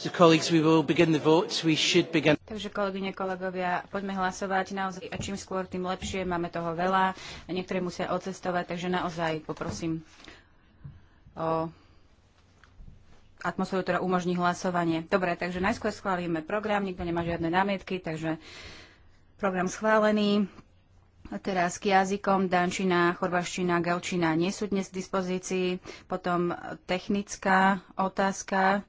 Takže kolegyne, kolegovia, poďme hlasovať naozaj a čím skôr, tým lepšie. Máme toho veľa. Niektorí musia odcestovať, takže naozaj poprosím o atmosféru, ktorá umožní hlasovanie. Dobre, takže najskôr schválime program, nikto nemá žiadne námietky, takže program schválený. A teraz k jazykom dančina, chorvaština, galčina nie sú dnes k dispozícii. Potom technická otázka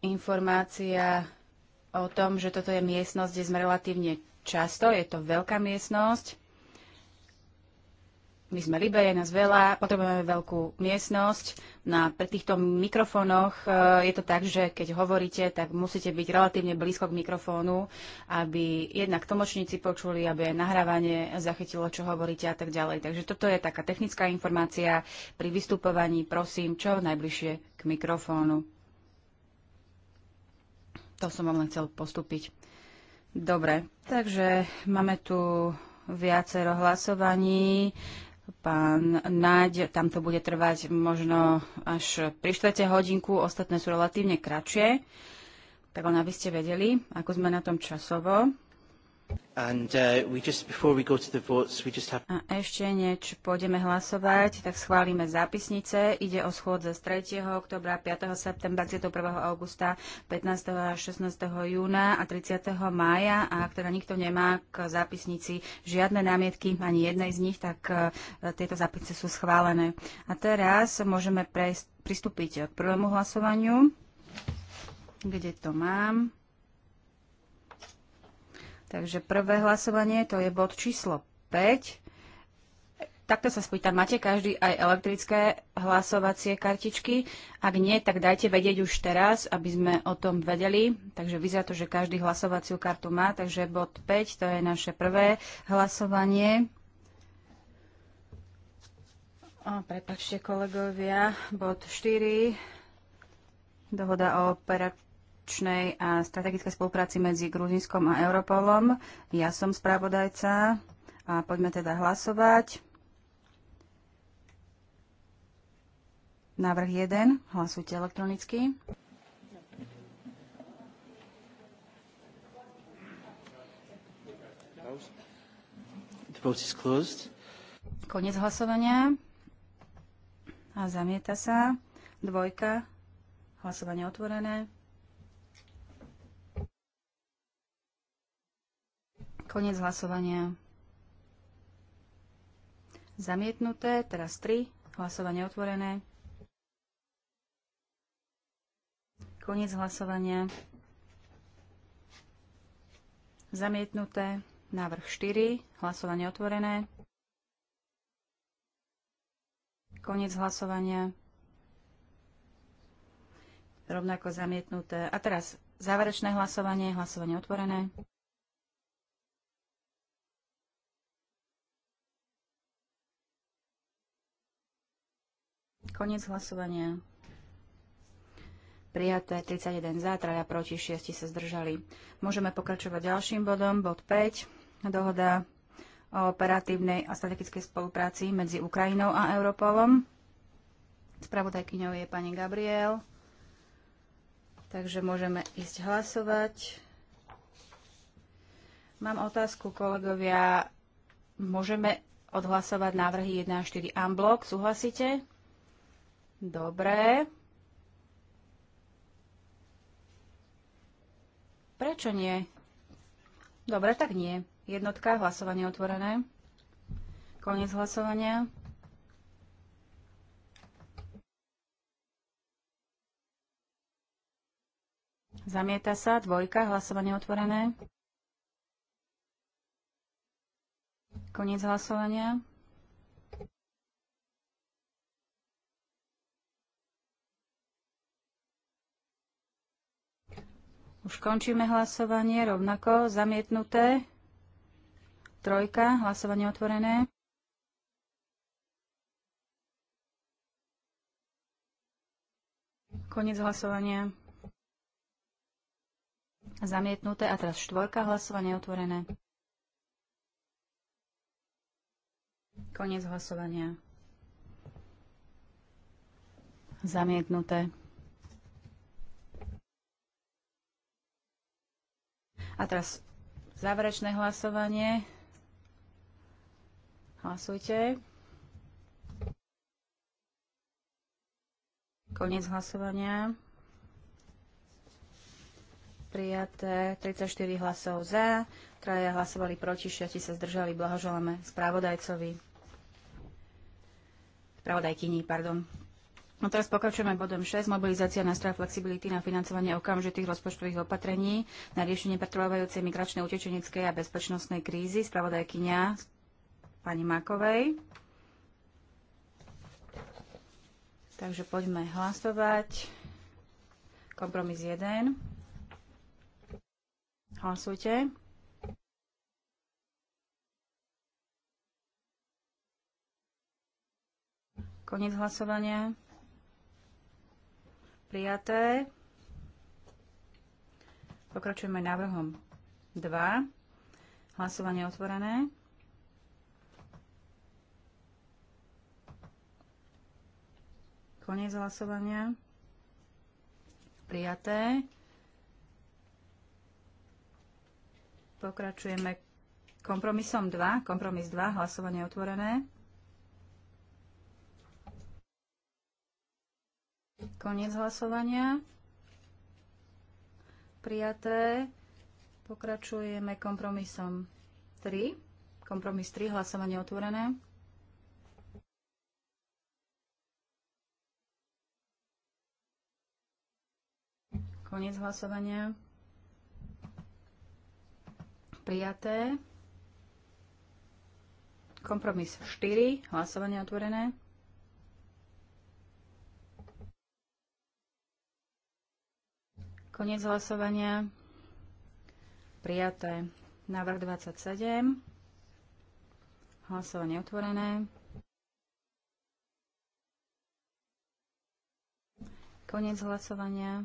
informácia o tom, že toto je miestnosť, kde sme relatívne často. Je to veľká miestnosť. My sme Libe, je nás veľa, potrebujeme veľkú miestnosť. a pri týchto mikrofónoch e, je to tak, že keď hovoríte, tak musíte byť relatívne blízko k mikrofónu, aby jednak tlmočníci počuli, aby aj nahrávanie zachytilo, čo hovoríte a tak ďalej. Takže toto je taká technická informácia. Pri vystupovaní prosím čo najbližšie k mikrofónu. To som vám len chcel postúpiť. Dobre, takže máme tu viacero hlasovaní. Pán Naď, tam to bude trvať možno až pri štvrte hodinku, ostatné sú relatívne kratšie. Tak len aby ste vedeli, ako sme na tom časovo. And, uh, just, votes, have... A ešte niečo pôjdeme hlasovať, tak schválime zápisnice. Ide o schôdze z 3. oktobra, 5. septembra, 21. augusta, 15. a 16. júna a 30. mája. A ak teda nikto nemá k zápisnici žiadne námietky, ani jednej z nich, tak uh, tieto zápisnice sú schválené. A teraz môžeme prejsť, pristúpiť k prvému hlasovaniu. Kde to mám? Takže prvé hlasovanie, to je bod číslo 5. Takto sa spýtam, máte každý aj elektrické hlasovacie kartičky? Ak nie, tak dajte vedieť už teraz, aby sme o tom vedeli. Takže vyzerá to, že každý hlasovaciu kartu má. Takže bod 5, to je naše prvé hlasovanie. prepačte kolegovia, bod 4, dohoda o operácii operačnej a strategickej spolupráci medzi Gruzinskom a Europolom. Ja som spravodajca a poďme teda hlasovať. Návrh 1. Hlasujte elektronicky. Konec hlasovania. A zamieta sa. Dvojka. Hlasovanie otvorené. Konec hlasovania. Zamietnuté, teraz 3. Hlasovanie otvorené. Konec hlasovania. Zamietnuté. Návrh 4. Hlasovanie otvorené. Konec hlasovania. Rovnako zamietnuté. A teraz záverečné hlasovanie. Hlasovanie otvorené. Koniec hlasovania. Prijaté 31 za, 3 proti, 6 sa zdržali. Môžeme pokračovať ďalším bodom, bod 5, dohoda o operatívnej a strategickej spolupráci medzi Ukrajinou a Europolom. Spravodajkyňou je pani Gabriel. Takže môžeme ísť hlasovať. Mám otázku, kolegovia. Môžeme odhlasovať návrhy 1 a 4 unblock. Súhlasíte? Dobre. Prečo nie? Dobre, tak nie. Jednotka, hlasovanie otvorené. Koniec hlasovania. Zamieta sa. Dvojka, hlasovanie otvorené. Koniec hlasovania. Už končíme hlasovanie, rovnako zamietnuté. Trojka, hlasovanie otvorené. Koniec hlasovania. Zamietnuté. A teraz štvorka, hlasovanie otvorené. Koniec hlasovania. Zamietnuté. A teraz záverečné hlasovanie. Hlasujte. Koniec hlasovania. Prijaté 34 hlasov za, traja hlasovali proti, šiati sa zdržali. Blahoželáme spravodajcovi. Spravodajkyni, pardon. No teraz pokračujeme bodom 6, mobilizácia nástroja flexibility na financovanie okamžitých rozpočtových opatrení na riešenie pretrvávajúcej migračnej, utečeneckej a bezpečnostnej krízy. Spravodajkyňa pani Makovej. Takže poďme hlasovať. Kompromis 1. Hlasujte. Koniec hlasovania. Prijaté. Pokračujeme návrhom 2. Hlasovanie otvorené. Koniec hlasovania. Prijaté. Pokračujeme kompromisom 2. Kompromis 2. Hlasovanie otvorené. Koniec hlasovania. Prijaté. Pokračujeme kompromisom 3. Kompromis 3, hlasovanie otvorené. Koniec hlasovania. Prijaté. Kompromis 4, hlasovanie otvorené. Koniec hlasovania. Prijaté. Návrh 27. Hlasovanie otvorené. Koniec hlasovania.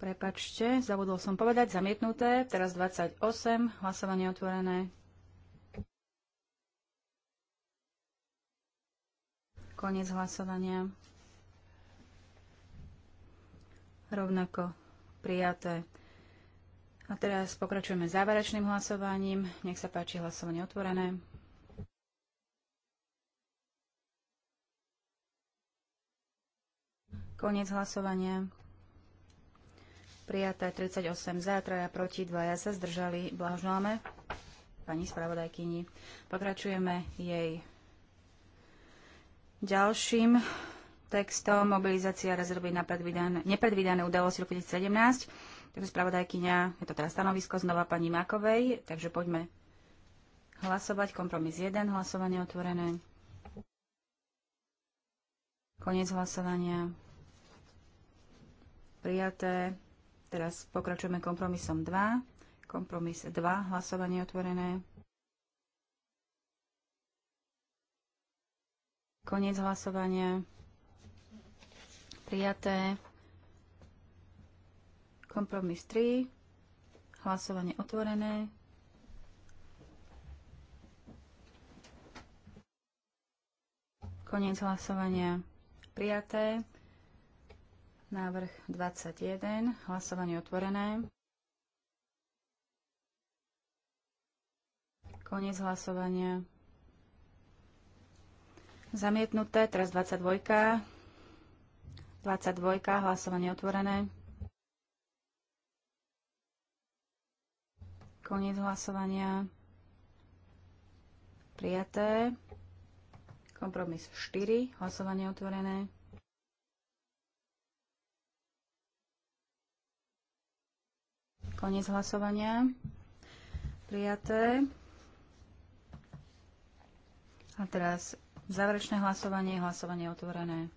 Prepačte, zabudol som povedať, zamietnuté. Teraz 28, hlasovanie otvorené. Koniec hlasovania rovnako prijaté. A teraz pokračujeme záverečným hlasovaním. Nech sa páči hlasovanie otvorené. Koniec hlasovania. Prijaté 38 za, 3 proti, 2 sa zdržali. Blahoželáme pani spravodajkyni. Pokračujeme jej ďalším textom mobilizácia rezervy na nepredvídané udalosti roku 2017. Takže spravodajkyňa, je to teraz stanovisko znova pani Makovej, takže poďme hlasovať. Kompromis 1, hlasovanie otvorené. Koniec hlasovania. Prijaté. Teraz pokračujeme kompromisom 2. Kompromis 2, hlasovanie otvorené. Koniec hlasovania prijaté. Kompromis 3, hlasovanie otvorené. Koniec hlasovania prijaté. Návrh 21, hlasovanie otvorené. Koniec hlasovania. Zamietnuté, teraz 22. 22. Hlasovanie otvorené. Koniec hlasovania. Prijaté. Kompromis 4. Hlasovanie otvorené. Koniec hlasovania. Prijaté. A teraz záverečné hlasovanie. Hlasovanie otvorené.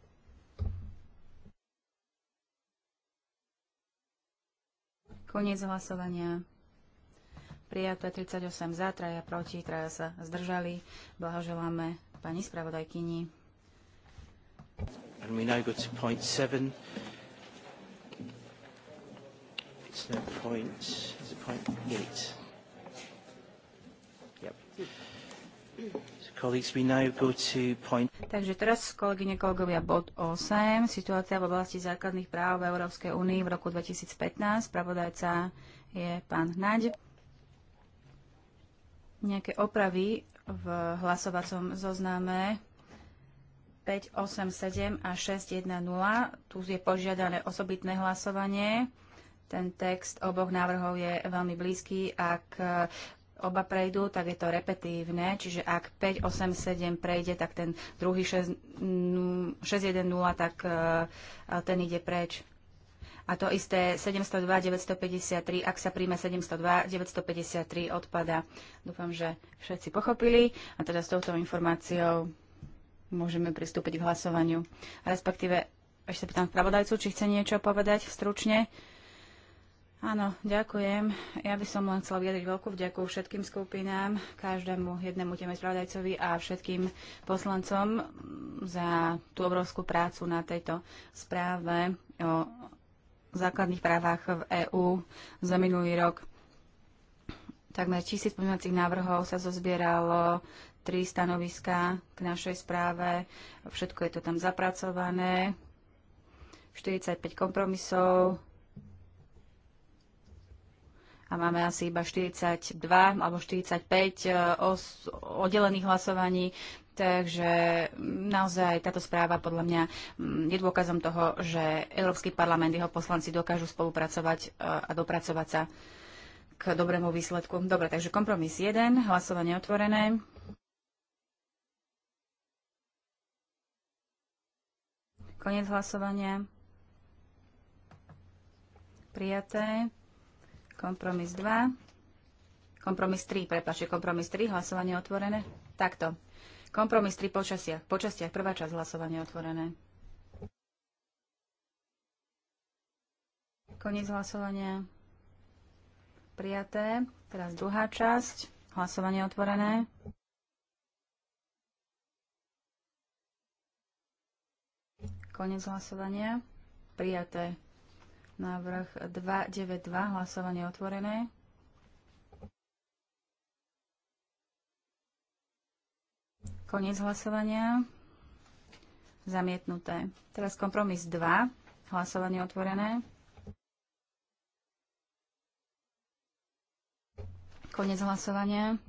Koniec hlasovania. Prijaté 38 za, traja proti, traja sa zdržali. Blahoželáme pani spravodajkyni. And we now go to point seven. It's now point, it's point eight? Yep. Takže teraz, kolegyne, kolegovia, bod 8. Situácia v oblasti základných práv v Európskej únii v roku 2015. Spravodajca je pán Naď. Nejaké opravy v hlasovacom zozname 5, 8, 7 a 6, 1, 0. Tu je požiadané osobitné hlasovanie ten text oboch návrhov je veľmi blízky. Ak oba prejdú, tak je to repetívne, čiže ak 5, 8, 7 prejde, tak ten druhý 6, 6 1, 0, tak e, e, ten ide preč. A to isté 702, 953, ak sa príjme 702, 953 odpada. Dúfam, že všetci pochopili a teda s touto informáciou môžeme pristúpiť k hlasovaniu. Respektíve, ešte pýtam spravodajcu, či chce niečo povedať stručne. Áno, ďakujem. Ja by som len chcela vyjadriť veľkú vďaku všetkým skupinám, každému jednému teme spravodajcovi a všetkým poslancom za tú obrovskú prácu na tejto správe o základných právach v EÚ za minulý rok. Takmer tisíc pozmeňovacích návrhov sa zozbieralo, tri stanoviská k našej správe, všetko je to tam zapracované, 45 kompromisov, a máme asi iba 42 alebo 45 e, oddelených hlasovaní. Takže naozaj táto správa podľa mňa mm, je dôkazom toho, že Európsky parlament, jeho poslanci dokážu spolupracovať e, a dopracovať sa k dobrému výsledku. Dobre, takže kompromis 1, hlasovanie otvorené. Koniec hlasovania. Prijaté. Kompromis 2. Kompromis 3, prepáčte, kompromis 3, hlasovanie otvorené. Takto. Kompromis 3 počasia. Počasia, prvá časť hlasovanie otvorené. Koniec hlasovania. Prijaté. Teraz druhá časť. Hlasovanie otvorené. Koniec hlasovania. Prijaté. Návrh 292, hlasovanie otvorené. Koniec hlasovania. Zamietnuté. Teraz kompromis 2, hlasovanie otvorené. Koniec hlasovania.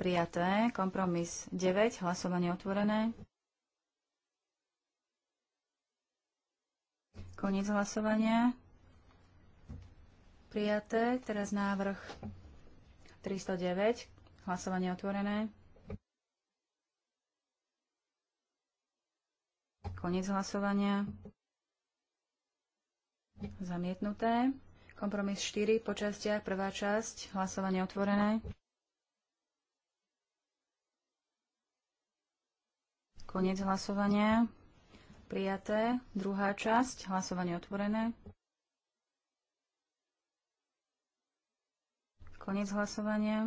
Prijaté. Kompromis 9. Hlasovanie otvorené. Koniec hlasovania. Prijaté. Teraz návrh 309. Hlasovanie otvorené. Koniec hlasovania. Zamietnuté. Kompromis 4 po častiach. Prvá časť. Hlasovanie otvorené. Koniec hlasovania. Prijaté. Druhá časť. Hlasovanie otvorené. Konec hlasovania.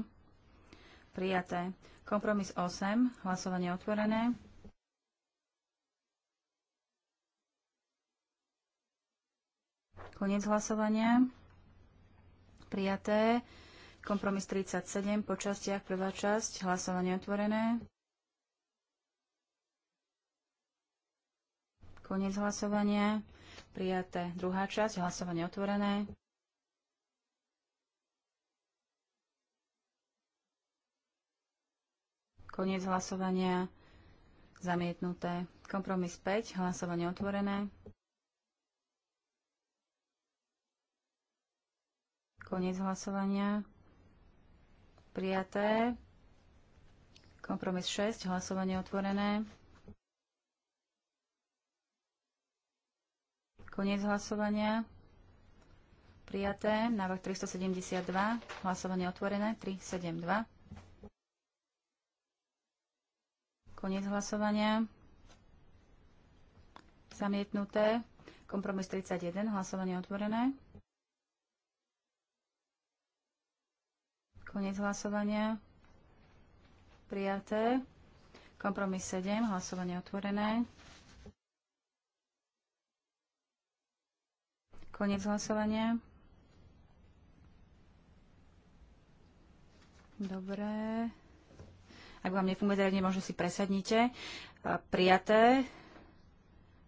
Prijaté. Kompromis 8. Hlasovanie otvorené. Konec hlasovania. Prijaté. Kompromis 37. Po častiach prvá časť. Hlasovanie otvorené. Koniec hlasovania. Prijaté druhá časť. Hlasovanie otvorené. Koniec hlasovania. Zamietnuté. Kompromis 5. Hlasovanie otvorené. Koniec hlasovania. Prijaté. Kompromis 6. Hlasovanie otvorené. Koniec hlasovania. Prijaté. Návrh 372. Hlasovanie otvorené. 372. Koniec hlasovania. Zamietnuté. Kompromis 31. Hlasovanie otvorené. Koniec hlasovania. Prijaté. Kompromis 7. Hlasovanie otvorené. Konec hlasovania. Dobre. Ak vám nefunguje zariadenie, možno si presadnite. Prijaté.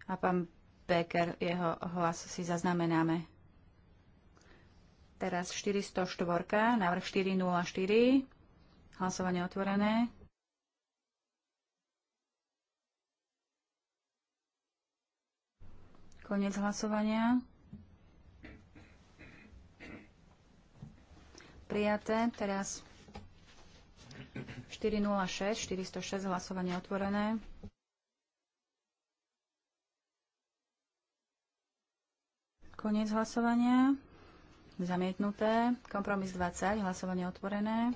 A pán Becker, jeho hlas si zaznamenáme. Teraz 404, návrh 404. Hlasovanie otvorené. Konec hlasovania. prijaté. Teraz 406, 406, hlasovanie otvorené. Koniec hlasovania. Zamietnuté. Kompromis 20, hlasovanie otvorené.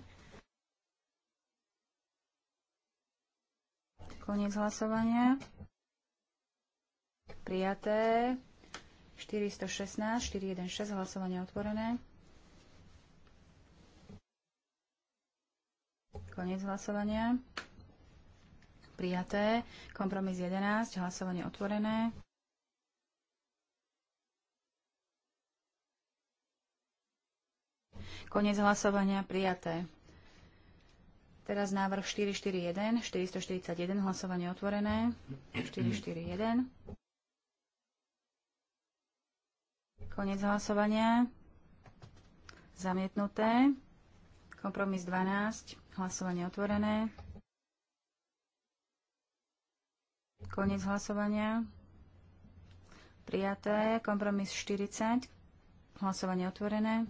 Koniec hlasovania. Prijaté. 416, 416, hlasovanie otvorené. Koniec hlasovania. Prijaté. Kompromis 11. Hlasovanie otvorené. Koniec hlasovania. Prijaté. Teraz návrh 441, 441, hlasovanie otvorené. 441. Konec hlasovania. Zamietnuté. Kompromis 12. Hlasovanie otvorené. Koniec hlasovania. Prijaté. Kompromis 40. Hlasovanie otvorené.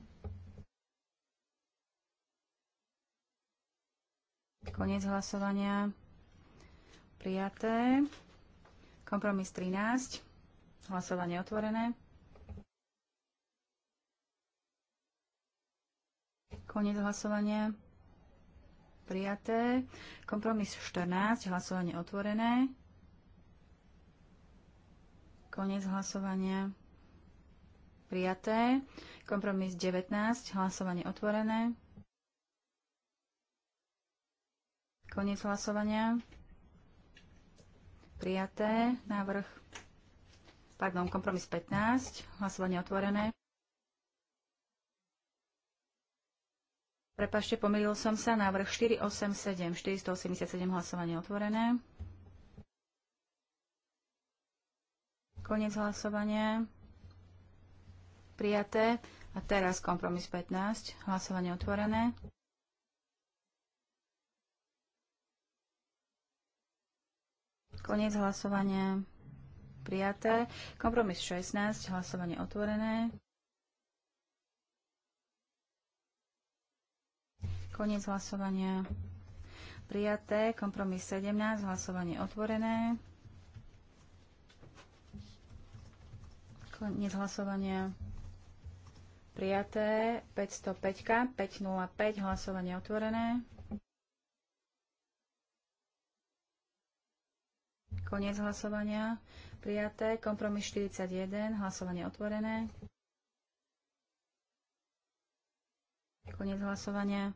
Koniec hlasovania. Prijaté. Kompromis 13. Hlasovanie otvorené. Koniec hlasovania prijaté. Kompromis 14, hlasovanie otvorené. Konec hlasovania prijaté. Kompromis 19, hlasovanie otvorené. Koniec hlasovania. Prijaté. Návrh. Pardon, kompromis 15. Hlasovanie otvorené. Prepašte, pomýlil som sa. Návrh 487, 487 hlasovanie otvorené. Koniec hlasovania. Prijaté. A teraz kompromis 15. Hlasovanie otvorené. Koniec hlasovania. Prijaté. Kompromis 16. Hlasovanie otvorené. Koniec hlasovania. Prijaté. Kompromis 17. Hlasovanie otvorené. Koniec hlasovania. Prijaté. 505. 505. Hlasovanie otvorené. Koniec hlasovania. Prijaté. Kompromis 41. Hlasovanie otvorené. Koniec hlasovania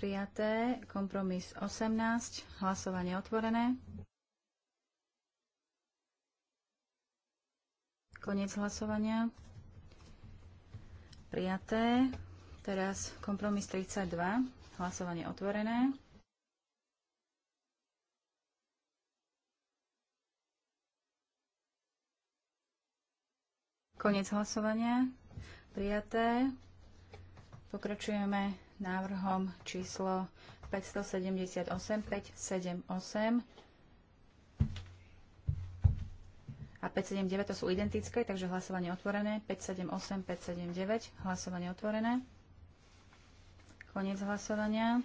prijaté. Kompromis 18, hlasovanie otvorené. Konec hlasovania. Prijaté. Teraz kompromis 32, hlasovanie otvorené. Konec hlasovania. Prijaté. Pokračujeme návrhom číslo 578 578 a 579 to sú identické, takže hlasovanie otvorené. 578, 579, hlasovanie otvorené. Koniec hlasovania.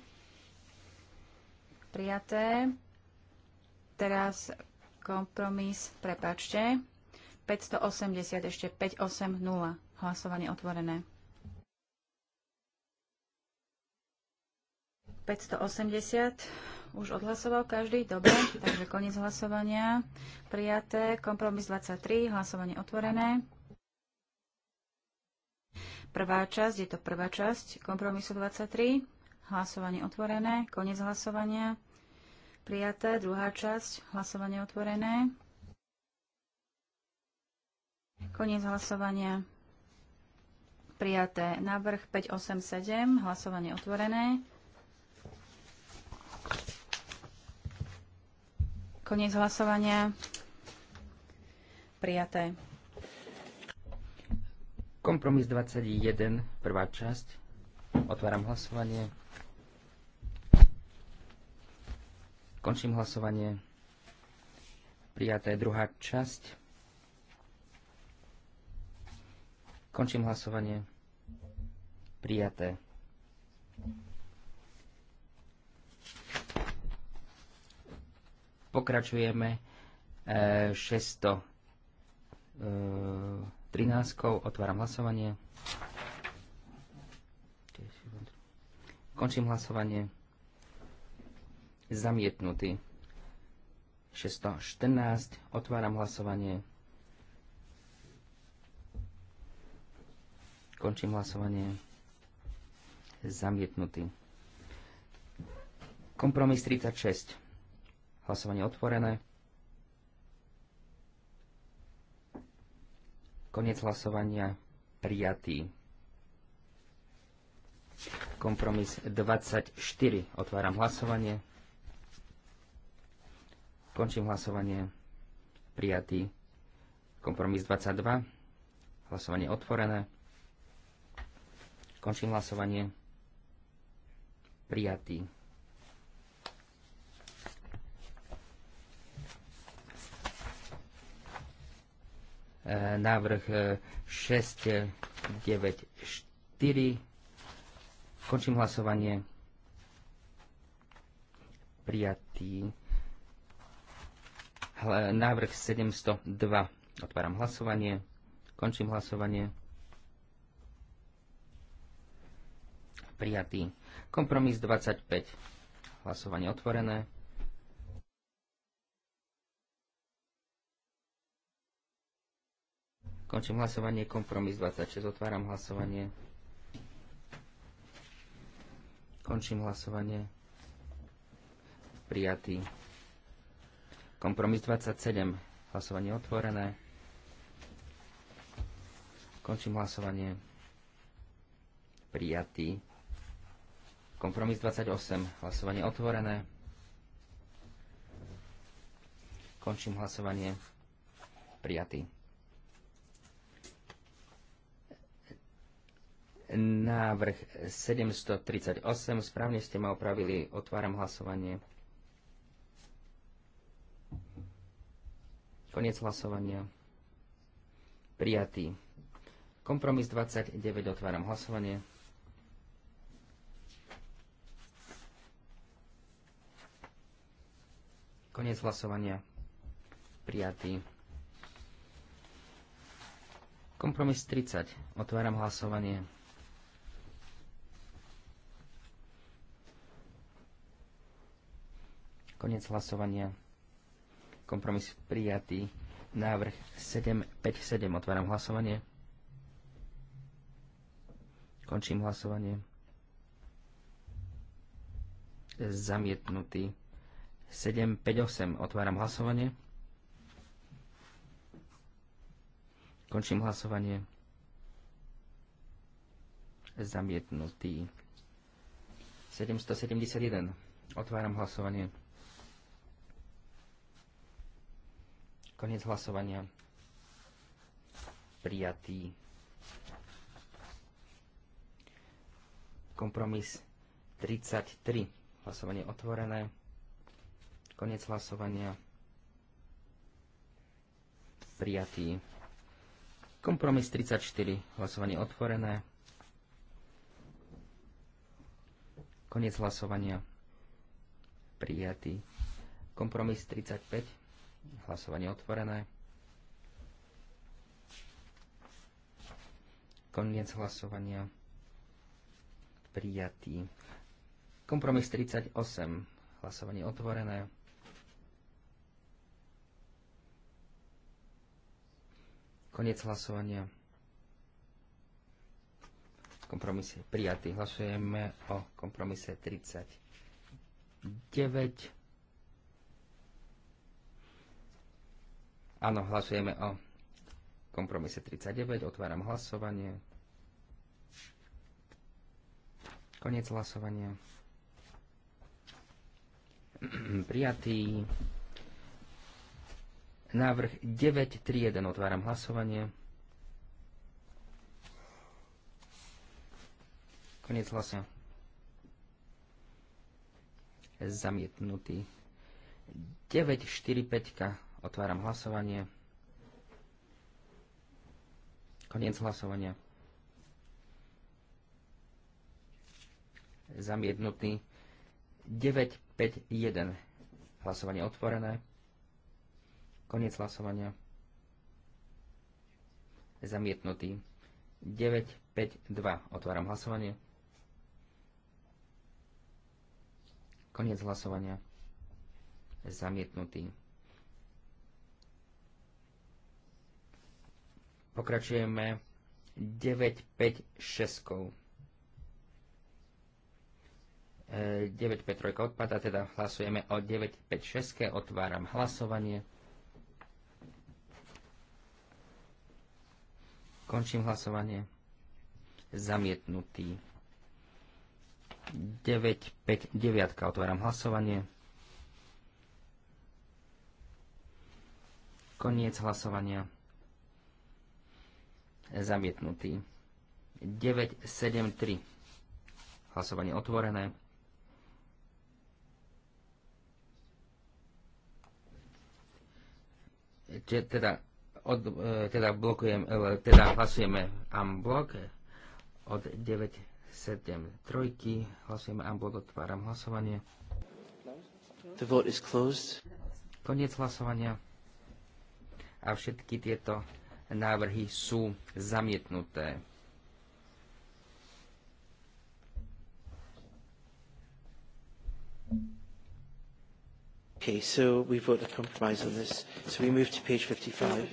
Prijaté. Teraz kompromis, prepačte. 580, ešte 580, hlasovanie otvorené. 580 už odhlasoval každý, dobre, takže koniec hlasovania. Prijaté, kompromis 23, hlasovanie otvorené. Prvá časť, je to prvá časť kompromisu 23, hlasovanie otvorené, koniec hlasovania. Prijaté, druhá časť, hlasovanie otvorené. Koniec hlasovania. Prijaté návrh 587, hlasovanie otvorené. Koniec hlasovania. Prijaté. Kompromis 21, prvá časť. Otváram hlasovanie. Končím hlasovanie. Prijaté druhá časť. Končím hlasovanie. Prijaté. Pokračujeme 613. E, e, Otváram hlasovanie. Končím hlasovanie. Zamietnutý. 614. Otváram hlasovanie. Končím hlasovanie. Zamietnutý. Kompromis 36. Hlasovanie otvorené. Koniec hlasovania prijatý. Kompromis 24. Otváram hlasovanie. Končím hlasovanie. Prijatý. Kompromis 22. Hlasovanie otvorené. Končím hlasovanie. Prijatý. Eh, návrh 694. Eh, Končím hlasovanie. Prijatý návrh 702. Otváram hlasovanie. Končím hlasovanie. Prijatý. Kompromis 25. Hlasovanie otvorené. Končím hlasovanie. Kompromis 26. Otváram hlasovanie. Končím hlasovanie. Prijatý. Kompromis 27. Hlasovanie otvorené. Končím hlasovanie. Prijatý. Kompromis 28. Hlasovanie otvorené. Končím hlasovanie. Prijatý. Návrh 738, správne ste ma opravili, otváram hlasovanie. Koniec hlasovania. Prijatý. Kompromis 29, otváram hlasovanie. Koniec hlasovania. Prijatý. Kompromis 30. Otváram hlasovanie. Konec hlasovania. Kompromis prijatý. Návrh 757. Otváram hlasovanie. Končím hlasovanie. Zamietnutý. 758. Otváram hlasovanie. Končím hlasovanie. Zamietnutý. 771. Otváram hlasovanie. Koniec hlasovania. Prijatý. Kompromis 33. Hlasovanie otvorené. Koniec hlasovania. Prijatý. Kompromis 34. Hlasovanie otvorené. Koniec hlasovania. Prijatý. Kompromis 35. Hlasovanie otvorené. Koniec hlasovania. Prijatý. Kompromis 38. Hlasovanie otvorené. Koniec hlasovania. Kompromis je prijatý. Hlasujeme o kompromise 39. Áno, hlasujeme o kompromise 39. Otváram hlasovanie. Koniec hlasovania. Prijatý. Návrh 931. Otváram hlasovanie. Koniec hlasu. Zamietnutý. 945. Otváram hlasovanie. Koniec hlasovania. Zamietnutý 951. Hlasovanie otvorené. Koniec hlasovania. Zamietnutý 952. Otváram hlasovanie. Koniec hlasovania. Zamietnutý Pokračujeme 9-5. 5, 3 odpada, teda hlasujeme o 6. Otváram hlasovanie. Končím hlasovanie. Zamietnutý. 9. Otváram hlasovanie. Koniec hlasovania zamietnutý. 973. Hlasovanie otvorené. Teda, od, e, teda, blokujem, e, teda hlasujeme unblock od 973. Hlasujeme unblock, otváram hlasovanie. The vote is closed. Koniec hlasovania. A všetky tieto návrhy sú zamietnuté. Okay, so we vote a compromise on this. So we move to page 55.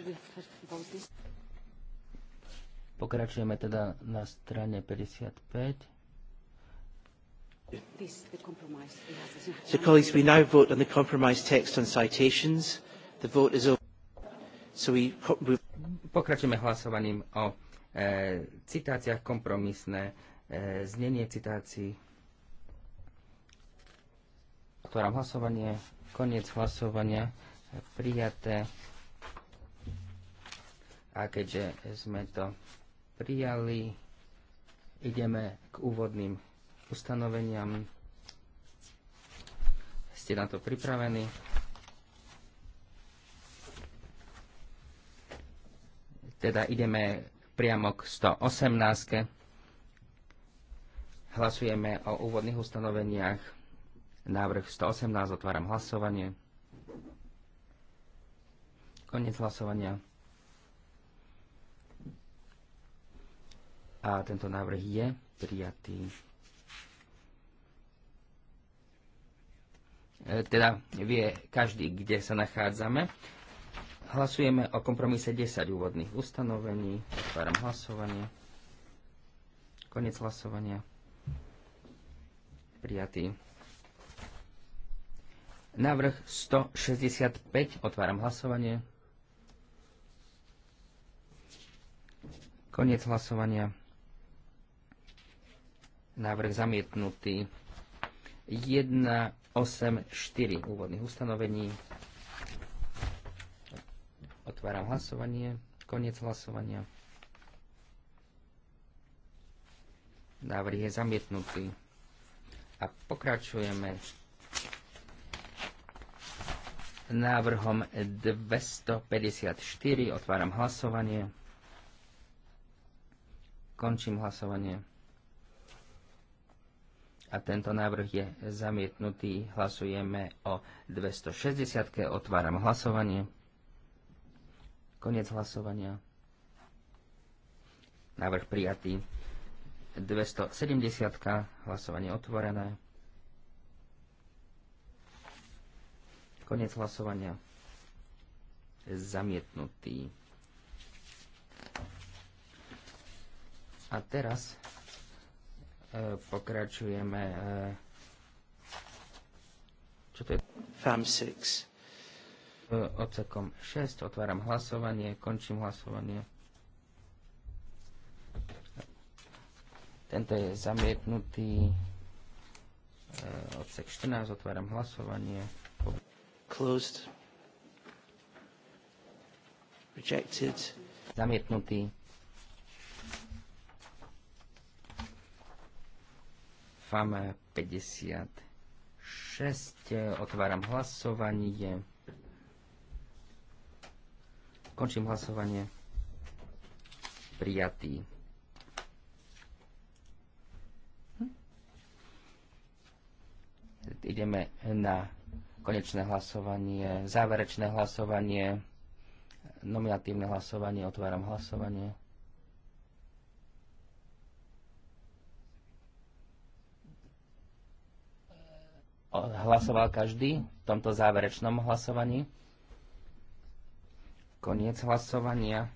Pokračujeme teda na strane 55. So colleagues, we now vote on the compromise text on citations. The vote is over. Pokračujeme hlasovaním o e, citáciách kompromisné, e, znenie citácií. Otváram hlasovanie, koniec hlasovania, prijaté. A keďže sme to prijali, ideme k úvodným ustanoveniam. Ste na to pripravení? Teda ideme priamo k 118. Hlasujeme o úvodných ustanoveniach. Návrh 118. Otváram hlasovanie. Konec hlasovania. A tento návrh je prijatý. E, teda vie každý, kde sa nachádzame. Hlasujeme o kompromise 10 úvodných ustanovení. Otváram hlasovanie. Konec hlasovania. Prijatý. Návrh 165. Otváram hlasovanie. Konec hlasovania. Návrh zamietnutý. 1, 8, 4 úvodných ustanovení. Otváram hlasovanie. Koniec hlasovania. Návrh je zamietnutý. A pokračujeme návrhom 254. Otváram hlasovanie. Končím hlasovanie. A tento návrh je zamietnutý. Hlasujeme o 260. Otváram hlasovanie. Konec hlasovania. Návrh prijatý. 270. Hlasovanie otvorené. Konec hlasovania. Zamietnutý. A teraz e, pokračujeme. E, čo to je? FAM 6 odsekom 6. Otváram hlasovanie, končím hlasovanie. Tento je zamietnutý. E, odsek 14. Otváram hlasovanie. Closed. Rejected. Zamietnutý. FAM 56. Otváram hlasovanie. Končím hlasovanie. Prijatý. Hm? Ideme na konečné hlasovanie, záverečné hlasovanie, nominatívne hlasovanie, otváram hlasovanie. Hlasoval každý v tomto záverečnom hlasovaní? Koniec hlasovania.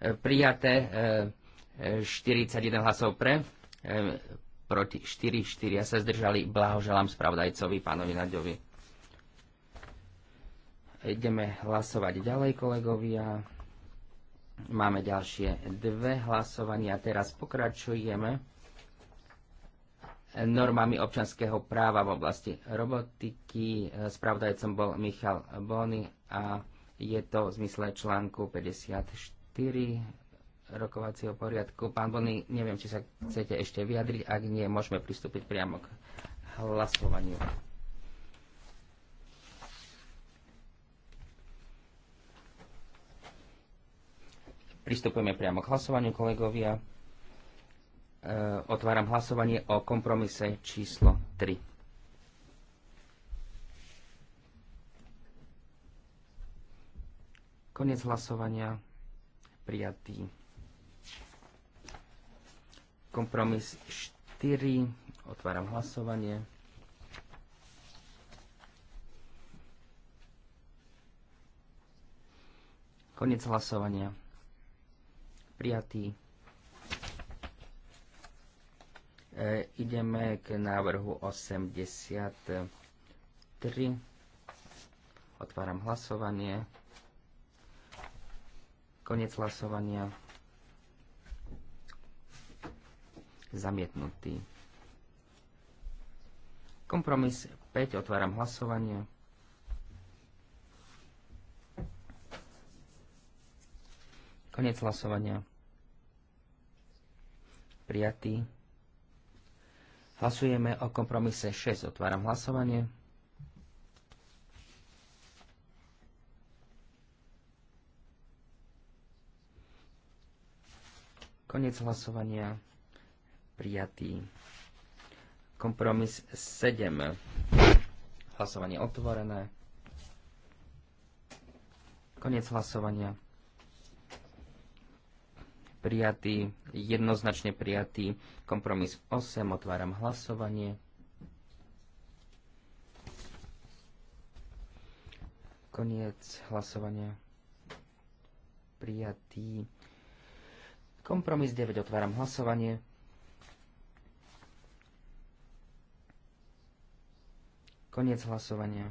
E, prijaté 41 e, e, hlasov pre, proti 4, 4 sa zdržali. Blahoželám spravodajcovi, pánovi Naďovi. Ideme hlasovať ďalej, kolegovia. Máme ďalšie dve hlasovania. Teraz pokračujeme normami občanského práva v oblasti robotiky. Spravdajcom bol Michal Bony a je to v zmysle článku 54 rokovacieho poriadku. Pán Bonny, neviem, či sa chcete ešte vyjadriť. Ak nie, môžeme pristúpiť priamo k hlasovaniu. Pristupujeme priamo k hlasovaniu, kolegovia. E, otváram hlasovanie o kompromise číslo 3. Konec hlasovania. Prijatý. Kompromis 4. Otváram hlasovanie. Konec hlasovania. Prijatý. E, ideme k návrhu 83. Otváram hlasovanie. Konec hlasovania. Zamietnutý. Kompromis 5. Otváram hlasovanie. Konec hlasovania. Prijatý. Hlasujeme o kompromise 6. Otváram hlasovanie. Konec hlasovania. Prijatý. Kompromis 7. Hlasovanie otvorené. Konec hlasovania. Prijatý, jednoznačne prijatý. Kompromis 8. Otváram hlasovanie. Koniec hlasovania. Prijatý Kompromis 9. Otváram hlasovanie. Koniec hlasovania.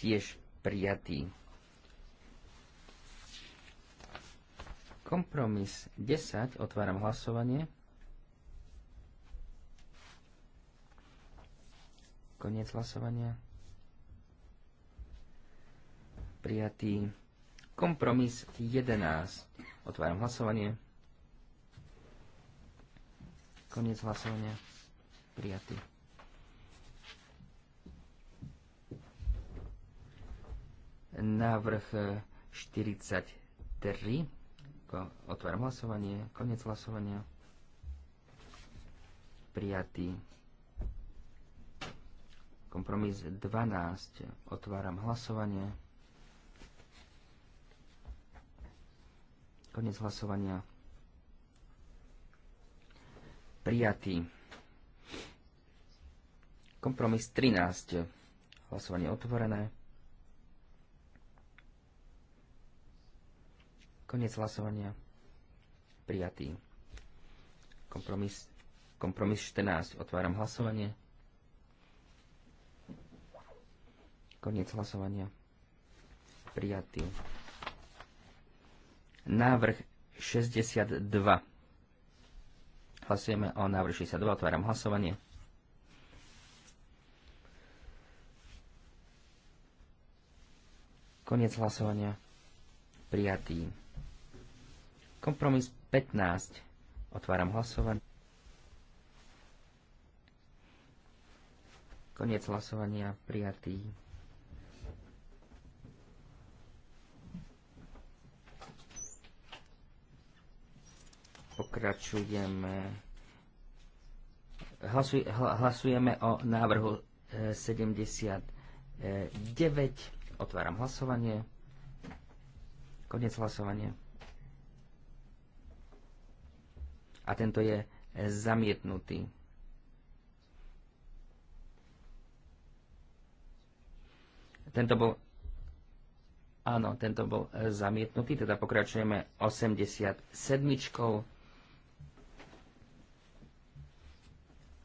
Tiež prijatý. Kompromis 10. Otváram hlasovanie. Koniec hlasovania. Prijatý. Kompromis 11. Otváram hlasovanie. Koniec hlasovania. Prijatý. Návrh 43. Otváram hlasovanie. Koniec hlasovania. Prijatý. Kompromis 12. Otváram hlasovanie. Konec hlasovania. Prijatý. Kompromis 13. Hlasovanie otvorené. Konec hlasovania. Prijatý. Kompromis, kompromis 14. Otváram hlasovanie. Koniec hlasovania. Prijatý. Návrh 62. Hlasujeme o návrh 62. Otváram hlasovanie. Koniec hlasovania. Prijatý. Kompromis 15. Otváram hlasovanie. Koniec hlasovania. Prijatý. pokračujeme. Hlasuj, hlasujeme o návrhu 79. E, Otváram hlasovanie. Konec hlasovania. A tento je e, zamietnutý. Tento bol Áno, tento bol e, zamietnutý, teda pokračujeme 87.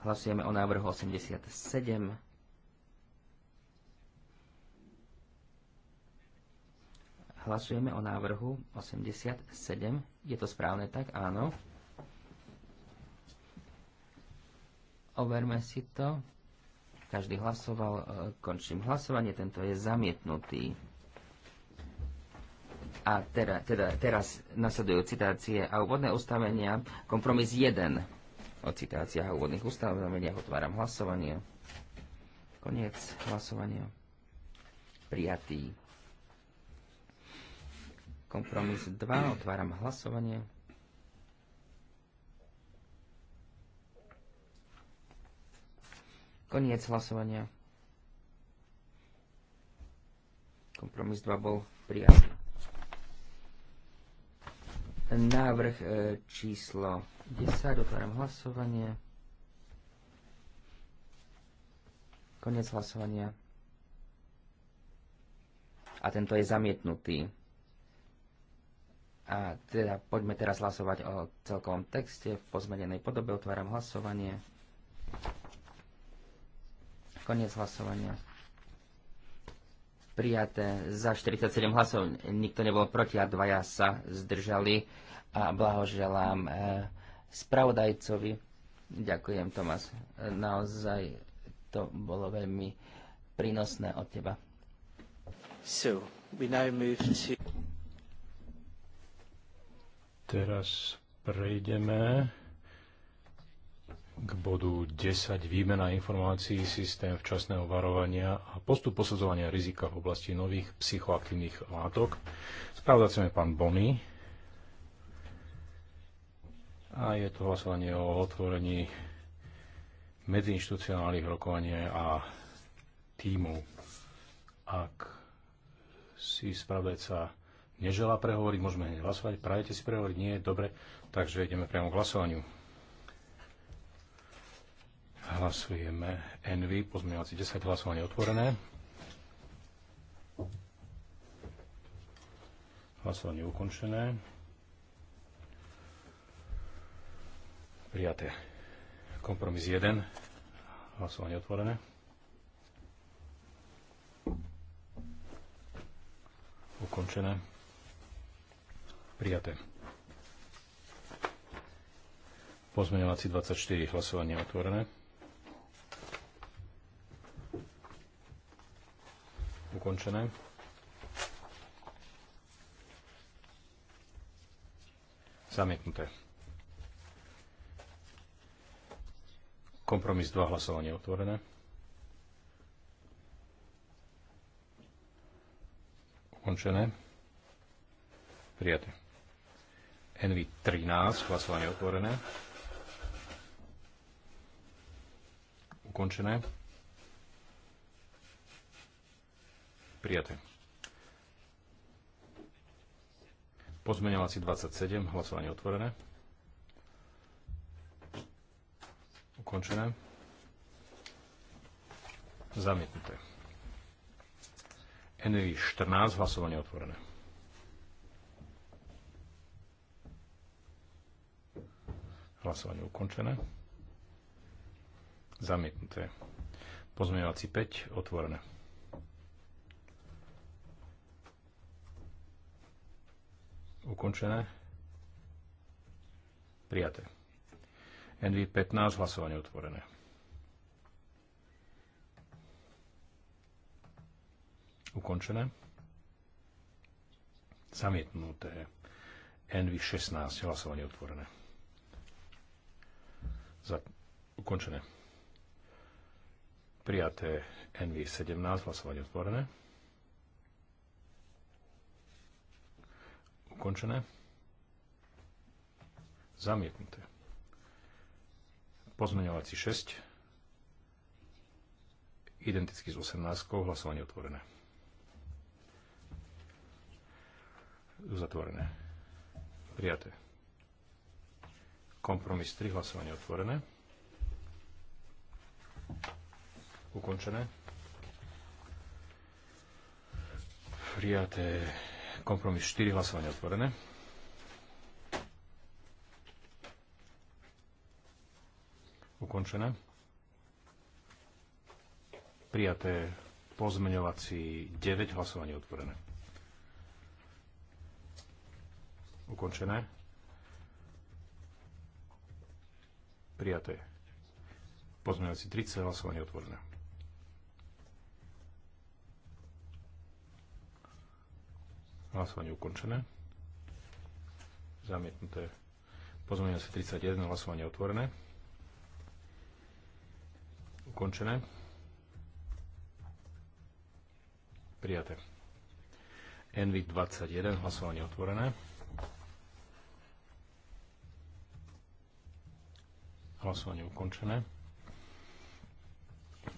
Hlasujeme o návrhu 87. Hlasujeme o návrhu 87. Je to správne tak? Áno. Overme si to. Každý hlasoval. E, končím hlasovanie. Tento je zamietnutý. A teda, teda, teraz nasledujú citácie a úvodné ustavenia. Kompromis 1 o citáciách a úvodných ustanoveniach. Otváram hlasovanie. Koniec hlasovania. Prijatý. Kompromis 2. Otváram hlasovanie. Koniec hlasovania. Kompromis 2 bol prijatý. Návrh e, číslo 10, otváram hlasovanie. Konec hlasovania. A tento je zamietnutý. A teda poďme teraz hlasovať o celkovom texte v pozmenenej podobe. Otváram hlasovanie. Konec hlasovania. Prijaté za 47 hlasov. Nikto nebol proti a dvaja sa zdržali. A blahoželám. Eh, spravodajcovi. Ďakujem, Tomas. Naozaj to bolo veľmi prínosné od teba. So, we now move to... Teraz prejdeme k bodu 10 výmena informácií, systém včasného varovania a postup posudzovania rizika v oblasti nových psychoaktívnych látok. Spravodajcem je pán Bonny. A je to hlasovanie o otvorení medziinstitucionálnych rokovaní a tímov. Ak si sa nežela prehovoriť, môžeme hneď hlasovať. Prajete si prehovoriť? Nie, dobre. Takže ideme priamo k hlasovaniu. Hlasujeme NV, pozmeňovací 10, hlasovanie otvorené. Hlasovanie ukončené. Prijaté. Kompromis 1. Hlasovanie otvorené. Ukončené. Prijaté. Pozmeňovací 24. Hlasovanie otvorené. Ukončené. Zamietnuté. Kompromis 2 hlasovanie otvorené. Ukončené. Prijaté. NV 13 hlasovanie otvorené. Ukončené. Prijaté. Pozmeňovací 27, hlasovanie otvorené. Ukončené. Zamietnuté. NVI 14, hlasovanie otvorené. Hlasovanie ukončené. Zamietnuté. Pozmeňovací 5 otvorené. Ukončené. Prijaté. NV15, hlasovanie otvorené. Ukončené. Zamietnuté. NV16, hlasovanie otvorené. Za, ukončené. Prijaté NV17, hlasovanie otvorené. Ukončené. Zamietnuté. Pozmeňovací 6. Identicky s 18. Hlasovanie otvorené. Zatvorené. Prijaté. Kompromis 3. Hlasovanie otvorené. Ukončené. Prijaté. Kompromis 4. Hlasovanie otvorené. Ukončené. Prijaté pozmeňovací 9, hlasovanie otvorené. Ukončené. Prijaté. Pozmeňovací 30, hlasovanie otvorené. Hlasovanie ukončené. Zamietnuté. Pozmeňovací 31, hlasovanie otvorené. Ukončené. Prijaté. Envy 21, hlasovanie otvorené. Hlasovanie ukončené.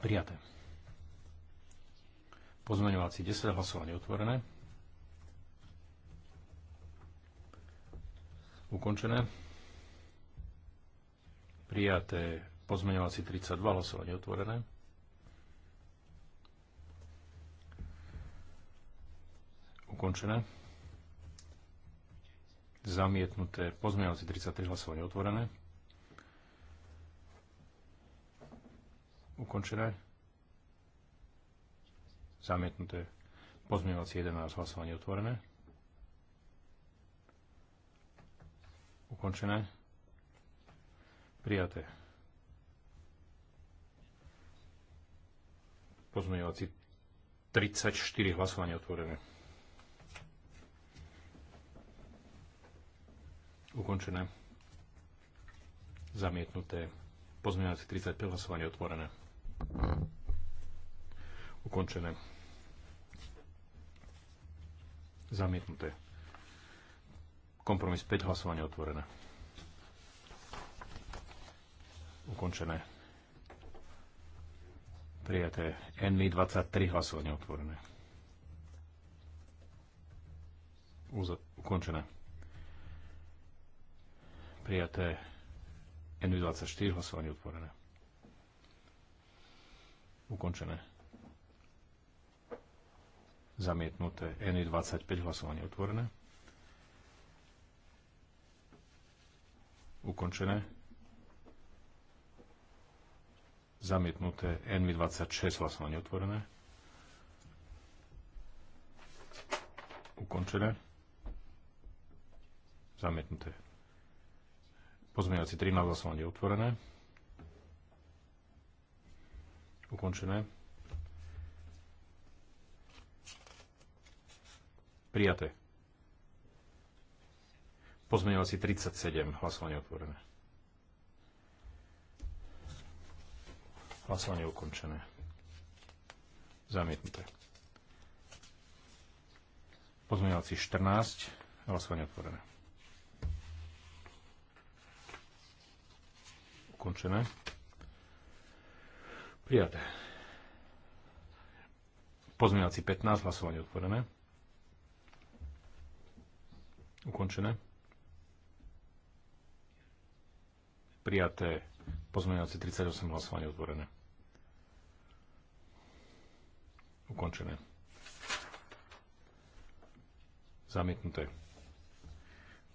Prijaté. Pozmeňovací 10, hlasovanie otvorené. Ukončené. Prijaté Pozmeňovací 32, hlasovanie otvorené. Ukončené. Zamietnuté pozmeňovací 33, hlasovanie otvorené. Ukončené. Zamietnuté pozmeňovací 11, hlasovanie otvorené. Ukončené. Prijaté. Pozmeňovací 34 hlasovanie otvorené. Ukončené. Zamietnuté. Pozmeňovací 35 hlasovanie otvorené. Ukončené. Zamietnuté. Kompromis 5 hlasovanie otvorené. Ukončené Prijaté. NV 23. Hlasovanie otvorené. Uza- ukončené. Prijaté. NV 24. Hlasovanie otvorené. Ukončené. Zamietnuté. NV 25. Hlasovanie otvorené. Ukončené Zamietnuté NV26 hlasovanie otvorené. Ukončené. Zamietnuté. Pozmeňovací 13 hlasovanie otvorené. Ukončené. Prijaté. Pozmeňovací 37 hlasovanie otvorené. Hlasovanie ukončené. Zamietnuté. Pozmeňovací 14. Hlasovanie otvorené. Ukončené. Prijaté. Pozmeňovací 15. Hlasovanie otvorené. Ukončené. Prijaté. Pozmeňovací 38. Hlasovanie otvorené. Ukončené. Zamietnuté.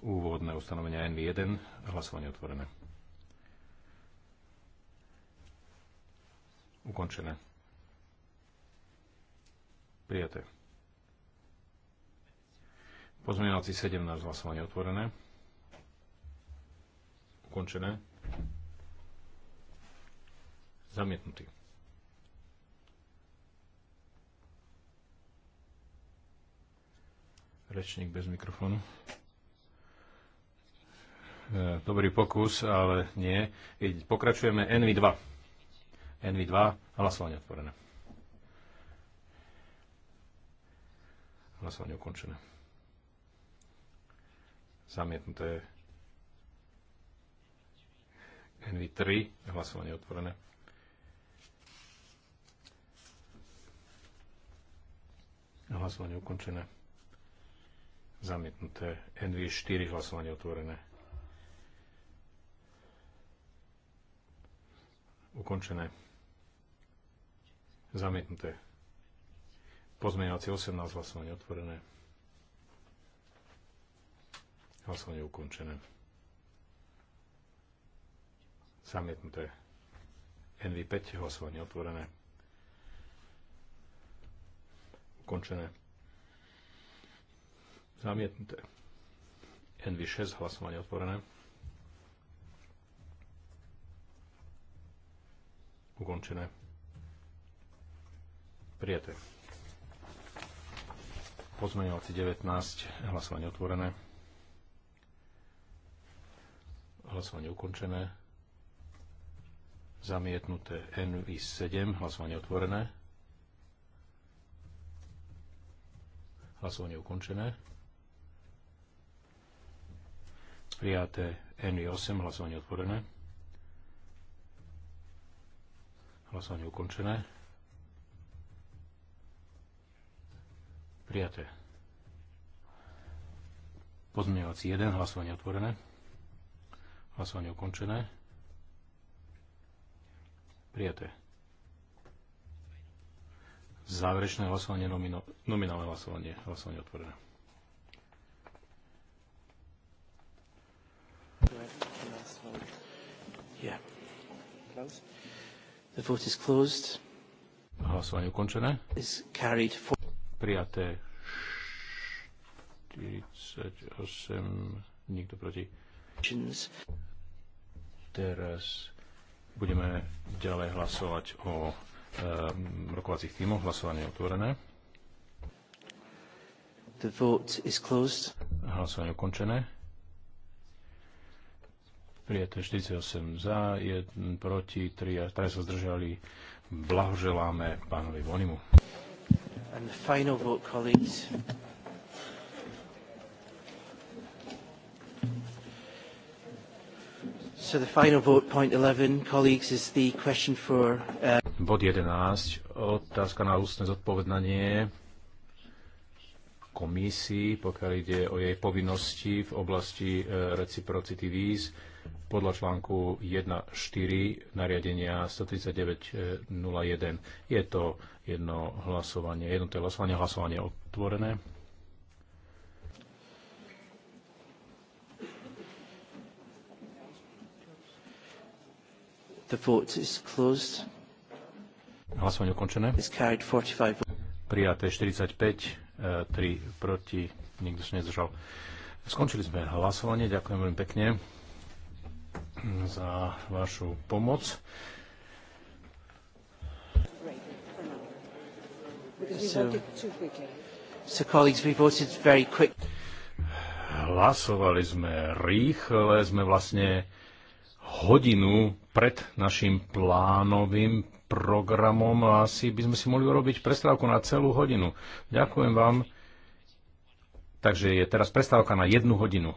Úvodné ustanovenia NV1. Hlasovanie otvorené. Ukončené. Prijaté. Pozmeňovací 17. Hlasovanie otvorené. Ukončené. Zamietnutý. Rečník bez mikrofónu. E, dobrý pokus, ale nie. Pokračujeme NV2. NV2, hlasovanie otvorené. Hlasovanie ukončené. Zamietnuté NV3, hlasovanie otvorené. Hlasovanie ukončené. Zamietnuté. NV4 hlasovanie otvorené. Ukončené. Zamietnuté. Pozmeňovacie 18 hlasovanie otvorené. Hlasovanie ukončené. Zamietnuté. NV5 hlasovanie otvorené. Ukončené. Zamietnuté. NV6, hlasovanie otvorené. Ukončené. Prijaté. Pozmeňovací 19, hlasovanie otvorené. Hlasovanie ukončené. Zamietnuté NV7, hlasovanie otvorené. Hlasovanie ukončené. prijaté. n 8 hlasovanie otvorené. Hlasovanie ukončené. Prijaté. Pozmeňovací 1, hlasovanie otvorené. Hlasovanie ukončené. Prijaté. Záverečné hlasovanie, nomino, nominálne hlasovanie, hlasovanie otvorené. Yeah. Close. The vote is closed. Hlasovanie ukončené. Is carried for... Prijaté 48, nikto proti. Teraz budeme ďalej hlasovať o um, rokovacích týmoch. Hlasovanie je otvorené. The vote is closed. Hlasovanie ukončené. Prijaté 48 za, 1 proti, 3 a 3 sa zdržali. Blahoželáme pánovi Bonimu. And the final vote, colleagues. So the final vote, point 11, colleagues, is the question for... Uh... Bod 11, otázka na ústne zodpovednanie komisii, pokiaľ ide o jej povinnosti v oblasti uh, reciprocity víz podľa článku 1.4 nariadenia 139.01. Je to jedno hlasovanie, jednotné hlasovanie, hlasovanie otvorené. The vote is closed. Hlasovanie ukončené. Prijaté 45, 3 eh, proti, nikto sa nezdržal. Skončili sme hlasovanie, ďakujem veľmi pekne za vašu pomoc. Hlasovali sme rýchle, sme vlastne hodinu pred našim plánovým programom a asi by sme si mohli urobiť prestávku na celú hodinu. Ďakujem vám. Takže je teraz prestávka na jednu hodinu.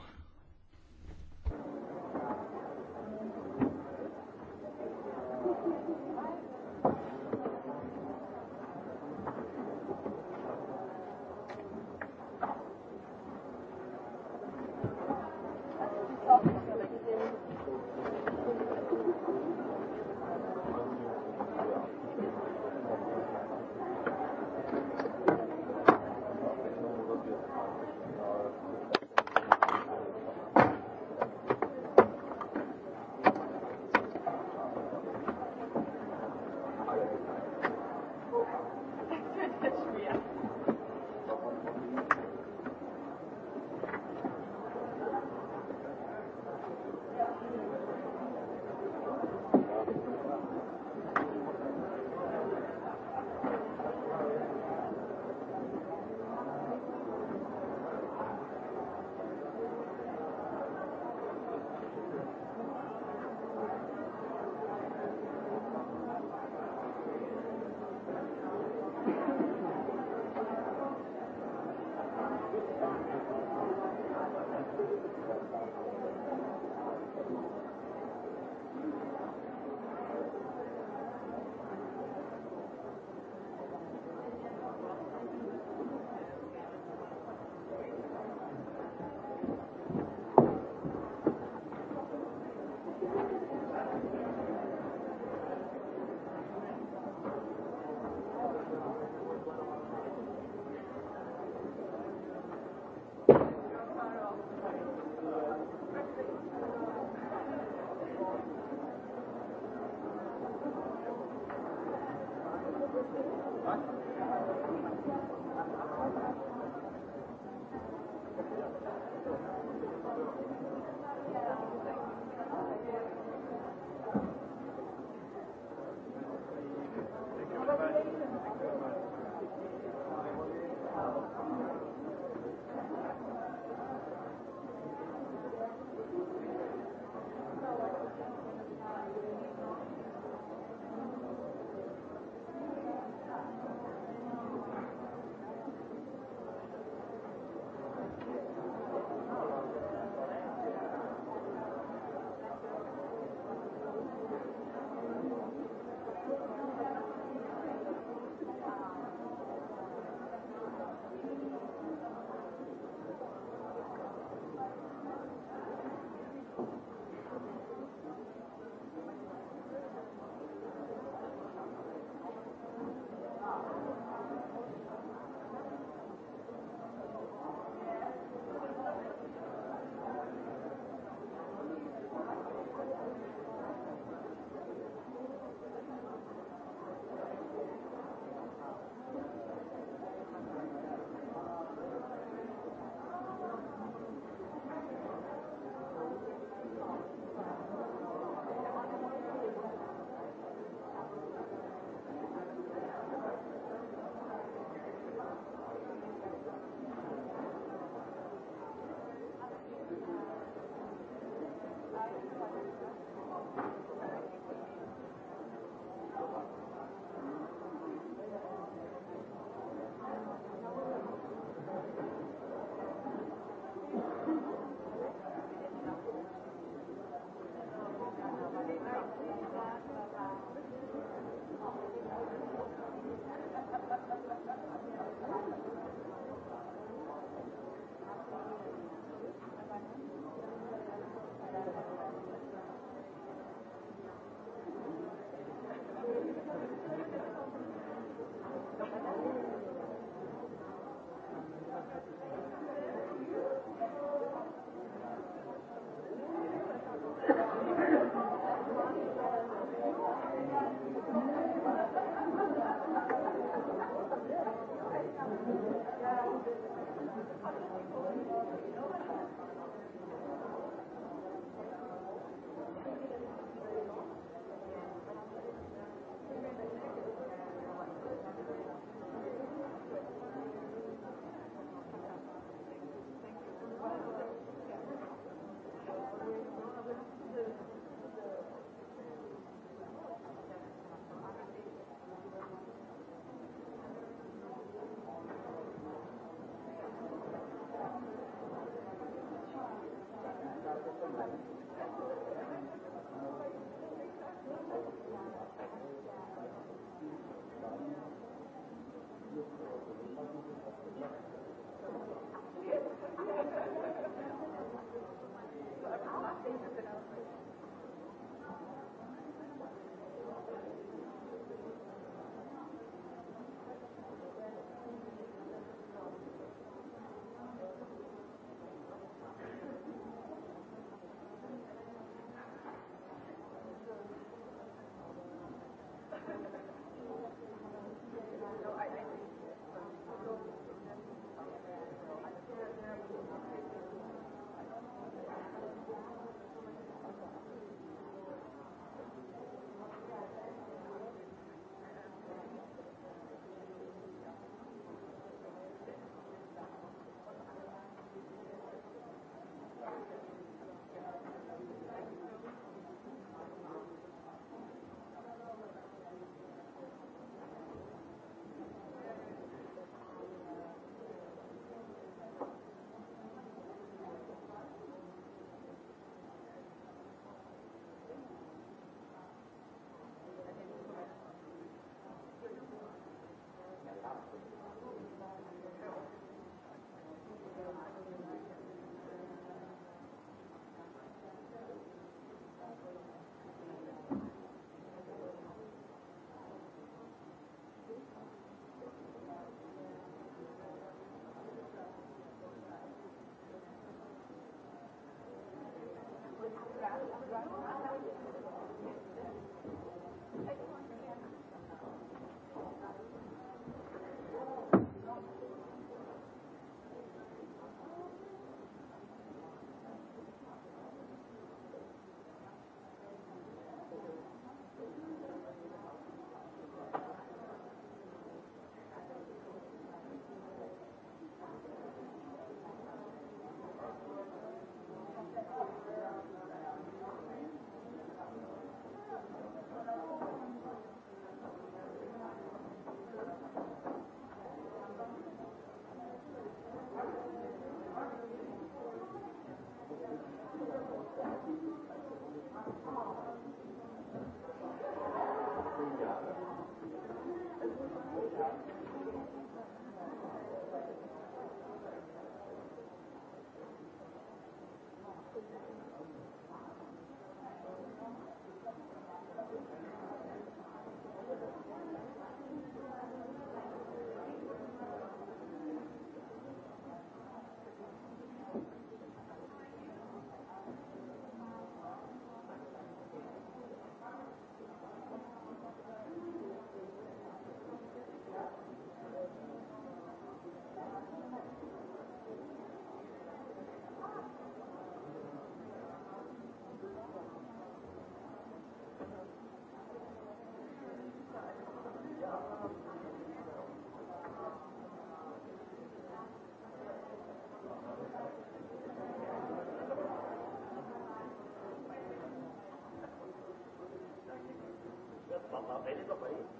a Benito País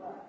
Thank you.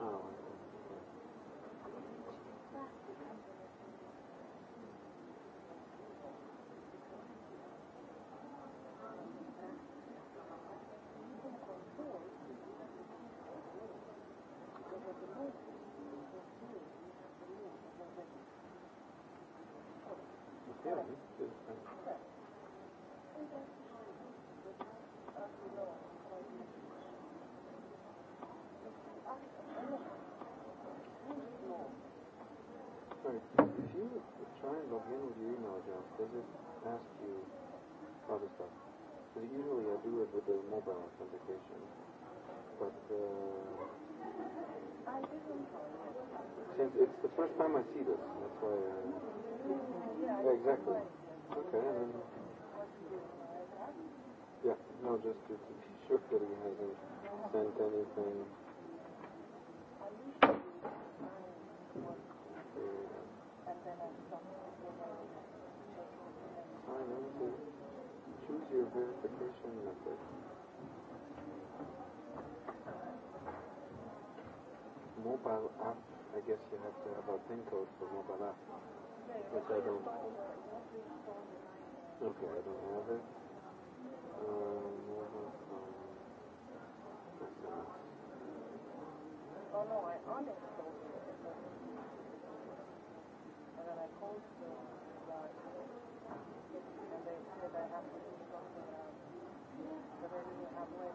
Oh. Uh, you try and log in with your email account, does it ask you other stuff? Because usually I do it with the mobile authentication. But uh, since it's the first time I see this, that's why. Uh, yeah, exactly. Okay. Then, yeah. No, just to be sure that he hasn't sent anything. I know choose your verification method. Mobile app, I guess you have to have a PIN code for mobile app, which I don't. Okay, I don't have it. Um, mobile phone. Oh no, I on it that I called the guy, and they said I have to do something else. the I didn't have way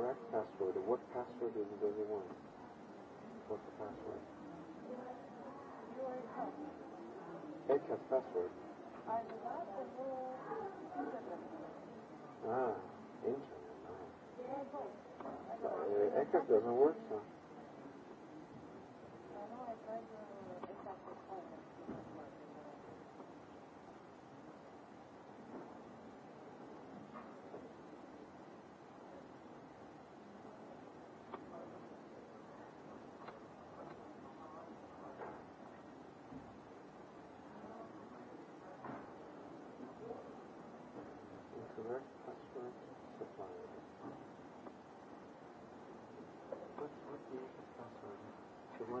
correct password. what password does he want? What's the password? It has password. Ah, internet. Ah. Uh, Eckhart doesn't work, so. I know, I tried to...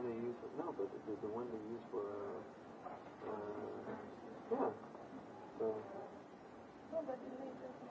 one they use for, no, but the, the one they use for, uh, uh, yeah. So. No, but you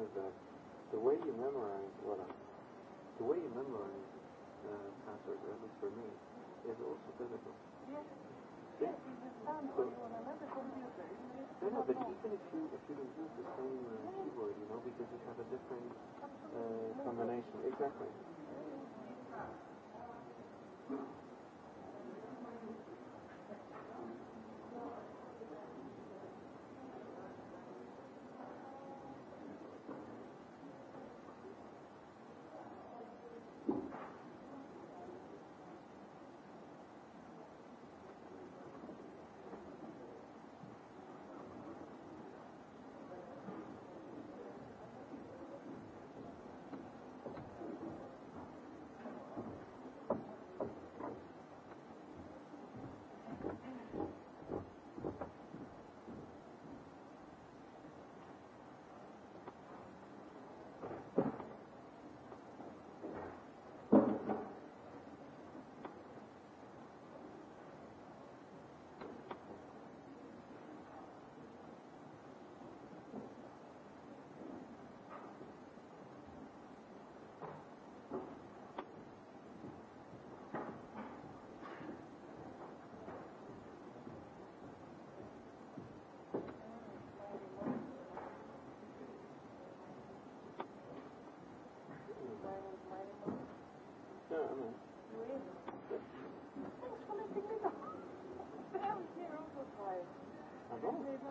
is that the way you memorize what well, the way you memorize uh, passwords, at least for me, is also physical. Yes. See? Yes, so, no, no, but even if you if you don't use the same uh, keyboard, you know, because you have a different uh, combination. Exactly. Mm.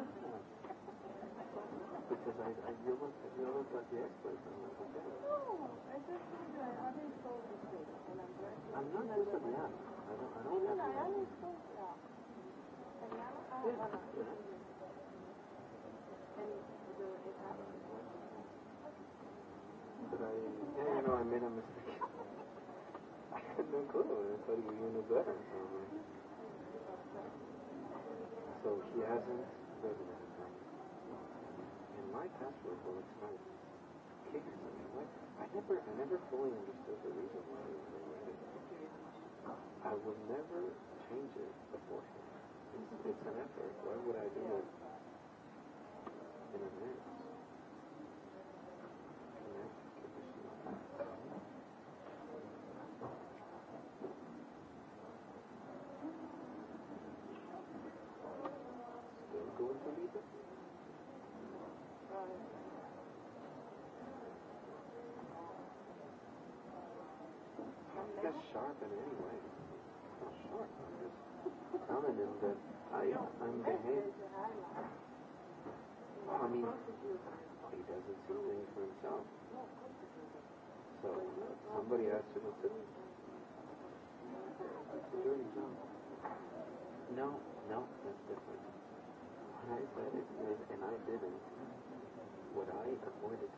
Because I, I you not, you not like the expert on eh, that. Eh, okay? No, I just think I haven't told it and I'm very I'm not I don't, I don't have to. I And now I have an And the, it happened. But I, yeah, you know, I made a mistake. I had no clue. I thought you knew better. So, so she hasn't president and my password will expire. Kicks me. What? I never, I never fully understood the reason why we were it. I will never change it before It's, it's an effort. Why would I do it in a minute? No, no, that's different. When I said it, and, and I didn't, what I avoided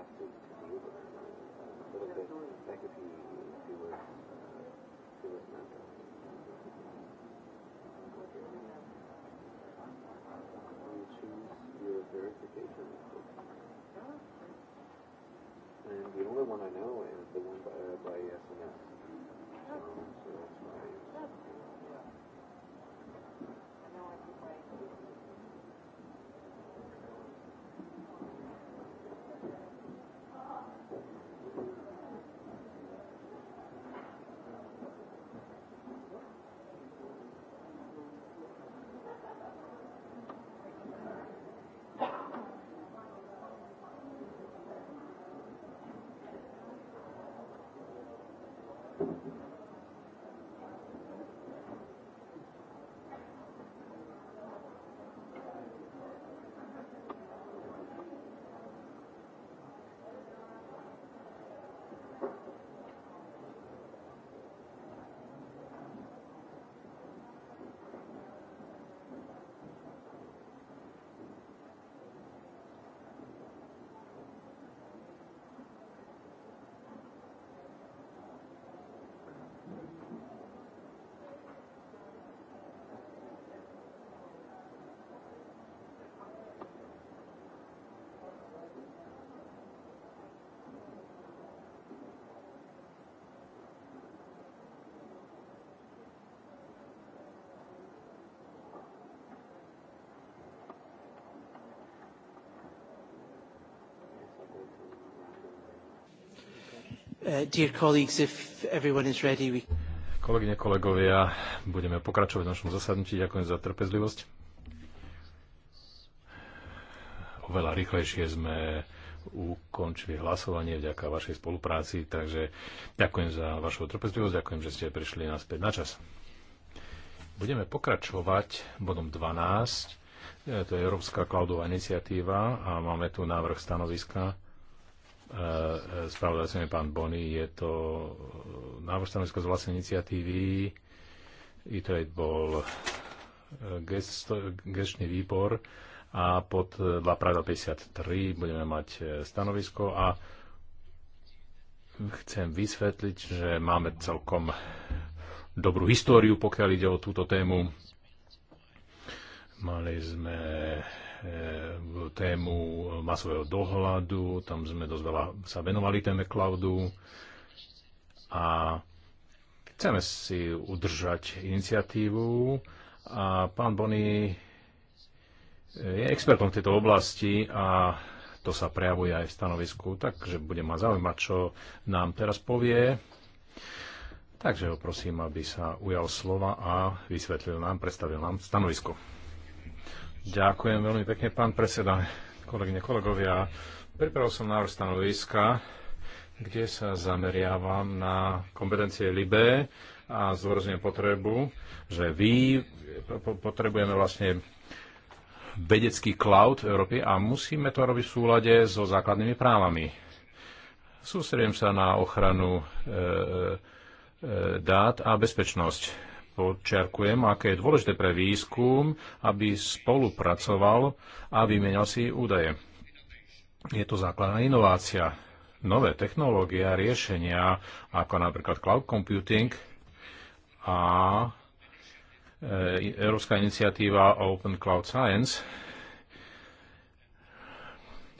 have to, deal with a little bit, like if he, if he was, if he was mental. You choose your verification And the only one I know is the one by, uh, by uh, Uh, Kolegyne, kolegovia, budeme pokračovať v našom zasadnutí. Ďakujem za trpezlivosť. Oveľa rýchlejšie sme ukončili hlasovanie vďaka vašej spolupráci, takže ďakujem za vašu trpezlivosť, ďakujem, že ste prišli naspäť na čas. Budeme pokračovať bodom 12, e, to je Európska cloudová iniciatíva a máme tu návrh stanoviska uh, spravodajcami pán Bony, je to eh, návrh stanovisko z vlastnej iniciatívy, je bol eh, gestný výbor a pod 2 pravda 53 budeme mať eh, stanovisko a chcem vysvetliť, že máme celkom dobrú históriu, pokiaľ ide o túto tému. Mali sme Eh, tému masového dohľadu, tam sme dosť veľa sa venovali téme cloudu a chceme si udržať iniciatívu a pán Bony je expertom v tejto oblasti a to sa prejavuje aj v stanovisku, takže bude ma zaujímať, čo nám teraz povie. Takže ho prosím, aby sa ujal slova a vysvetlil nám, predstavil nám stanovisko. Ďakujem veľmi pekne, pán predseda, kolegyne, kolegovia. Pripravil som návrh stanoviska, kde sa zameriavam na kompetencie LIBE a zdôrazňujem potrebu, že vy potrebujeme vlastne vedecký cloud Európy a musíme to robiť v súlade so základnými právami. Sústredím sa na ochranu e, e, e dát a bezpečnosť podčiarkujem, aké je dôležité pre výskum, aby spolupracoval a vymenil si údaje. Je to základná inovácia. Nové technológie a riešenia, ako napríklad cloud computing a e, Európska iniciatíva Open Cloud Science,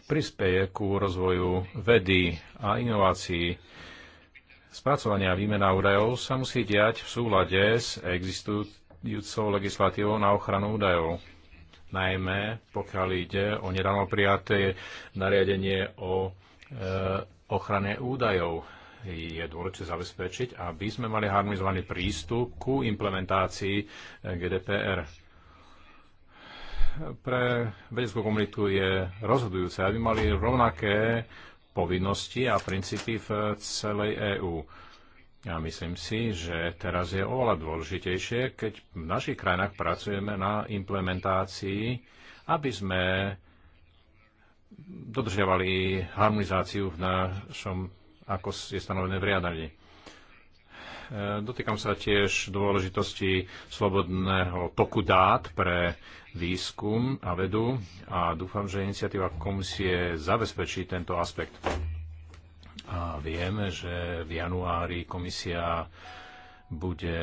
prispeje ku rozvoju vedy a inovácií Spracovanie a výmena údajov sa musí diať v súlade s existujúcou legislatívou na ochranu údajov. Najmä pokiaľ ide o nedávno prijaté nariadenie o e, ochrane údajov. Je dôležité zabezpečiť, aby sme mali harmonizovaný prístup ku implementácii e, GDPR pre vedeckú komunitu je rozhodujúce, aby mali rovnaké povinnosti a princípy v celej EÚ. Ja myslím si, že teraz je oveľa dôležitejšie, keď v našich krajinách pracujeme na implementácii, aby sme dodržiavali harmonizáciu v našom, ako je stanovené v riadaní. E, dotýkam sa tiež dôležitosti slobodného toku dát pre výskum a vedu a dúfam, že iniciatíva komisie zabezpečí tento aspekt. A vieme, že v januári komisia bude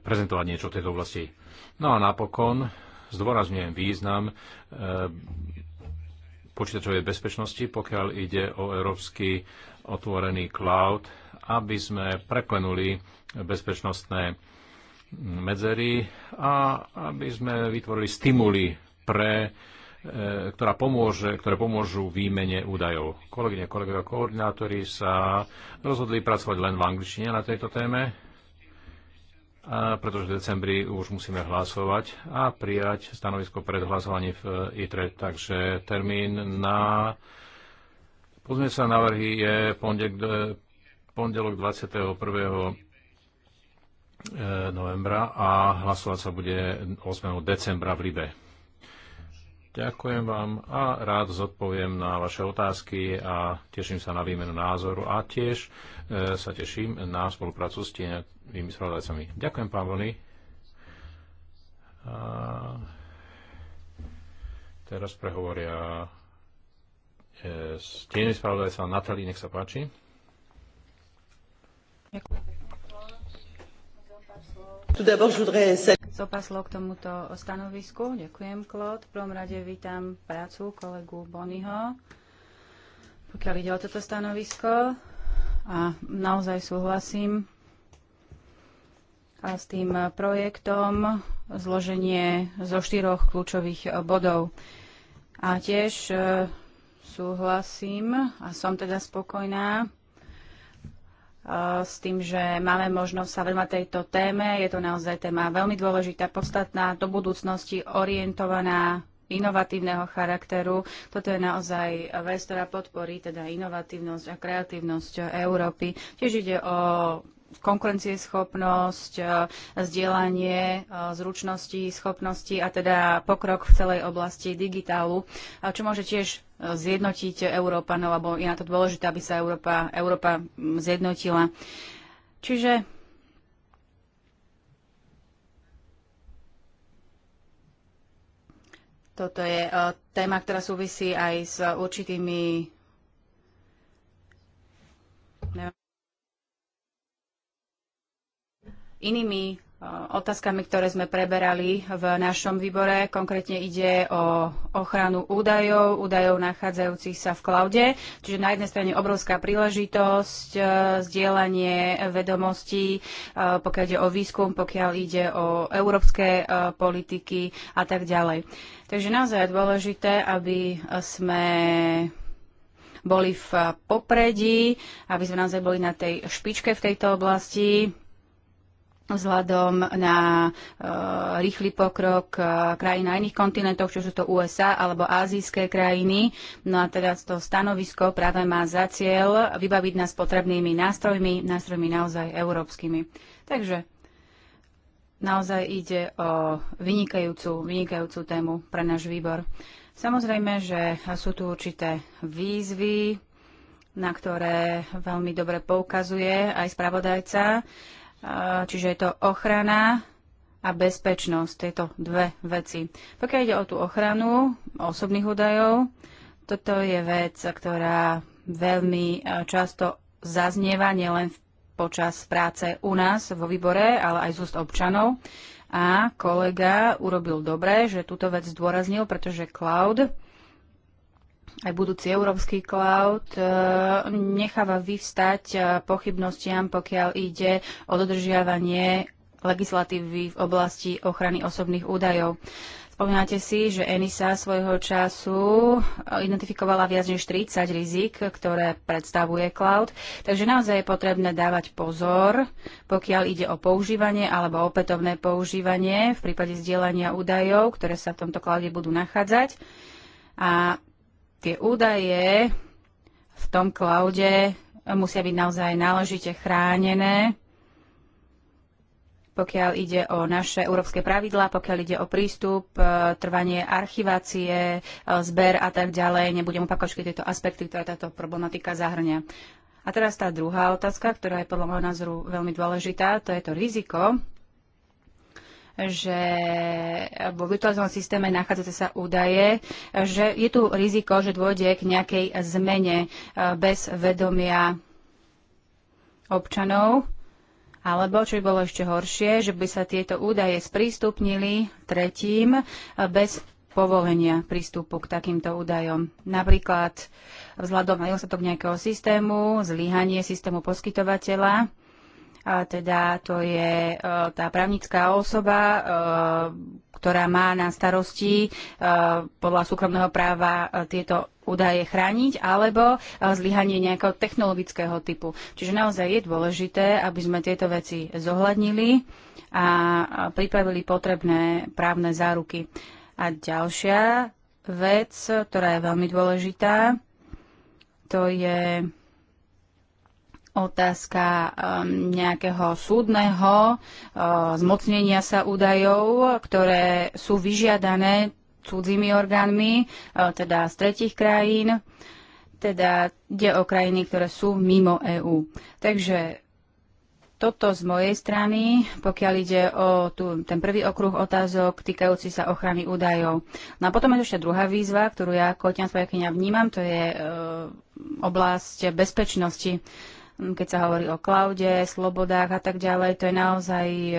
prezentovať niečo v tejto oblasti. No a napokon zdôrazňujem význam e, počítačovej bezpečnosti, pokiaľ ide o európsky otvorený cloud aby sme preklenuli bezpečnostné medzery a aby sme vytvorili stimuly pre e, ktorá pomôže, ktoré pomôžu výmene údajov. Kolegyne, kolegovia, koordinátori sa rozhodli pracovať len v angličtine na tejto téme, a pretože v decembri už musíme hlasovať a prijať stanovisko pred hlasovaním v e, ITRE. Takže termín na sa návrhy je pondelok e, pondelok 21. Eh, novembra a hlasovať sa bude 8. decembra v Libe. Ďakujem vám a rád zodpoviem na vaše otázky a teším sa na výmenu názoru a tiež eh, sa teším na spoluprácu s tými spravodajcami. Ďakujem, pán Vlny. A teraz prehovoria eh, s tými spravodajcami Natalí, nech sa páči. Zopaslo k tomuto stanovisku. Ďakujem, Klod. V prvom rade vítam prácu kolegu Bonyho, pokiaľ ide o toto stanovisko. A naozaj súhlasím a s tým projektom zloženie zo štyroch kľúčových bodov. A tiež e, súhlasím a som teda spokojná s tým, že máme možnosť sa venovať tejto téme. Je to naozaj téma veľmi dôležitá, podstatná, do budúcnosti orientovaná inovatívneho charakteru. Toto je naozaj vec, ktorá podporí teda inovatívnosť a kreatívnosť Európy. Tiež ide o konkurencieschopnosť, zdieľanie zručnosti, schopnosti a teda pokrok v celej oblasti digitálu, čo môže tiež zjednotiť Európanov, alebo je na to dôležité, aby sa Európa, Európa zjednotila. Čiže toto je e, téma, ktorá súvisí aj s určitými neviem, inými Eh, otázkami, ktoré sme preberali v našom výbore. Konkrétne ide o ochranu údajov, údajov nachádzajúcich sa v klaude. Čiže na jednej strane obrovská príležitosť, eh, zdieľanie vedomostí, eh, pokiaľ ide o výskum, pokiaľ ide o európske politiky a tak ďalej. Takže naozaj je dôležité, aby sme boli v popredí, aby sme naozaj boli na tej špičke v tejto oblasti vzhľadom na e, rýchly pokrok e, krajín na iných kontinentoch, čo sú to USA alebo azijské krajiny. No a teda to stanovisko práve má za cieľ vybaviť nás potrebnými nástrojmi, nástrojmi naozaj európskymi. Takže naozaj ide o vynikajúcu, vynikajúcu tému pre náš výbor. Samozrejme, že sú tu určité výzvy, na ktoré veľmi dobre poukazuje aj spravodajca čiže je to ochrana a bezpečnosť, tieto dve veci. Pokiaľ ide o tú ochranu osobných údajov, toto je vec, ktorá veľmi často zaznieva nielen počas práce u nás vo výbore, ale aj z úst občanov. A kolega urobil dobre, že túto vec zdôraznil, pretože cloud aj budúci európsky cloud e, necháva vyvstať e, pochybnostiam, pokiaľ ide o dodržiavanie legislatívy v oblasti ochrany osobných údajov. Spomínate si, že ENISA svojho času e, identifikovala viac než 30 rizik, ktoré predstavuje cloud, takže naozaj je potrebné dávať pozor, pokiaľ ide o používanie alebo opätovné používanie v prípade zdieľania údajov, ktoré sa v tomto cloude budú nachádzať. A tie údaje v tom cloude musia byť naozaj náležite chránené, pokiaľ ide o naše európske pravidlá, pokiaľ ide o prístup, e, trvanie archivácie, e, zber a tak ďalej. Nebudem opakovať všetky tieto aspekty, ktoré táto problematika zahrňa. A teraz tá druhá otázka, ktorá je podľa môjho názoru veľmi dôležitá, to je to riziko, že vo virtuálnom systéme nachádzate sa údaje, že je tu riziko, že dôjde k nejakej zmene e, bez vedomia občanov, alebo, čo by bolo ešte horšie, že by sa tieto údaje sprístupnili tretím e, bez povolenia prístupu k takýmto údajom. Napríklad vzhľadom na nedostatok nejakého systému, zlyhanie systému poskytovateľa, a teda to je e, tá právnická osoba, e, ktorá má na starosti e, podľa súkromného práva tieto údaje chrániť alebo zlyhanie nejakého technologického typu. Čiže naozaj je dôležité, aby sme tieto veci zohľadnili a pripravili potrebné právne záruky. A ďalšia vec, ktorá je veľmi dôležitá, to je otázka ehm, nejakého súdneho eh, zmocnenia sa údajov, ktoré sú vyžiadané cudzími orgánmi, eh, teda z tretich krajín, teda ide o krajiny, ktoré sú mimo EÚ. Takže toto z mojej strany, pokiaľ ide o tú, ten prvý okruh otázok týkajúci sa ochrany údajov. No a potom je ešte druhá výzva, ktorú ja ako spravodajkynia vnímam, to je e, oblasť bezpečnosti keď sa hovorí o klaude, slobodách a tak ďalej, to je naozaj e,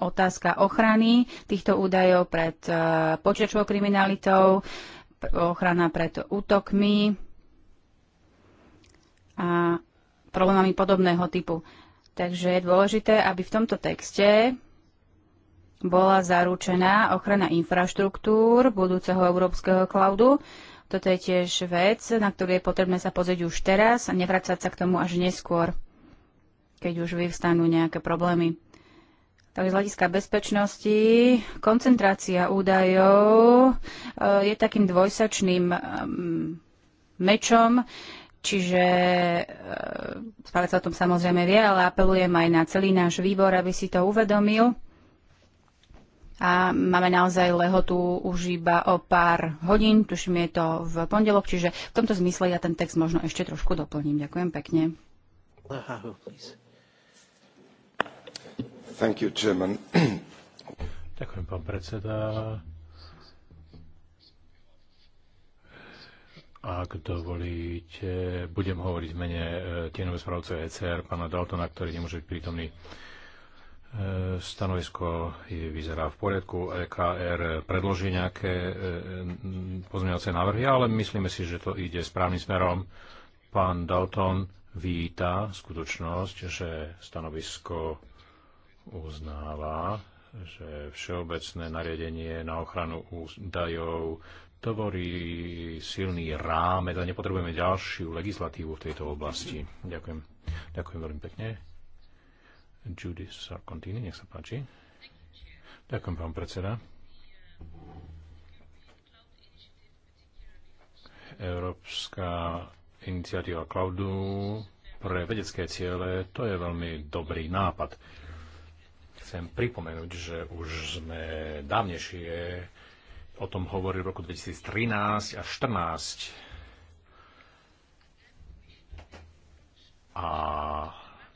otázka ochrany týchto údajov pred e, počiačovou kriminalitou, ochrana pred útokmi a problémami podobného typu. Takže je dôležité, aby v tomto texte bola zaručená ochrana infraštruktúr budúceho európskeho cloudu toto je tiež vec, na ktorú je potrebné sa pozrieť už teraz a nevracať sa k tomu až neskôr, keď už vyvstanú nejaké problémy. Takže z hľadiska bezpečnosti koncentrácia údajov eh, je takým dvojsačným eh, mečom, čiže eh, stále sa o tom samozrejme vie, ale apelujem aj na celý náš výbor, aby si to uvedomil a máme naozaj lehotu už iba o pár hodín, tuším je to v pondelok, čiže v tomto zmysle ja ten text možno ešte trošku doplním. Ďakujem pekne. Thank you, Chairman. Ďakujem, pán predseda. Ak dovolíte, budem hovoriť v mene eh, tienového správcu ECR, pána Daltona, ktorý nemôže byť prítomný. E, stanovisko vyzerá v poriadku. EKR predloží nejaké e, pozmeňovacie návrhy, ale myslíme si, že to ide správnym smerom. Pán Dalton víta skutočnosť, že stanovisko uznáva, že všeobecné nariadenie na ochranu údajov tvorí silný rámec a nepotrebujeme ďalšiu legislatívu v tejto oblasti. Ďakujem. Ďakujem veľmi pekne. Judy Sarkontini, nech sa páči. Ďakujem, pán predseda. Európska iniciatíva cloudu pre vedecké ciele, to je veľmi dobrý nápad. Chcem pripomenúť, že už sme dávnejšie o tom hovorili v roku 2013 a 2014. A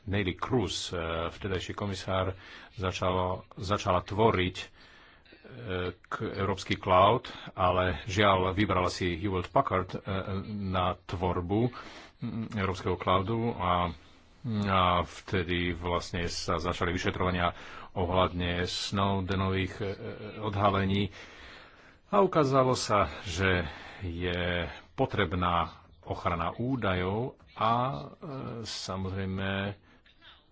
Nelly Cruz, eh, vtedajší komisár, začalo, začala tvoriť eh, k európsky cloud, ale žiaľ vybrala si Hewlett Packard eh, na tvorbu mm, európskeho cloudu a, a vtedy vlastne sa začali vyšetrovania ohľadne Snowdenových odhalení a ukázalo sa, že je potrebná ochrana údajov a e, samozrejme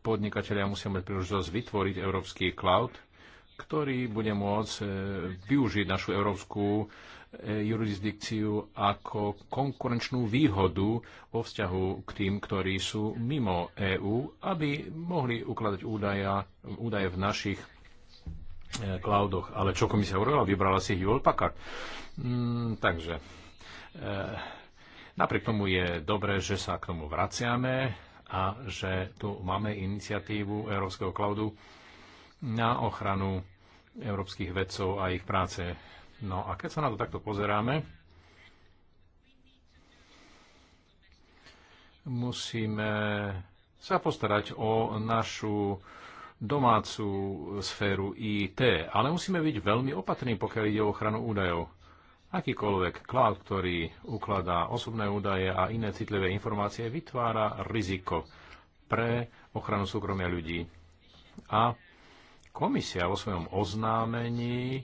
podnikatelia musia mať príležitosť vytvoriť európsky cloud, ktorý bude môcť e, využiť našu európsku e, jurisdikciu ako konkurenčnú výhodu vo vzťahu k tým, ktorí sú mimo EÚ, aby mohli ukladať údaje, údaje v našich e, cloudoch. Ale čo komisia urobila? Vybrala si Hewlett Packard. Mm, takže e, napriek tomu je dobré, že sa k tomu vraciame a že tu máme iniciatívu Európskeho cloudu na ochranu európskych vedcov a ich práce. No a keď sa na to takto pozeráme, musíme sa postarať o našu domácu sféru IT, ale musíme byť veľmi opatrní, pokiaľ ide o ochranu údajov. Akýkoľvek cloud, ktorý ukladá osobné údaje a iné citlivé informácie, vytvára riziko pre ochranu súkromia ľudí. A komisia vo svojom oznámení e,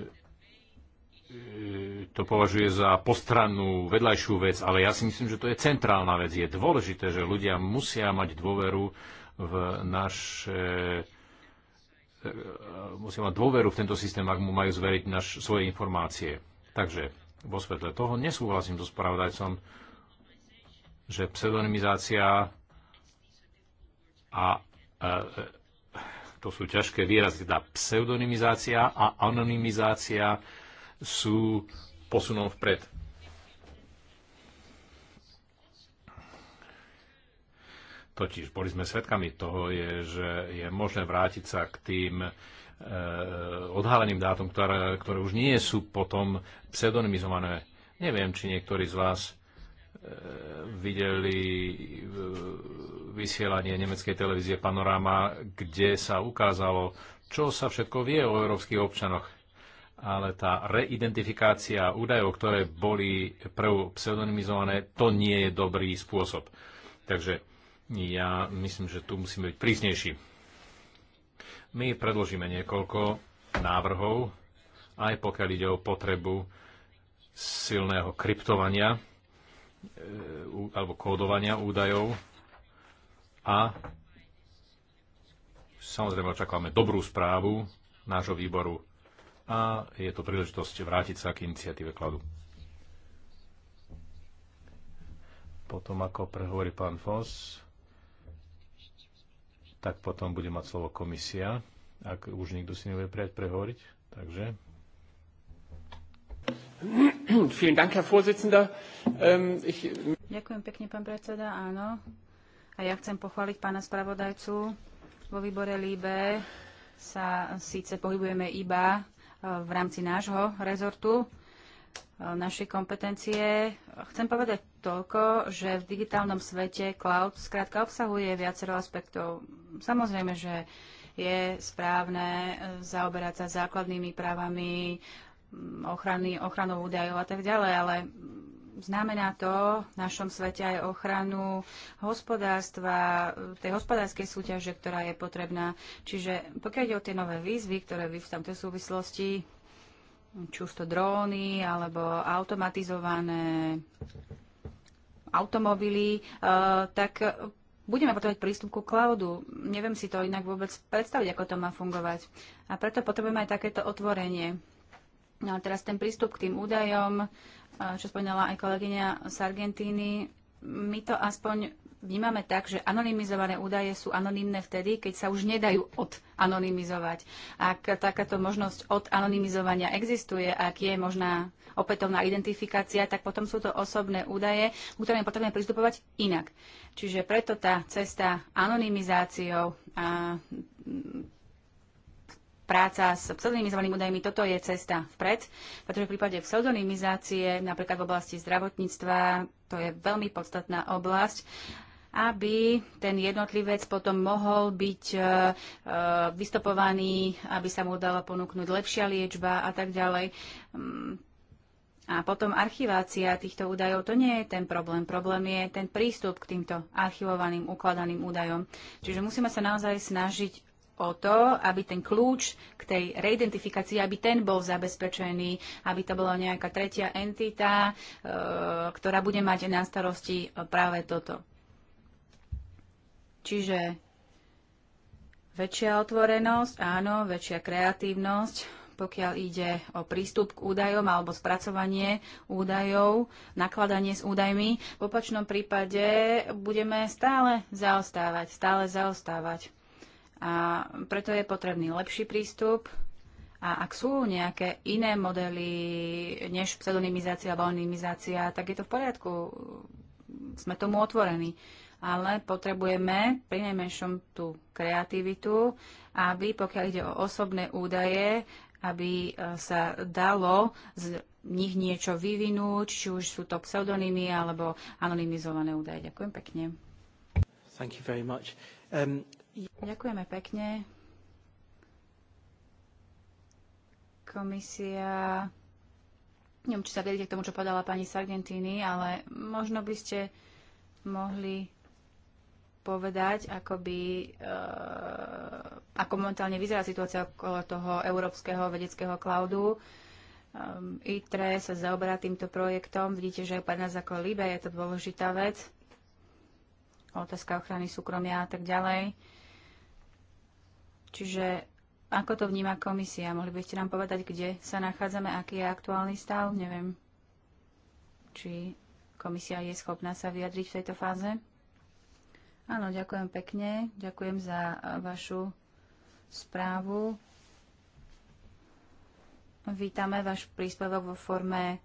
e, to považuje za postrannú vedľajšiu vec, ale ja si myslím, že to je centrálna vec. Je dôležité, že ľudia musia mať dôveru v naše E, musia mať dôveru v tento systém, ak mu majú zveriť naš, svoje informácie. Takže vo svetle toho nesúhlasím so spravodajcom, že pseudonymizácia a e, e to sú ťažké výrazy, teda pseudonymizácia a anonymizácia sú posunom vpred. Totiž boli sme svedkami toho, je, že je možné vrátiť sa k tým e, odhaleným dátum, ktoré, ktoré už nie sú potom pseudonymizované. Neviem, či niektorí z vás e, videli e, vysielanie nemeckej televízie Panorama, kde sa ukázalo, čo sa všetko vie o európskych občanoch. Ale tá reidentifikácia údajov, ktoré boli prv pseudonymizované, to nie je dobrý spôsob. Takže ja myslím, že tu musíme byť prísnejší. My predložíme niekoľko návrhov, aj pokiaľ ide o potrebu silného kryptovania e, alebo kódovania údajov a samozrejme očakávame dobrú správu nášho výboru a je to príležitosť vrátiť sa k iniciatíve kladu. Potom ako prehovorí pán Foss, tak potom bude mať slovo komisia, ak už nikto si nebude prijať prehovoriť. Takže. Ähm, Ďakujem pekne, pán predseda, áno. A ja chcem pochváliť pána spravodajcu. Vo výbore Líbe sa síce pohybujeme iba e, v rámci nášho rezortu, e, našej kompetencie. Chcem povedať toľko, že v digitálnom svete cloud skrátka obsahuje viacero aspektov. Samozrejme, že je správne eh, zaoberať sa základnými právami, mm, ochrany, ochranou údajov a tak ďalej, ale znamená to v našom svete aj ochranu hospodárstva, eh, tej hospodárskej súťaže, ktorá je potrebná. Čiže pokiaľ ide o tie nové výzvy, ktoré vy v tamtej súvislosti, či už to dróny alebo automatizované automobily, e, tak budeme potrebovať prístup ku cloudu. Neviem si to inak vôbec predstaviť, ako to má fungovať. A preto potrebujeme aj takéto otvorenie. No a teraz ten prístup k tým údajom, e, čo spomínala aj kolegyňa z Argentíny, my to aspoň vnímame tak, že anonymizované údaje sú anonymné vtedy, keď sa už nedajú odanonymizovať. Ak takáto možnosť odanonymizovania existuje, ak je možná opätovná identifikácia, tak potom sú to osobné údaje, k ktorým je potrebné pristupovať inak. Čiže preto tá cesta anonymizáciou a práca s pseudonymizovanými údajmi, toto je cesta vpred, pretože v prípade pseudonymizácie, napríklad v oblasti zdravotníctva, to je veľmi podstatná oblasť aby ten jednotlivec potom mohol byť e, e, vystopovaný, aby sa mu dala ponúknuť lepšia liečba a tak ďalej. Mm. A potom archivácia týchto údajov, to nie je ten problém. Problém je ten prístup k týmto archivovaným, ukladaným údajom. Čiže musíme sa naozaj snažiť o to, aby ten kľúč k tej reidentifikácii, aby ten bol zabezpečený, aby to bola nejaká tretia entita, e, ktorá bude mať na starosti práve toto. Čiže väčšia otvorenosť, áno, väčšia kreatívnosť, pokiaľ ide o prístup k údajom alebo spracovanie údajov, nakladanie s údajmi. V opačnom prípade budeme stále zaostávať, stále zaostávať. A preto je potrebný lepší prístup. A ak sú nejaké iné modely než pseudonymizácia alebo anonymizácia, tak je to v poriadku. Sme tomu otvorení ale potrebujeme pri najmenšom tú kreativitu, aby pokiaľ ide o osobné údaje, aby e, sa dalo z nich niečo vyvinúť, či už sú to pseudonymy alebo anonymizované údaje. Ďakujem pekne. Thank you very much. Um... Ďakujeme pekne. Komisia neviem, či sa vedete k tomu, čo povedala pani Sargentini, ale možno by ste mohli povedať, ako by, eh, ako momentálne vyzerá situácia okolo toho európskeho vedeckého cloudu. Ehm, ITRE sa zaoberá týmto projektom. Vidíte, že aj pre nás ako Libe je to dôležitá vec. Otázka ochrany súkromia a tak ďalej. Čiže ako to vníma komisia? Mohli by ste nám povedať, kde sa nachádzame, aký je aktuálny stav? Neviem, či komisia je schopná sa vyjadriť v tejto fáze. Áno, ďakujem pekne. Ďakujem za e, vašu správu. Vítame váš príspevok vo forme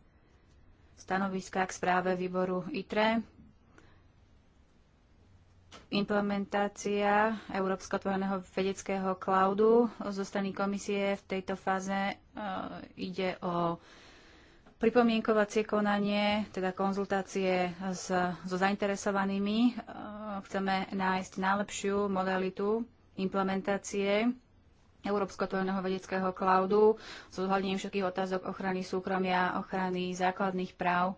stanoviska k správe výboru ITRE. Implementácia Európsko otvoreného vedeckého cloudu zo strany komisie v tejto fáze e, ide o pripomienkovacie konanie, teda konzultácie s, so zainteresovanými e, chceme nájsť najlepšiu modalitu implementácie Európsko-tvorného vedeckého cloudu s odhľadením všetkých otázok ochrany súkromia, ochrany základných práv.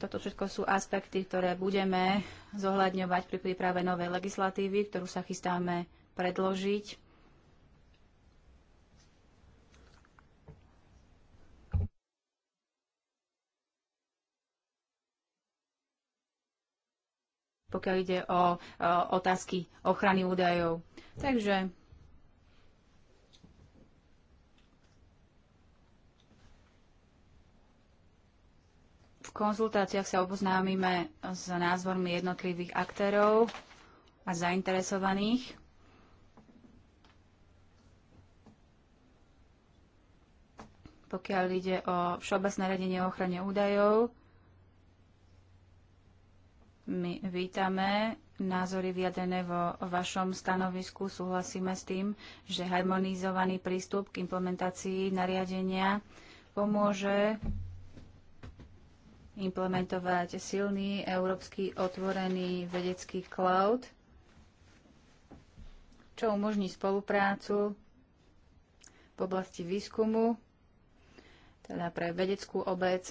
Toto všetko sú aspekty, ktoré budeme zohľadňovať pri príprave novej legislatívy, ktorú sa chystáme predložiť pokiaľ ide o, otázky ochrany údajov. Takže v konzultáciách sa oboznámime s názvormi jednotlivých aktérov a zainteresovaných. Pokiaľ ide o všeobecné radenie o ochrane údajov, my vítame názory vyjadrené vo vašom stanovisku. Súhlasíme s tým, že harmonizovaný prístup k implementácii nariadenia pomôže implementovať silný európsky otvorený vedecký cloud, čo umožní spoluprácu v oblasti výskumu, teda pre vedeckú obec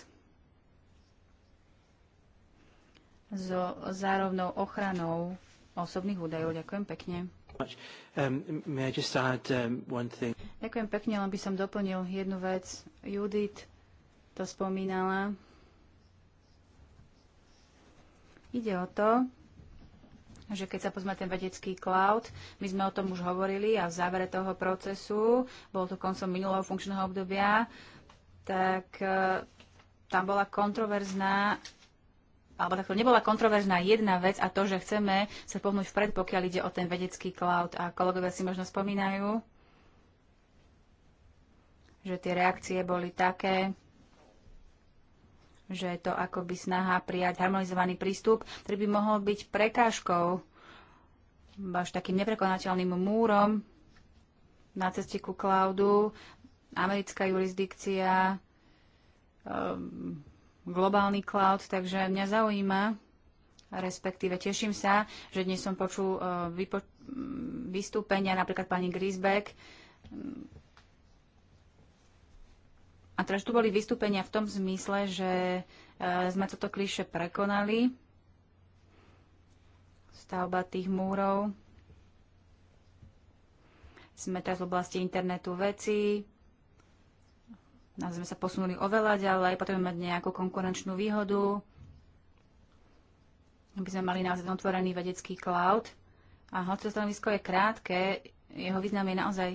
so zárovnou ochranou osobných údajov. Ďakujem pekne. Um, add, um, Ďakujem pekne, len by som doplnil jednu vec. Judith to spomínala. Ide o to, že keď sa pozme ten vedecký cloud, my sme o tom už hovorili a v závere toho procesu, bolo to koncom minulého funkčného obdobia, tak uh, tam bola kontroverzná alebo takto nebola kontroverzná jedna vec a to, že chceme sa pohnúť vpred, pokiaľ ide o ten vedecký cloud. A kolegovia si možno spomínajú, že tie reakcie boli také, že je to akoby snaha prijať harmonizovaný prístup, ktorý by mohol byť prekážkou, až takým neprekonateľným múrom na ceste ku cloudu, americká jurisdikcia, um, globálny cloud, takže mňa zaujíma, respektíve teším sa, že dnes som počul e, vypo- vystúpenia napríklad pani Grisbeck. A teraz tu boli vystúpenia v tom zmysle, že e, sme toto kliše prekonali. Stavba tých múrov. Sme teraz v oblasti internetu veci, Naozaj sme sa posunuli oveľa ďalej, potrebujeme mať nejakú konkurenčnú výhodu, aby sme mali naozaj otvorený vedecký cloud. A hoci to stanovisko je krátke, jeho význam je naozaj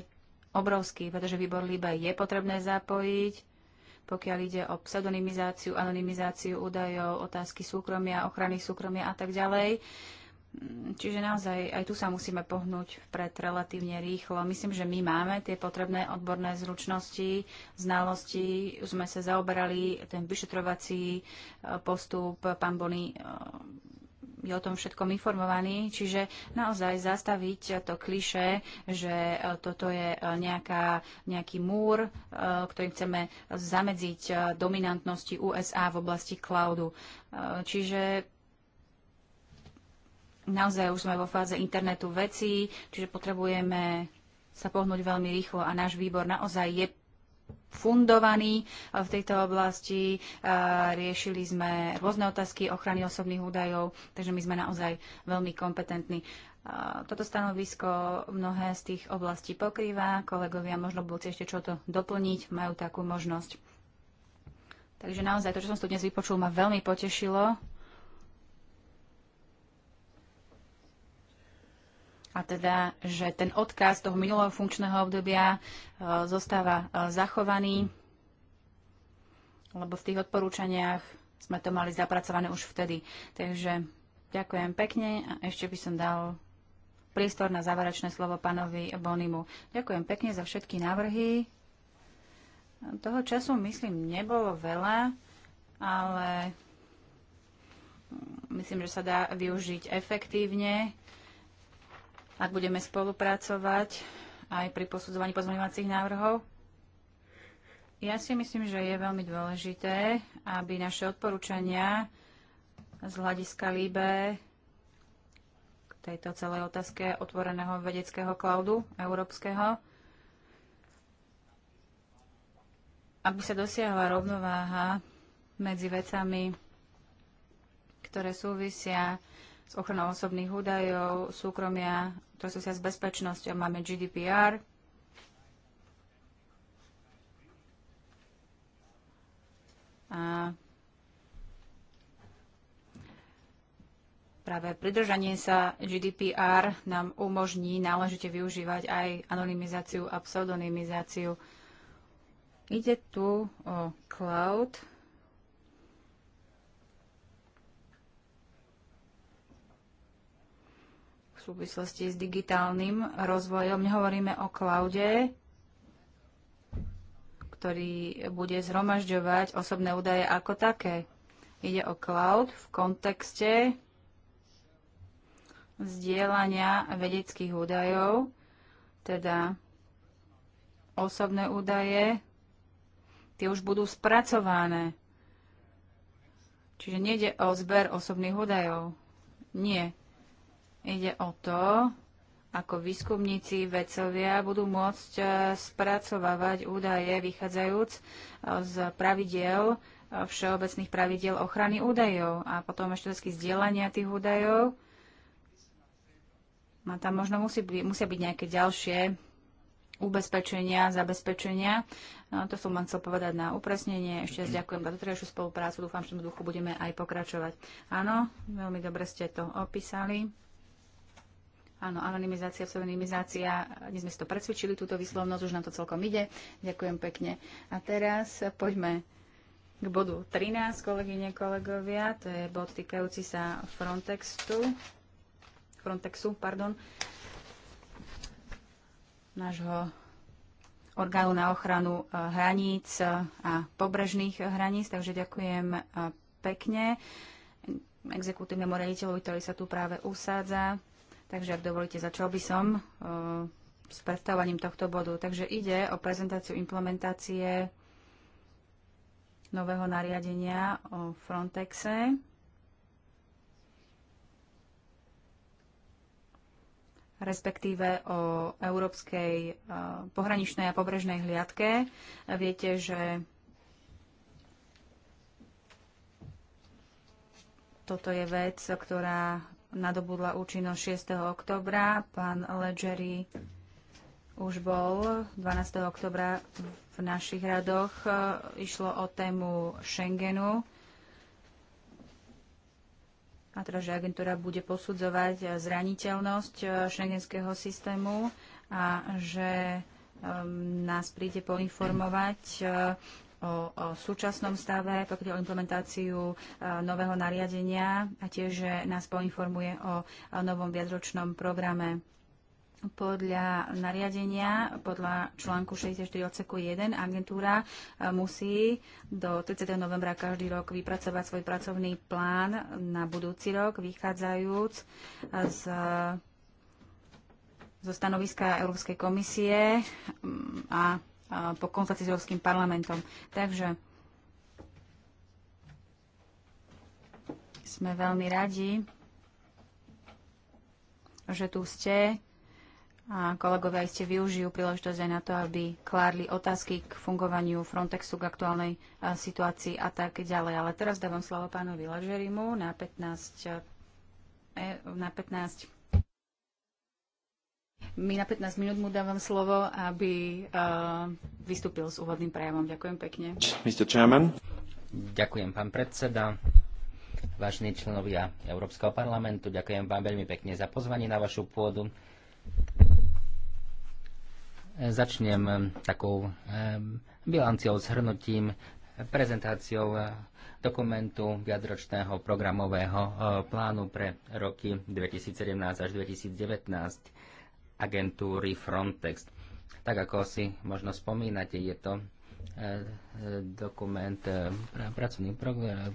obrovský, pretože výbor LIBE je potrebné zapojiť, pokiaľ ide o pseudonymizáciu, anonymizáciu údajov, otázky súkromia, ochrany súkromia a tak ďalej. Čiže naozaj aj tu sa musíme pohnúť vpred relatívne rýchlo. Myslím, že my máme tie potrebné odborné zručnosti, znalosti. Už sme sa zaoberali ten vyšetrovací e, postup. Pán Bony e, je o tom všetkom informovaný, čiže naozaj zastaviť to kliše, že e, toto je nejaká, nejaký múr, ktorým chceme zamedziť dominantnosti USA v oblasti cloudu. Čiže naozaj už sme vo fáze internetu vecí, čiže potrebujeme sa pohnúť veľmi rýchlo a náš výbor naozaj je fundovaný eh, v tejto oblasti. Eh, riešili sme rôzne otázky ochrany osobných údajov, takže my sme naozaj veľmi kompetentní. Eh, toto stanovisko mnohé z tých oblastí pokrýva. Kolegovia možno budú ešte čo to doplniť, majú takú možnosť. Takže naozaj to, čo som tu dnes vypočul, ma veľmi potešilo. a teda, že ten odkaz toho minulého funkčného obdobia e, zostáva e, zachovaný, lebo v tých odporúčaniach sme to mali zapracované už vtedy. Takže ďakujem pekne a ešte by som dal priestor na záverečné slovo pánovi Bonimu. Ďakujem pekne za všetky návrhy. Toho času, myslím, nebolo veľa, ale mm, myslím, že sa dá využiť efektívne ak budeme spolupracovať aj pri posudzovaní pozmeňovacích návrhov? Ja si myslím, že je veľmi dôležité, aby naše odporúčania z hľadiska LIBE k tejto celej otázke otvoreného vedeckého cloudu európskeho, aby sa dosiahla rovnováha medzi vecami, ktoré súvisia s ochranou osobných údajov, súkromia, to sa s bezpečnosťou, máme GDPR, A práve pridržanie sa GDPR nám umožní náležite využívať aj anonymizáciu a pseudonymizáciu. Ide tu o cloud, súvislosti s digitálnym rozvojom. Nehovoríme o cloude, ktorý bude zhromažďovať osobné údaje ako také. Ide o cloud v kontexte vzdielania vedeckých údajov, teda osobné údaje, tie už budú spracované. Čiže nejde o zber osobných údajov. Nie. Ide o to, ako výskumníci, vedcovia budú môcť e, spracovávať údaje vychádzajúc e, z pravidiel, e, všeobecných pravidiel ochrany údajov a potom ešte všetky zdieľania tých údajov. A tam možno musí by, musia byť nejaké ďalšie ubezpečenia, zabezpečenia. No, to som vám chcel povedať na upresnenie. Ešte raz ďakujem za doterajšiu spoluprácu. Dúfam, že v duchu budeme aj pokračovať. Áno, veľmi dobre ste to opísali. Áno, anonymizácia, pseudonymizácia, dnes sme si to precvičili, túto výslovnosť, už nám to celkom ide. Ďakujem pekne. A teraz poďme k bodu 13, kolegyne, kolegovia. To je bod týkajúci sa Frontextu. Frontexu, pardon. Nášho orgánu na ochranu e, hraníc e, a pobrežných hraníc. Takže ďakujem e, pekne exekutívnemu rediteľovi, ktorý sa tu práve usádza. Takže ak dovolíte, začal by som uh, s predstavovaním tohto bodu. Takže ide o prezentáciu implementácie nového nariadenia o Frontexe. respektíve o Európskej e, pohraničnej a pobrežnej hliadke. Viete, že toto je vec, ktorá nadobudla účinnosť 6. oktobra. Pán Ledgeri už bol 12. oktobra v našich radoch. Išlo o tému Schengenu. A teda, že agentúra bude posudzovať zraniteľnosť šengenského systému a že ehm, nás príde poinformovať o, o súčasnom stave, pokiaľ o implementáciu e, nového nariadenia a tiež nás poinformuje o, o novom viacročnom programe podľa nariadenia, podľa článku 64 odseku 1, agentúra e, musí do 30. novembra každý rok vypracovať svoj pracovný plán na budúci rok, vychádzajúc z zo stanoviska Európskej komisie mm, a po konzultácii s Európskym parlamentom. Takže sme veľmi radi, že tu ste a kolegovia ste využijú príležitosť aj na to, aby kládli otázky k fungovaniu Frontexu, k aktuálnej situácii a tak ďalej. Ale teraz dávam slovo pánovi Lažerimu na 15, e, na 15 my na 15 minút mu dávam slovo, aby uh, vystúpil s úvodným prejavom. Ďakujem pekne. Mr. Chairman. Ďakujem, pán predseda. Vážení členovia Európskeho parlamentu, ďakujem vám veľmi pekne za pozvanie na vašu pôdu. Začnem e, takou e, bilanciou, zhrnutím, prezentáciou dokumentu viacročného programového plánu pre roky 2017 až 2019 agentúry Frontex. Tak ako si možno spomínate, je to e, e, dokument, e, pracovný program,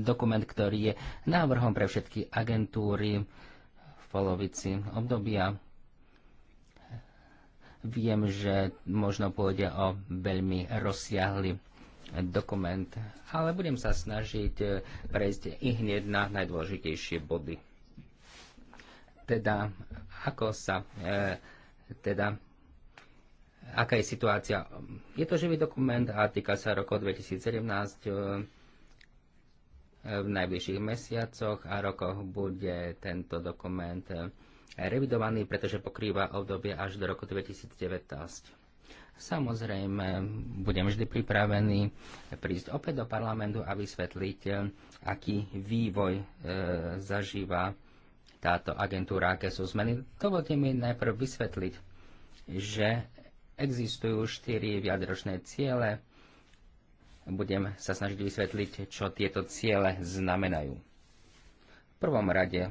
dokument, ktorý je návrhom pre všetky agentúry v polovici obdobia. Viem, že možno pôjde o veľmi rozsiahly dokument, ale budem sa snažiť prejsť i hneď na najdôležitejšie body. Teda ako sa e, teda aká je situácia. Je to živý dokument a týka sa roku 2017. E, v najbližších mesiacoch a rokoch bude tento dokument e, revidovaný, pretože pokrýva obdobie až do roku 2019. Samozrejme, budem vždy pripravený prísť opäť do parlamentu a vysvetliť, e, aký vývoj e, zažíva táto agentúra, aké sú zmeny. Dovolte mi najprv vysvetliť, že existujú štyri viadročné ciele. Budem sa snažiť vysvetliť, čo tieto ciele znamenajú. V prvom rade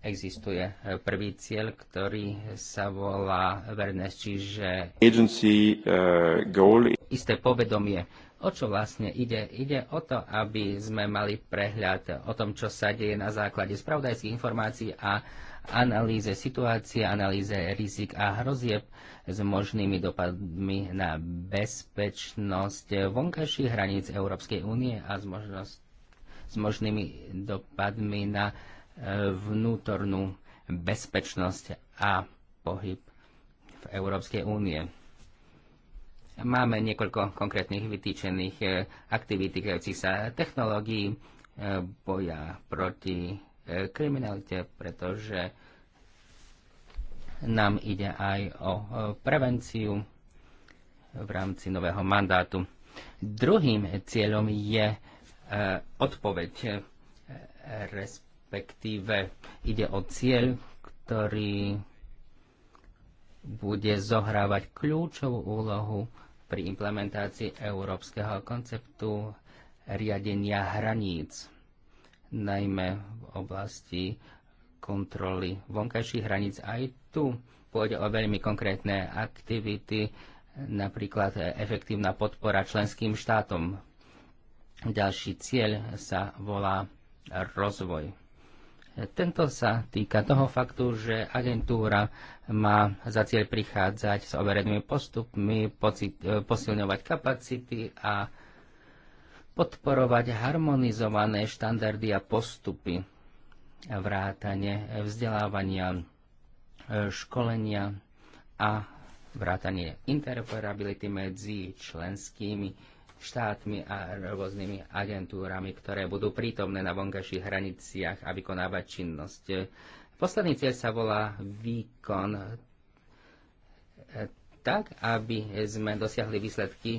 existuje prvý cieľ, ktorý sa volá vernosť, čiže Agency, uh, goal. isté povedomie O čo vlastne ide? Ide o to, aby sme mali prehľad o tom, čo sa deje na základe spravodajských informácií a analýze situácie, analýze rizik a hrozieb s možnými dopadmi na bezpečnosť vonkajších hraníc Európskej únie a s, možnosť, s možnými dopadmi na e, vnútornú bezpečnosť a pohyb v Európskej únie Máme niekoľko konkrétnych vytýčených eh, aktivít týkajúcich sa technológií, eh, boja proti eh, kriminalite, pretože nám ide aj o prevenciu v rámci nového mandátu. Druhým cieľom je odpoveď, respektíve ide o cieľ, ktorý bude zohrávať kľúčovú úlohu pri implementácii európskeho konceptu riadenia hraníc, najmä v oblasti kontroly vonkajších hraníc. Aj tu pôjde o veľmi konkrétne aktivity, napríklad efektívna podpora členským štátom. Ďalší cieľ sa volá rozvoj. Tento sa týka toho faktu, že agentúra má za cieľ prichádzať s overenými postupmi, pocit, e, posilňovať kapacity a podporovať harmonizované štandardy a postupy vrátane vzdelávania, e, školenia a vrátanie interoperability medzi členskými štátmi a rôznymi agentúrami, ktoré budú prítomné na vonkajších hraniciach a vykonávať činnosť. Posledný cieľ sa volá výkon tak, aby sme dosiahli výsledky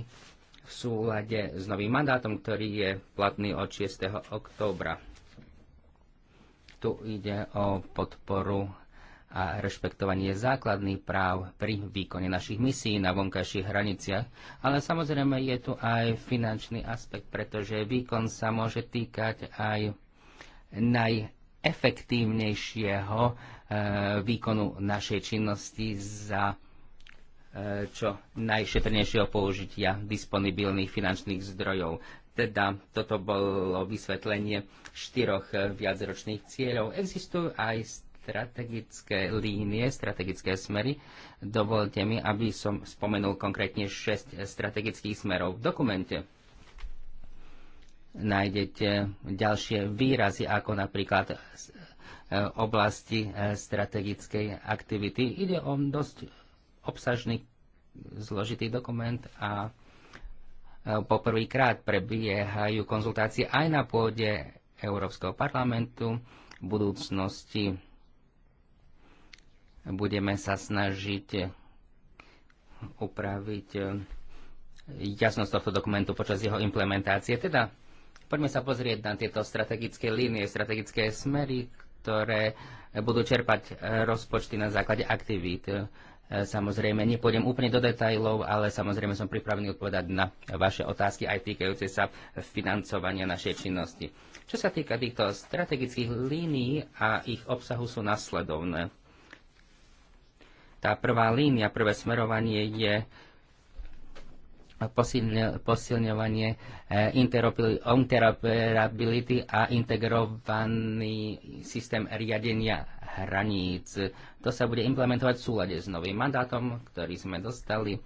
v súlade s novým mandátom, ktorý je platný od 6. októbra. Tu ide o podporu a rešpektovanie základných práv pri výkone našich misií na vonkajších hraniciach. Ale samozrejme je tu aj finančný aspekt, pretože výkon sa môže týkať aj najefektívnejšieho e, výkonu našej činnosti za e, čo najšetrnejšieho použitia disponibilných finančných zdrojov. Teda toto bolo vysvetlenie štyroch e, viacročných cieľov. Existujú aj strategické línie, strategické smery. Dovolte mi, aby som spomenul konkrétne 6 strategických smerov. V dokumente nájdete ďalšie výrazy, ako napríklad e, oblasti e, strategickej aktivity. Ide o dosť obsažný, zložitý dokument a e, poprvýkrát prebiehajú konzultácie aj na pôde Európskeho parlamentu v budúcnosti budeme sa snažiť upraviť eh, jasnosť tohto dokumentu počas jeho implementácie. Teda poďme sa pozrieť na tieto strategické línie, strategické smery, ktoré budú čerpať eh, rozpočty na základe aktivít. Eh, samozrejme, nepôjdem úplne do detajlov, ale samozrejme som pripravený odpovedať na vaše otázky aj týkajúce sa financovania našej činnosti. Čo sa týka týchto strategických línií a ich obsahu sú nasledovné tá prvá línia, prvé smerovanie je posilňovanie eh, interoperability a integrovaný systém riadenia hraníc. To sa bude implementovať v súlade s novým mandátom, ktorý sme dostali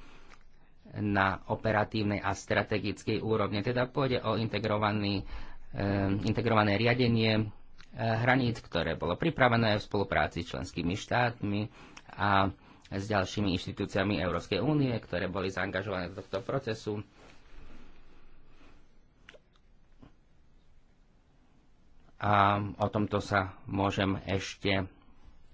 na operatívnej a strategickej úrovne. Teda pôjde o integrovaný, eh, integrované riadenie eh, hraníc, ktoré bolo pripravené v spolupráci s členskými štátmi a s ďalšími inštitúciami Európskej únie, ktoré boli zaangažované do tohto procesu. A o tomto sa môžem ešte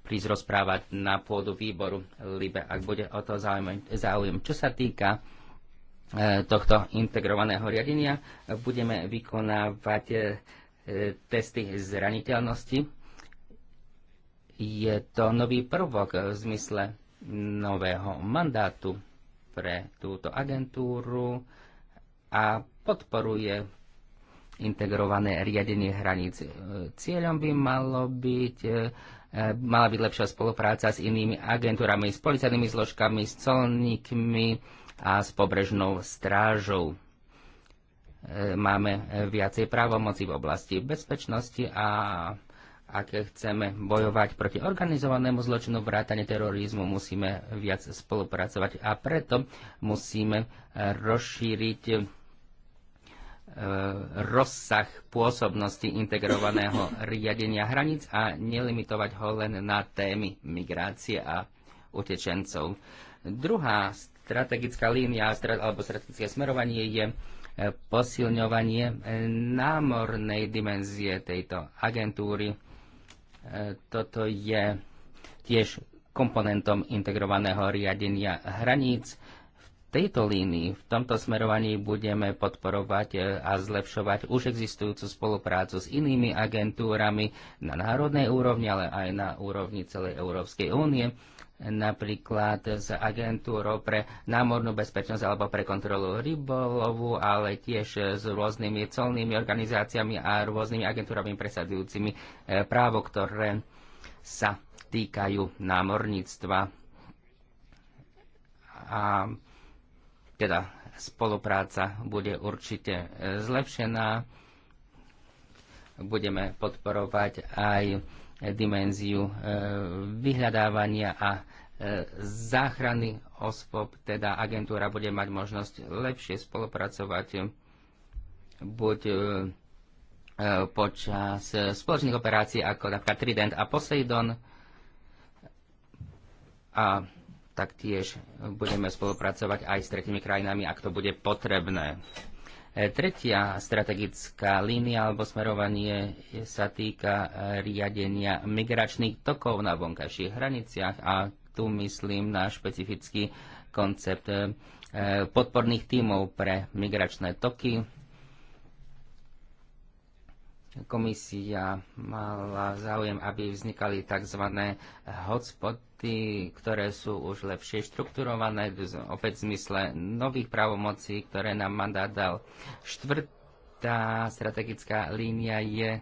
prísť rozprávať na pôdu výboru LIBE, ak bude o to záujem. Čo sa týka e, tohto integrovaného riadenia, budeme vykonávať e, testy zraniteľnosti. Je to nový prvok v zmysle nového mandátu pre túto agentúru a podporuje integrované riadenie hraníc. Cieľom by malo byť, e, mala byť lepšia spolupráca s inými agentúrami, s policajnými zložkami, s colníkmi a s pobrežnou strážou. E, máme viacej právomoci v oblasti bezpečnosti a ak chceme bojovať proti organizovanému zločinu vrátane terorizmu, musíme viac spolupracovať a preto musíme rozšíriť e, rozsah pôsobnosti integrovaného riadenia hraníc a nelimitovať ho len na témy migrácie a utečencov. Druhá strategická línia alebo strategické smerovanie je e, posilňovanie námornej dimenzie tejto agentúry. Toto je tiež komponentom integrovaného riadenia hraníc. V tejto línii, v tomto smerovaní budeme podporovať e, a zlepšovať už existujúcu spoluprácu s inými agentúrami na národnej úrovni, ale aj na úrovni celej Európskej únie napríklad s agentúrou pre námornú bezpečnosť alebo pre kontrolu rybolovu, ale tiež s rôznymi colnými organizáciami a rôznymi agentúrami presadzujúcimi e, právo, ktoré sa týkajú námorníctva. A teda spolupráca bude určite e, zlepšená. Budeme podporovať aj dimenziu e, vyhľadávania a E, záchrany osôb, teda agentúra bude mať možnosť lepšie spolupracovať e, buď e, počas spoločných operácií ako napríklad Trident a Poseidon a taktiež budeme spolupracovať aj s tretimi krajinami, ak to bude potrebné. Tretia strategická línia alebo smerovanie sa týka riadenia migračných tokov na vonkajších hraniciach a tu myslím na špecifický koncept eh, podporných tímov pre migračné toky. Komisia mala záujem, aby vznikali tzv. hotspoty, ktoré sú už lepšie štrukturované, opäť v zmysle nových právomocí, ktoré nám mandát dal. Štvrtá strategická línia je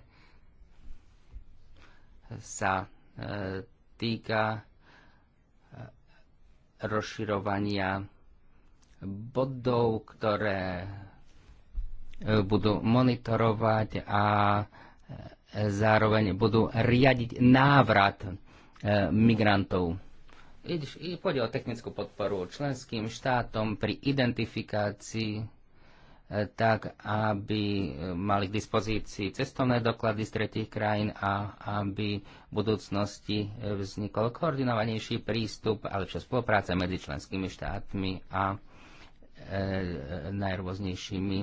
sa e, týka rozširovania bodov, ktoré e, budú monitorovať a e, zároveň budú riadiť návrat e, migrantov. Ide o technickú podporu členským štátom pri identifikácii tak aby mali k dispozícii cestovné doklady z tretich krajín a aby v budúcnosti vznikol koordinovanejší prístup a lepšia spolupráca medzi členskými štátmi a e, e najrôznejšími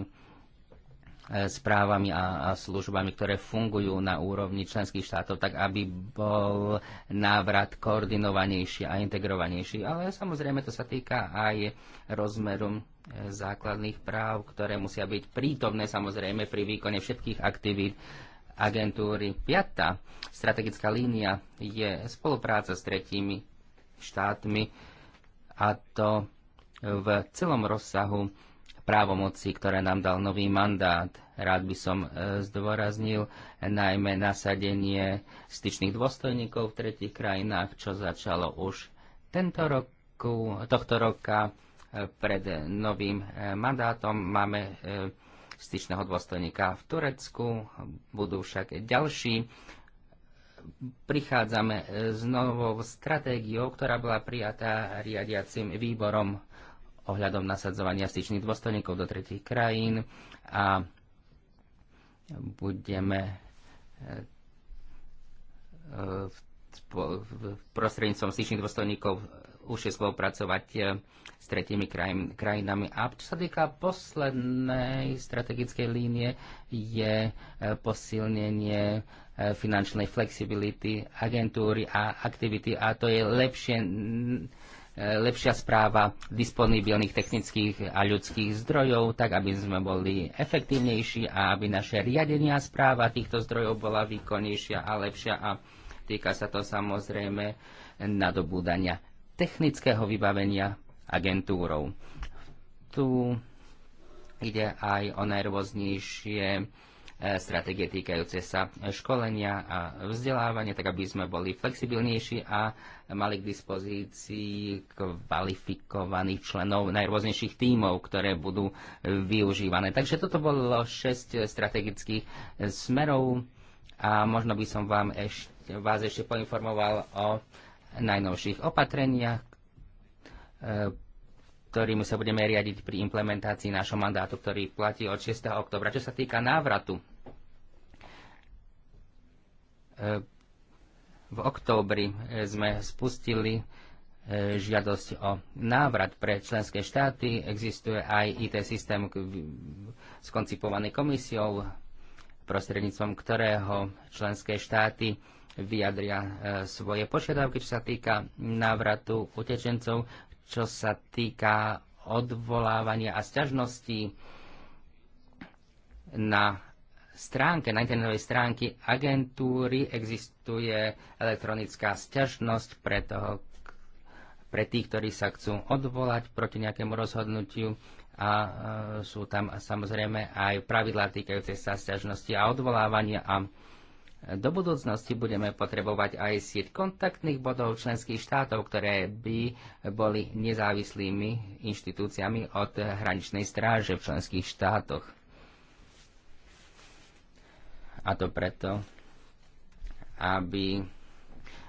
E, správami a, službami, ktoré fungujú na úrovni členských štátov, tak aby bol návrat koordinovanejší a integrovanejší. Ale samozrejme to sa týka aj rozmeru e, základných práv, ktoré musia byť prítomné samozrejme pri výkone všetkých aktivít agentúry. Piatá strategická línia je spolupráca s tretími štátmi a to v celom rozsahu právomoci, ktoré nám dal nový mandát. Rád by som e, zdôraznil najmä nasadenie styčných dôstojníkov v tretich krajinách, čo začalo už tento roku, tohto roka e, pred novým e, mandátom. Máme styčného dôstojníka v Turecku, budú však ďalší. Prichádzame s novou stratégiou, ktorá bola prijatá riadiacim výborom ohľadom nasadzovania styčných dôstojníkov do tretich krajín a budeme e, prostredníctvom styčných dôstojníkov už spolupracovať e, s tretími krajinami. A čo sa týka poslednej strategickej línie, je e, posilnenie finančnej flexibility agentúry a aktivity a to je lepšie E, lepšia správa disponibilných technických a ľudských zdrojov, tak aby sme boli efektívnejší a aby naše riadenia správa týchto zdrojov bola výkonnejšia a lepšia a týka sa to samozrejme nadobúdania technického vybavenia agentúrov. Tu ide aj o najrôznejšie E, stratégie týkajúce sa školenia a vzdelávania, tak aby sme boli flexibilnejší a mali k dispozícii kvalifikovaných členov najrôznejších tímov, ktoré budú využívané. Takže toto bolo 6 strategických smerov a možno by som vám ešte, vás ešte poinformoval o najnovších opatreniach, e, ktorými sa budeme riadiť pri implementácii nášho mandátu, ktorý platí od 6. oktobra. Čo sa týka návratu v októbri e, sme spustili e, žiadosť o návrat pre členské štáty. Existuje aj IT systém skoncipovaný komisiou, prostredníctvom ktorého členské štáty vyjadria e, svoje požiadavky, čo sa týka návratu utečencov, čo sa týka odvolávania a sťažností na stránke, na internetovej stránke agentúry existuje elektronická sťažnosť pre, toho, pre tých, ktorí sa chcú odvolať proti nejakému rozhodnutiu a e, sú tam samozrejme aj pravidlá týkajúce sa sťažnosti a odvolávania a do budúcnosti budeme potrebovať aj sieť kontaktných bodov členských štátov, ktoré by boli nezávislými inštitúciami od hraničnej stráže v členských štátoch. A to preto, aby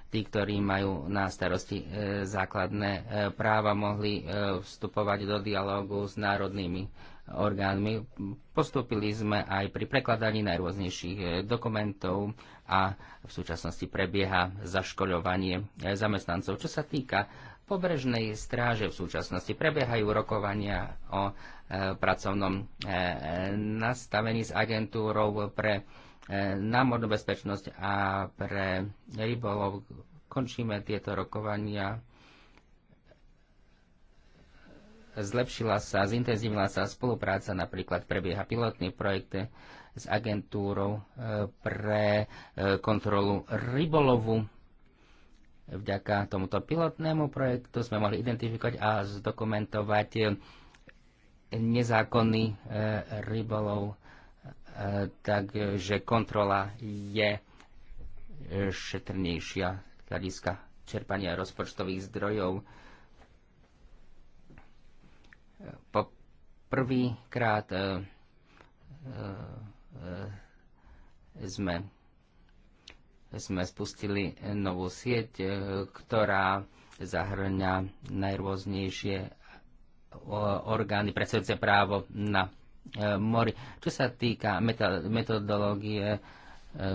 tí, ktorí majú na starosti e, základné e, práva, mohli e, vstupovať do dialógu s národnými orgánmi. Postúpili sme aj pri prekladaní najrôznejších dokumentov a v súčasnosti prebieha zaškoľovanie zamestnancov. Čo sa týka pobrežnej stráže v súčasnosti prebiehajú rokovania o pracovnom nastavení s agentúrou pre E, námornú bezpečnosť a pre rybolov. Končíme tieto rokovania. Zlepšila sa, zintenzívila sa spolupráca, napríklad prebieha pilotný projekt s agentúrou e, pre e, kontrolu rybolovu. Vďaka tomuto pilotnému projektu sme mohli identifikovať a zdokumentovať nezákonný rybolov takže kontrola je šetrnejšia z hľadiska čerpania rozpočtových zdrojov. Po prvýkrát e, e, e, sme, sme spustili novú sieť, ktorá zahrňa najrôznejšie orgány presvedce právo na E, mori. Čo sa týka metodológie e, e,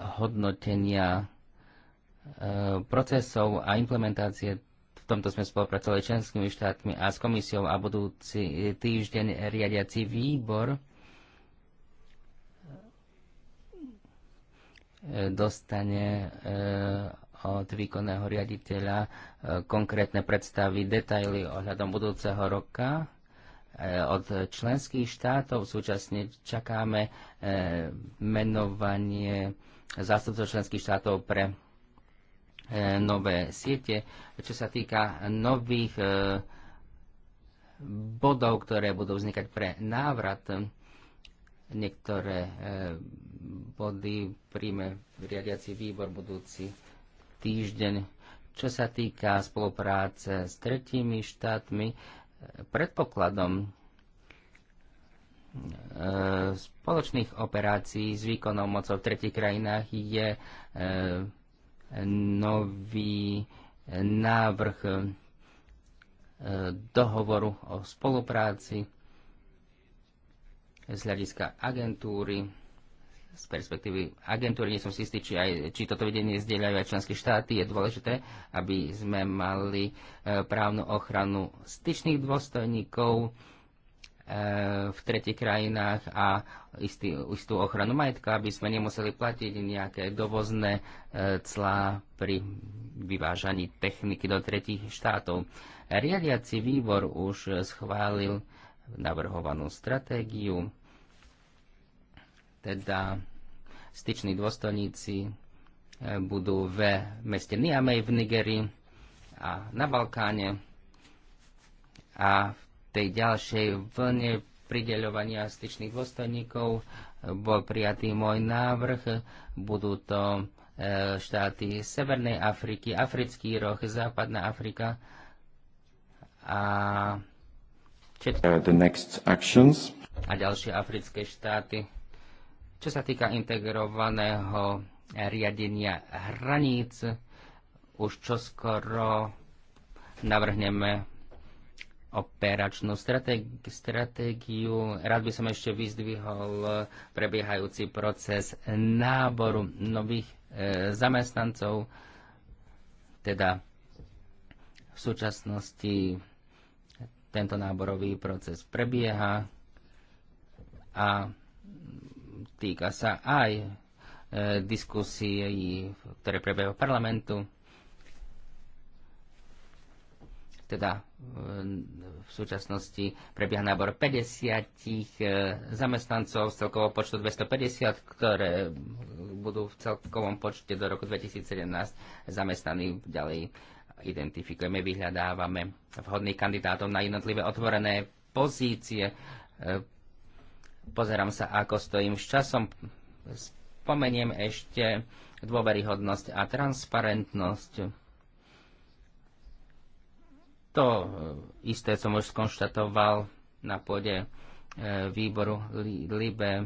hodnotenia procesov a implementácie v tomto sme spolupracovali členskými štátmi a s komisiou a budúci týždeň riadiaci výbor dostane od výkonného riaditeľa e, konkrétne predstavy, detaily ohľadom budúceho roka e, od členských štátov. Súčasne čakáme e, menovanie zástupcov členských štátov pre nové siete. Čo sa týka nových bodov, ktoré budú vznikať pre návrat, niektoré body príjme riadiaci výbor budúci týždeň. Čo sa týka spolupráce s tretími štátmi, e, predpokladom e, spoločných operácií s výkonom mocov v tretich krajinách je e, nový návrh dohovoru o spolupráci z hľadiska agentúry z perspektívy agentúry, nie som si istý, či, aj, či toto vedenie zdieľajú aj členské štáty, je dôležité, aby sme mali e, právnu ochranu styčných dôstojníkov e, v tretich krajinách a istý, istú ochranu majetka, aby sme nemuseli platiť nejaké dovozné e, clá pri vyvážaní techniky do tretich štátov. Riadiaci výbor už schválil navrhovanú stratégiu, teda styční dôstojníci e, budú v meste Niamey v Nigerii a na Balkáne a v tej ďalšej vlne prideľovania styčných dôstojníkov e, bol prijatý môj návrh. Budú to e, štáty Severnej Afriky, Africký roh, Západná Afrika a, čet... Uh, a ďalšie africké štáty. Čo sa týka integrovaného riadenia hraníc, už čoskoro navrhneme operačnú stratégiu. Rád by som ešte vyzdvihol prebiehajúci proces náboru nových e, zamestnancov. Teda v súčasnosti tento náborový proces prebieha a týka sa aj e, diskusie, ktoré v parlamentu. Teda e, v súčasnosti prebieha nábor 50 e, zamestnancov z celkového počtu 250, ktoré budú v celkovom počte do roku 2017 zamestnaní ďalej identifikujeme, vyhľadávame vhodných kandidátov na jednotlivé otvorené pozície. E, Pozerám sa, ako stojím s časom. Spomeniem ešte dôveryhodnosť a transparentnosť. To eh, isté som už skonštatoval na pôde eh, výboru LIBE. Eh,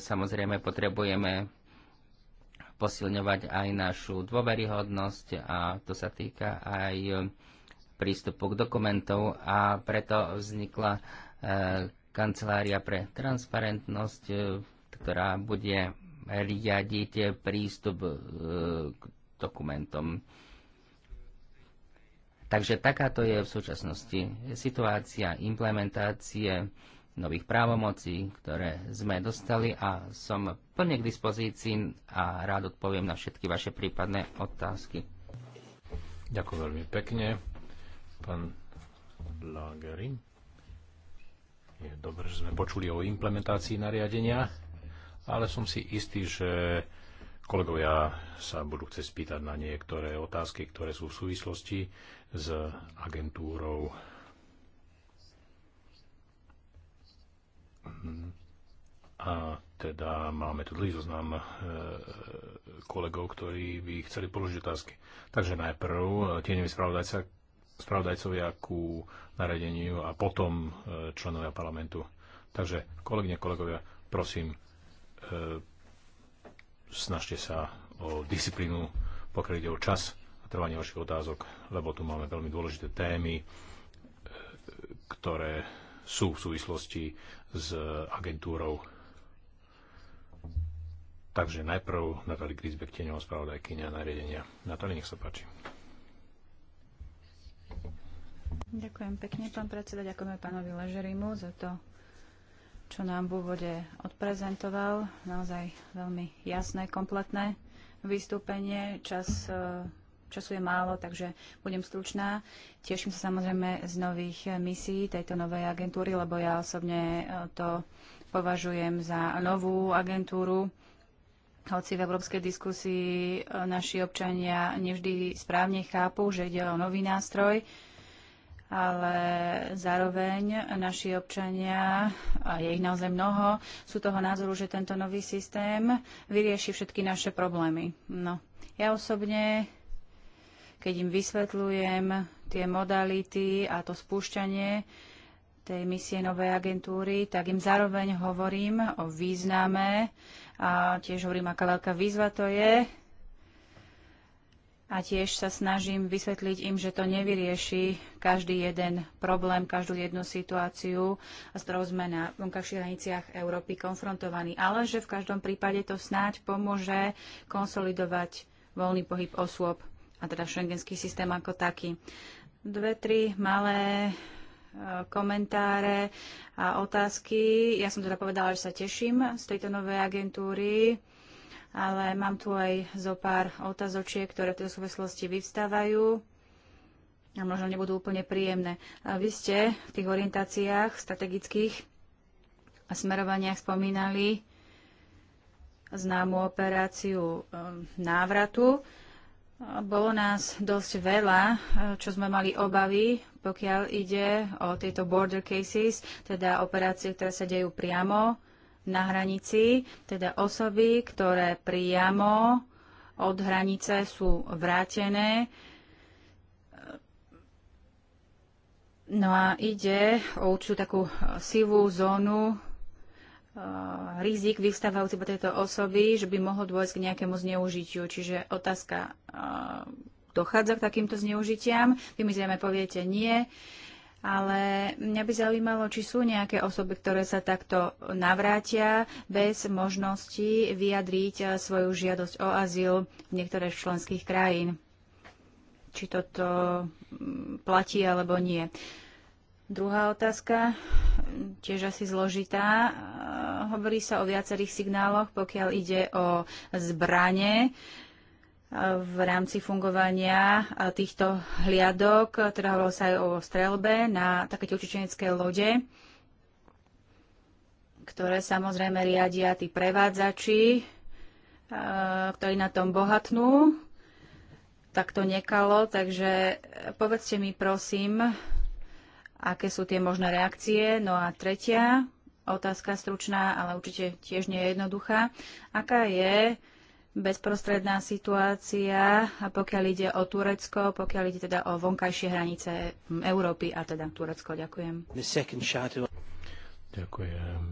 samozrejme potrebujeme posilňovať aj našu dôveryhodnosť a to sa týka aj prístupu k dokumentov a preto vznikla kancelária pre transparentnosť, e, ktorá bude riadiť prístup e, k dokumentom. Takže takáto je v súčasnosti situácia implementácie nových právomocí, ktoré sme dostali a som plne k dispozícii a rád odpoviem na všetky vaše prípadné otázky. Ďakujem veľmi pekne, pán Lagerin. Je dobré, že sme počuli o implementácii nariadenia, ale som si istý, že kolegovia sa budú chcieť spýtať na niektoré otázky, ktoré sú v súvislosti s agentúrou. A teda máme tu dlhý zoznam e, kolegov, ktorí by chceli položiť otázky. Takže najprv e, tieňový spravodajca spravodajcovia ku naredeniu a potom e, členovia parlamentu. Takže, kolegyne, kolegovia, prosím, e, snažte sa o disciplínu, pokiaľ ide o čas a trvanie vašich otázok, lebo tu máme veľmi dôležité témy, e, ktoré sú v súvislosti s agentúrou. Takže najprv Natali Grisbeck, tieňová spravodajkynia nariadenia. Natali, nech sa páči. Ďakujem pekne, pán predseda. Ďakujeme pánovi Ležerimu za to, čo nám v úvode odprezentoval. Naozaj veľmi jasné, kompletné vystúpenie. Čas, e, času je málo, takže budem stručná. Teším sa samozrejme z nových misií tejto novej agentúry, lebo ja osobne e, to považujem za novú agentúru. Hoci v európskej diskusii e, naši občania nevždy správne chápu, že ide o nový nástroj, ale zároveň naši občania, a je ich naozaj mnoho, sú toho názoru, že tento nový systém vyrieši všetky naše problémy. No, ja osobne, keď im vysvetľujem tie modality a to spúšťanie tej misie novej agentúry, tak im zároveň hovorím o význame a tiež hovorím, aká veľká výzva to je a tiež sa snažím vysvetliť im, že to nevyrieši každý jeden problém, každú jednu situáciu, s ktorou sme na vonkajších hraniciach Európy konfrontovaní, ale že v každom prípade to snáď pomôže konsolidovať voľný pohyb osôb a teda šengenský systém ako taký. Dve, tri malé e, komentáre a otázky. Ja som teda povedala, že sa teším z tejto novej agentúry ale mám tu aj zo pár otázočiek, ktoré v tej súvislosti vyvstávajú a možno nebudú úplne príjemné. A vy ste v tých orientáciách strategických a smerovaniach spomínali známu operáciu ehm, návratu. Bolo nás dosť veľa, eh, čo sme mali obavy, pokiaľ ide o tieto border cases, teda operácie, ktoré sa dejú priamo na hranici, teda osoby, ktoré priamo od hranice sú vrátené. No a ide o určitú takú sivú zónu e, rizik vystávajúci po tejto osoby, že by mohlo dôjsť k nejakému zneužitiu. Čiže otázka, e, dochádza k takýmto zneužitiam? Vy mi zrejme poviete nie ale mňa by zaujímalo, či sú nejaké osoby, ktoré sa takto navrátia bez možnosti vyjadriť eh, svoju žiadosť o azyl v niektoré z členských krajín. Či toto mm, platí alebo nie. Druhá otázka, tiež asi zložitá. Eh, hovorí sa o viacerých signáloch, pokiaľ ide o zbranie v rámci fungovania týchto hliadok. Teda hovorilo sa aj o strelbe na takéto učičenecké lode, ktoré samozrejme riadia tí prevádzači, ktorí na tom bohatnú tak to nekalo. Takže povedzte mi prosím, aké sú tie možné reakcie. No a tretia otázka stručná, ale určite tiež nie jednoduchá. Aká je bezprostredná situácia, a pokiaľ ide o Turecko, pokiaľ ide teda o vonkajšie hranice Európy a teda Turecko. Ďakujem. Ďakujem.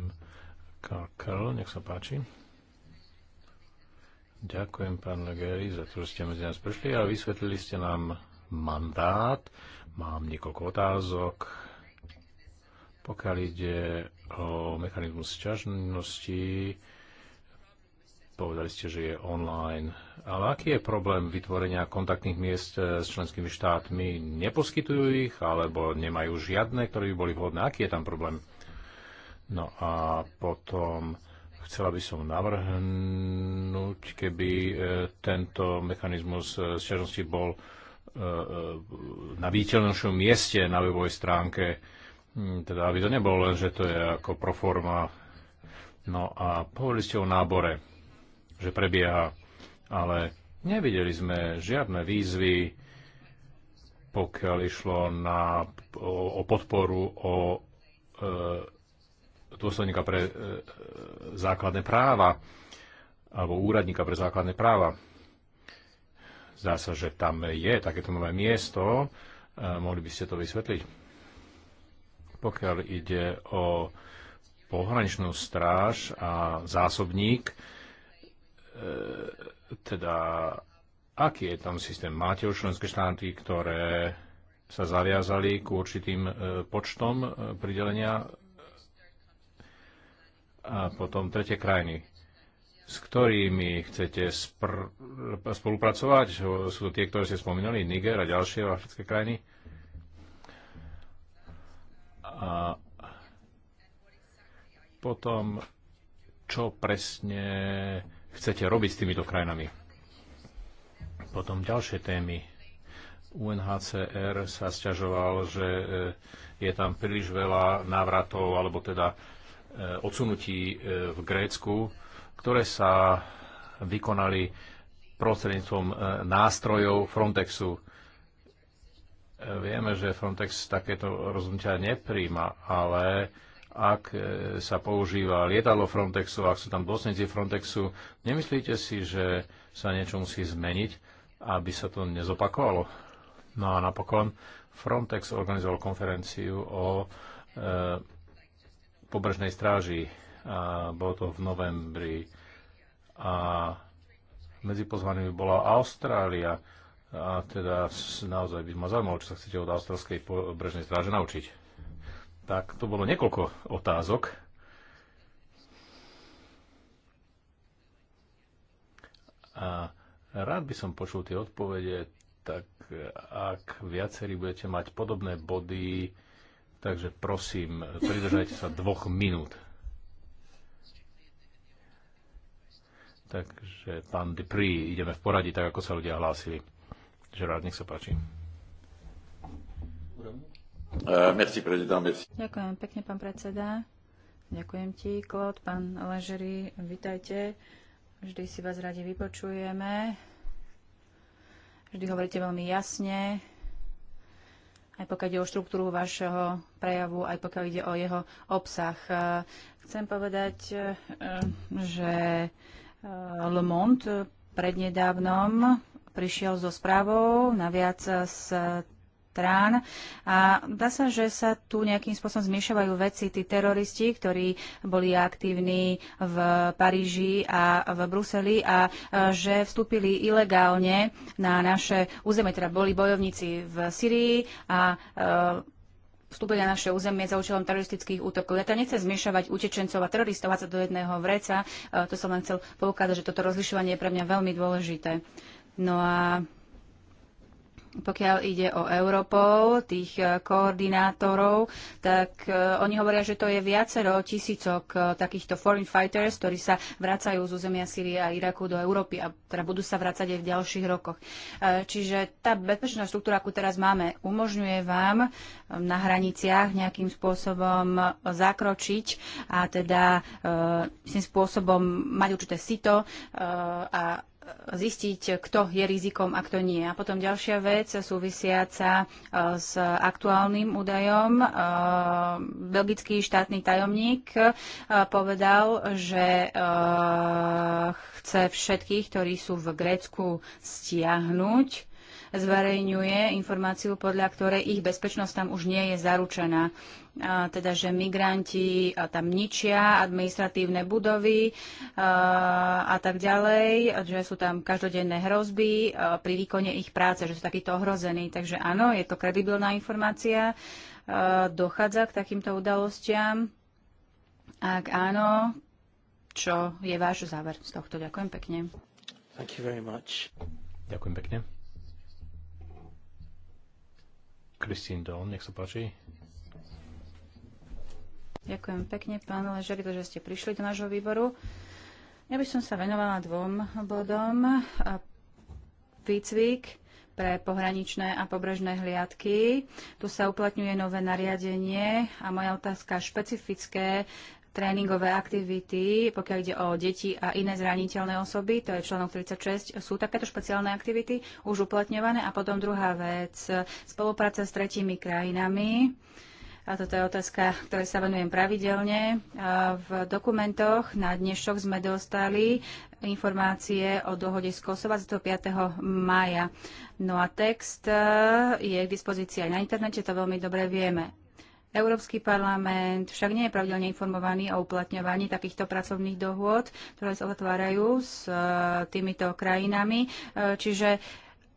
Karl, nech sa páči. Ďakujem, pán Legeri, za to, že ste medzi nás prišli a vysvetlili ste nám mandát. Mám niekoľko otázok. Pokiaľ ide o mechanizmus sťažnosti, Povedali ste, že je online. Ale aký je problém vytvorenia kontaktných miest eh, s členskými štátmi? Neposkytujú ich, alebo nemajú žiadne, ktoré by boli vhodné? Aký je tam problém? No a potom chcela by som navrhnúť, keby eh, tento mechanizmus eh, sťažnosti bol na viditeľnejšom mieste na webovej stránke. Hm, teda aby to nebolo len, že to je ako pro forma. No a povedali ste o nábore že prebieha, ale nevideli sme žiadne výzvy, pokiaľ išlo na, o, o podporu o e, dôsledníka pre e, základné práva alebo úradníka pre základné práva. Zdá sa, že tam je takéto nové miesto. E, mohli by ste to vysvetliť? Pokiaľ ide o pohraničnú stráž a zásobník, E, teda aký je tam systém? Máte už členské štáty, ktoré sa zaviazali k určitým e, počtom e, pridelenia a potom tretie krajiny. S ktorými chcete spolupracovať? Sú to tie, ktoré ste spomínali, Niger a ďalšie africké krajiny? A potom, čo presne chcete robiť s týmito krajinami. Potom ďalšie témy. UNHCR sa sťažoval, že e, je tam príliš veľa návratov alebo teda e, odsunutí e, v Grécku, ktoré sa vykonali prostredníctvom nástrojov Frontexu. Vieme, že Frontex takéto rozhodnutia nepríjma, ale ak e, sa používa lietadlo Frontexu, ak sú tam dôsledníci Frontexu, nemyslíte si, že sa niečo musí zmeniť, aby sa to nezopakovalo? No a napokon Frontex organizoval konferenciu o e, pobrežnej stráži. A bolo to v novembri. A medzi pozvanými bola Austrália. A teda naozaj by ma zaujímalo, čo sa chcete od austrálskej pobrežnej stráže naučiť. Tak to bolo niekoľko otázok. A rád by som počul tie odpovede, tak ak viacerí budete mať podobné body, takže prosím, pridržajte sa dvoch minút. Takže pán Dupri, ideme v poradí, tak ako sa ľudia hlásili. rád, nech sa páči. Uromu? Uh, merci, merci. Ďakujem pekne, pán predseda. Ďakujem ti, Klod, pán Ležery, vitajte. Vždy si vás radi vypočujeme. Vždy hovoríte veľmi jasne, aj pokiaľ ide o štruktúru vašeho prejavu, aj pokiaľ ide o jeho obsah. E, chcem povedať, e, že Le Monde prednedávnom prišiel so správou, naviac s strán. A dá sa, že sa tu nejakým spôsobom zmiešavajú veci, tí teroristi, ktorí boli aktívni v Paríži a v Bruseli a e, že vstúpili ilegálne na naše územie, teda boli bojovníci v Syrii a e, vstúpili na naše územie za účelom teroristických útokov. Ja to nechcem zmiešavať utečencov a teroristov a sa do jedného vreca. E, to som len chcel poukázať, že toto rozlišovanie je pre mňa veľmi dôležité. No a pokiaľ ide o Europol, tých e, koordinátorov, tak e, oni hovoria, že to je viacero tisícok e, takýchto foreign fighters, ktorí sa vracajú z územia Syrie a Iraku do Európy a teda budú sa vracať aj v ďalších rokoch. Čiže tá bezpečná štruktúra, akú teraz máme, umožňuje vám na hraniciach nejakým spôsobom zakročiť a teda tým spôsobom mať určité sito a zistiť, kto je rizikom a kto nie. A potom ďalšia vec súvisiaca e, s aktuálnym údajom. E, belgický štátny tajomník e, povedal, že chce všetkých, ktorí sú v Grécku, stiahnuť zverejňuje informáciu, podľa ktorej ich bezpečnosť tam už nie je zaručená. Teda, že migranti tam ničia administratívne budovy a tak ďalej, že sú tam každodenné hrozby pri výkone ich práce, že sú takíto ohrození. Takže áno, je to kredibilná informácia, dochádza k takýmto udalostiam. Ak áno, čo je váš záver z tohto. Ďakujem pekne. Thank you very much. Ďakujem pekne. Kristín Dol, nech sa páči. Ďakujem pekne, pán Ležeri, že ste prišli do nášho výboru. Ja by som sa venovala dvom bodom. Výcvik pre pohraničné a pobrežné hliadky. Tu sa uplatňuje nové nariadenie a moja otázka špecifické tréningové aktivity, pokiaľ ide o deti a iné zraniteľné osoby, to je článok 36, sú takéto špeciálne aktivity už uplatňované. A potom druhá vec, spolupráca s tretími krajinami. A toto je otázka, ktorej sa venujem pravidelne. V dokumentoch na dnešok sme dostali informácie o dohode z Kosova 5. maja. No a text e, je k dispozícii aj na internete, to veľmi dobre vieme. Európsky parlament však nie je pravidelne informovaný o uplatňovaní takýchto pracovných dohôd, ktoré sa otvárajú s e, týmito krajinami. E, čiže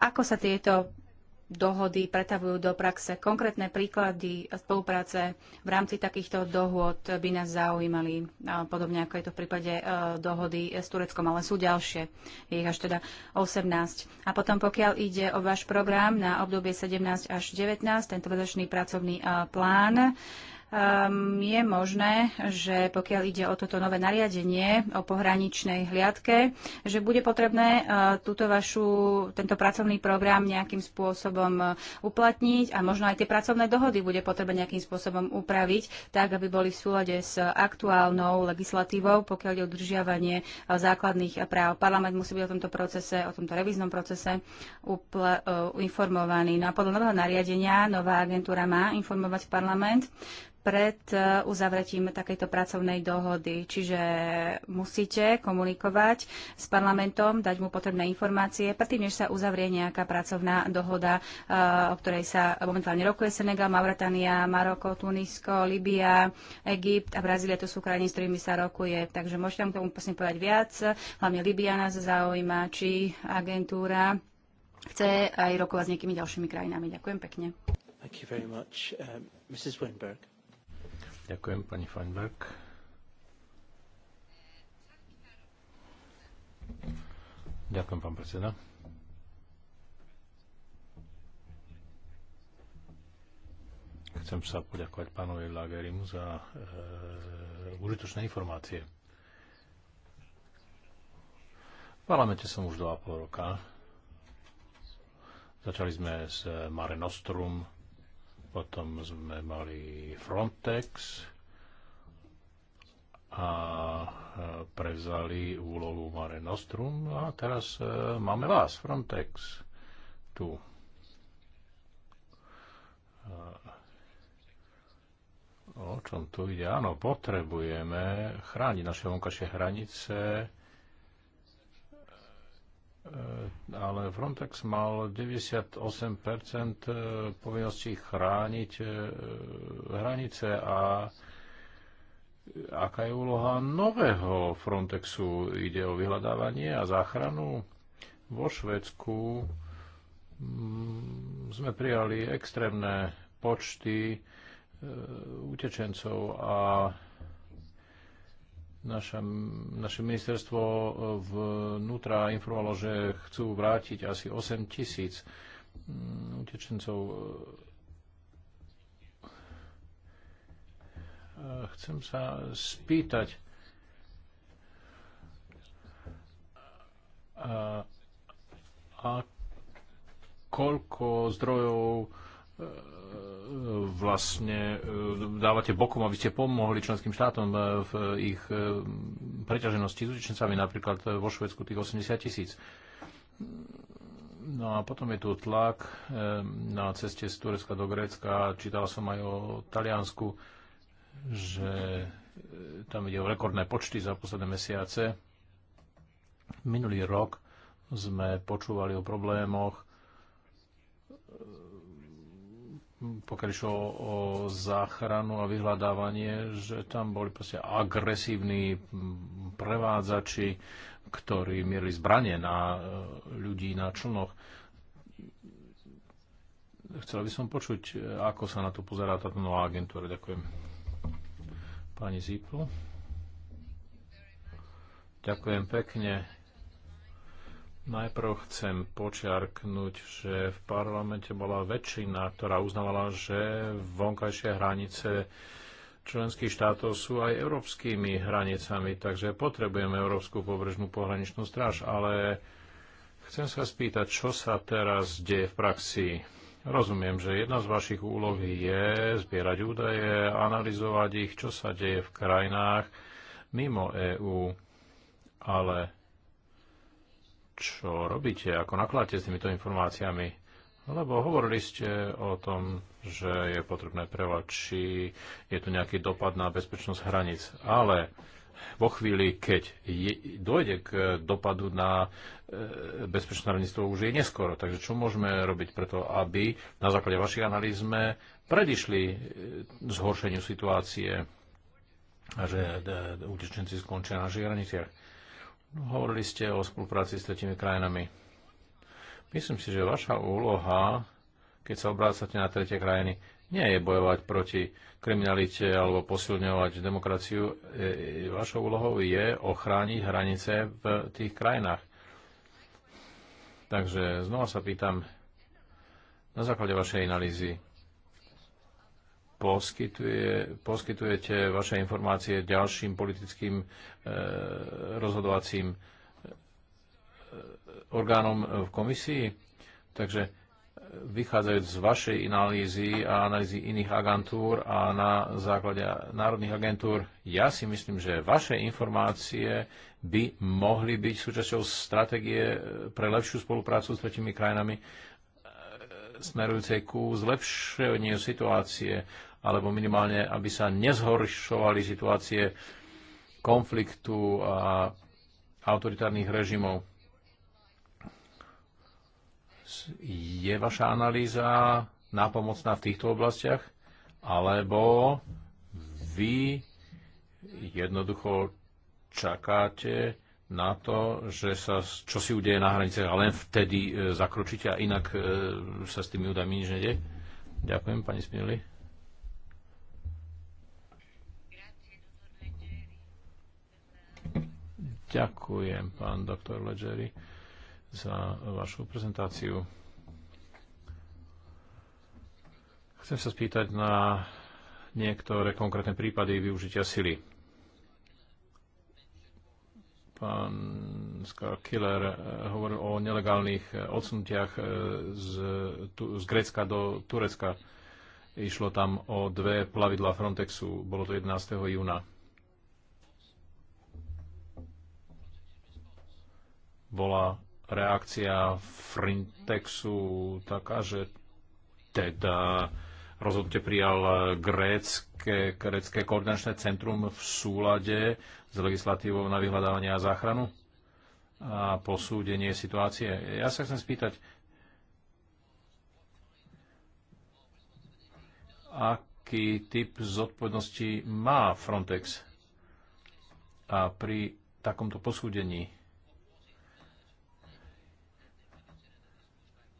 ako sa tieto dohody pretavujú do praxe. Konkrétne príklady spolupráce v rámci takýchto dohôd by nás zaujímali, podobne ako je to v prípade e, dohody s Tureckom, ale sú ďalšie, je ich až teda 18. A potom pokiaľ ide o váš program na obdobie 17 až 19, tento vedačný pracovný e, plán, um, je možné, že pokiaľ ide o toto nové nariadenie o pohraničnej hliadke, že bude potrebné uh, túto vašu, tento pracovný program nejakým spôsobom eh, uplatniť a možno aj tie pracovné dohody bude potrebné nejakým spôsobom upraviť, tak aby boli v súlade s aktuálnou legislatívou, pokiaľ ide o udržiavanie eh, základných práv. Parlament musí byť o tomto procese, o tomto revíznom procese upla- uh, informovaný. No a podľa nového nariadenia nová agentúra má informovať parlament pred e, uzavretím takejto pracovnej dohody. Čiže musíte komunikovať s parlamentom, dať mu potrebné informácie, predtým, než sa uzavrie nejaká pracovná dohoda, e, o ktorej sa momentálne rokuje Senegal, Mauretania, Maroko, Tunisko, Libia, Egypt a Brazília. To sú krajiny, s ktorými sa rokuje. Takže môžete vám k tomu presne povedať viac. Hlavne Libia nás zaujíma, či agentúra chce aj rokovať s nejakými ďalšími krajinami. Ďakujem pekne. Thank you very much. Um, Mrs. Winberg. Ďakujem, pani Feinberg. Ďakujem, pán predseda. Chcem sa poďakovať pánovi Lagerimu za e, užitočné informácie. V parlamente som už 2,5 roka. Začali sme s Mare Nostrum, potom sme mali Frontex a e, prevzali úlohu Mare Nostrum a teraz e, máme vás, Frontex, tu. E, o čom tu ide? Áno, potrebujeme chrániť naše vonkajšie hranice E, ale Frontex mal 98% e, povinností chrániť e, hranice a aká je úloha nového Frontexu? Ide o vyhľadávanie a záchranu? Vo Švedsku mm, sme prijali extrémne počty utečencov a Naša, naše ministerstvo eh, vnútra informovalo, že chcú vrátiť asi 8 tisíc mm, utečencov. Eh, chcem sa spýtať, a, eh, a koľko zdrojov vlastne e, dávate bokom, aby ste pomohli členským štátom e, v ich e, preťaženosti s utečencami, napríklad vo Švedsku tých 80 tisíc. No a potom je tu tlak na ceste z Turecka do Grécka. Čítal som aj o Taliansku, že tam ide o rekordné počty za posledné mesiace. Minulý rok sme počúvali o problémoch pokiaľ išlo o záchranu a vyhľadávanie, že tam boli proste agresívni prevádzači, ktorí mierili zbranie na e, ľudí na člnoch. Chcela by som počuť, e, ako sa na to pozerá táto nová agentúra. Ďakujem. Pani Zípl. Ďakujem pekne. Najprv chcem počiarknúť, že v parlamente bola väčšina, ktorá uznávala, že vonkajšie hranice členských štátov sú aj európskymi hranicami, takže potrebujeme Európsku pobrežnú pohraničnú stráž, ale chcem sa spýtať, čo sa teraz deje v praxi. Rozumiem, že jedna z vašich úloh je zbierať údaje, analyzovať ich, čo sa deje v krajinách mimo EÚ, ale čo robíte, ako nakladáte s týmito informáciami. Lebo hovorili ste o tom, že je potrebné prevať, či je tu nejaký dopad na bezpečnosť hraníc. Ale vo chvíli, keď je, dojde k dopadu na e, bezpečné to už je neskoro. Takže čo môžeme robiť preto, aby na základe vašich analýz sme predišli e, zhoršeniu situácie a že e, útečenci utečenci skončia na našich hraniciach? Hovorili ste o spolupráci s tretimi krajinami. Myslím si, že vaša úloha, keď sa obrácate na tretie krajiny, nie je bojovať proti kriminalite alebo posilňovať demokraciu. E, e, vašou úlohou je ochrániť hranice v tých krajinách. Takže znova sa pýtam, na základe vašej analýzy, poskytuje, poskytujete vaše informácie ďalším politickým e, rozhodovacím e, orgánom v komisii. Takže vychádzajúc z vašej analýzy a analýzy iných agentúr a na základe národných agentúr, ja si myslím, že vaše informácie by mohli byť súčasťou stratégie e, pre lepšiu spoluprácu s tretimi krajinami e, smerujúcej ku zlepšeniu situácie alebo minimálne, aby sa nezhoršovali situácie konfliktu a autoritárnych režimov. Je vaša analýza nápomocná v týchto oblastiach? Alebo vy jednoducho čakáte na to, že sa čo si udeje na hraniciach a len vtedy e, zakročíte a inak e, sa s tými údajmi nič nedie? Ďakujem, pani Spinelli. Ďakujem, pán doktor Ledgeri, za vašu prezentáciu. Chcem sa spýtať na niektoré konkrétne prípady využitia sily. Pán Killer eh, hovoril o nelegálnych eh, odsunutiach eh, z, z Grécka do Turecka. Išlo tam o dve plavidla Frontexu. Bolo to 11. júna bola reakcia Frintexu taká, že teda rozhodnutie prijal grécké, grécké koordinačné centrum v súlade s legislatívou na vyhľadávanie a záchranu a posúdenie situácie. Ja sa chcem spýtať, aký typ zodpovednosti má Frontex a pri takomto posúdení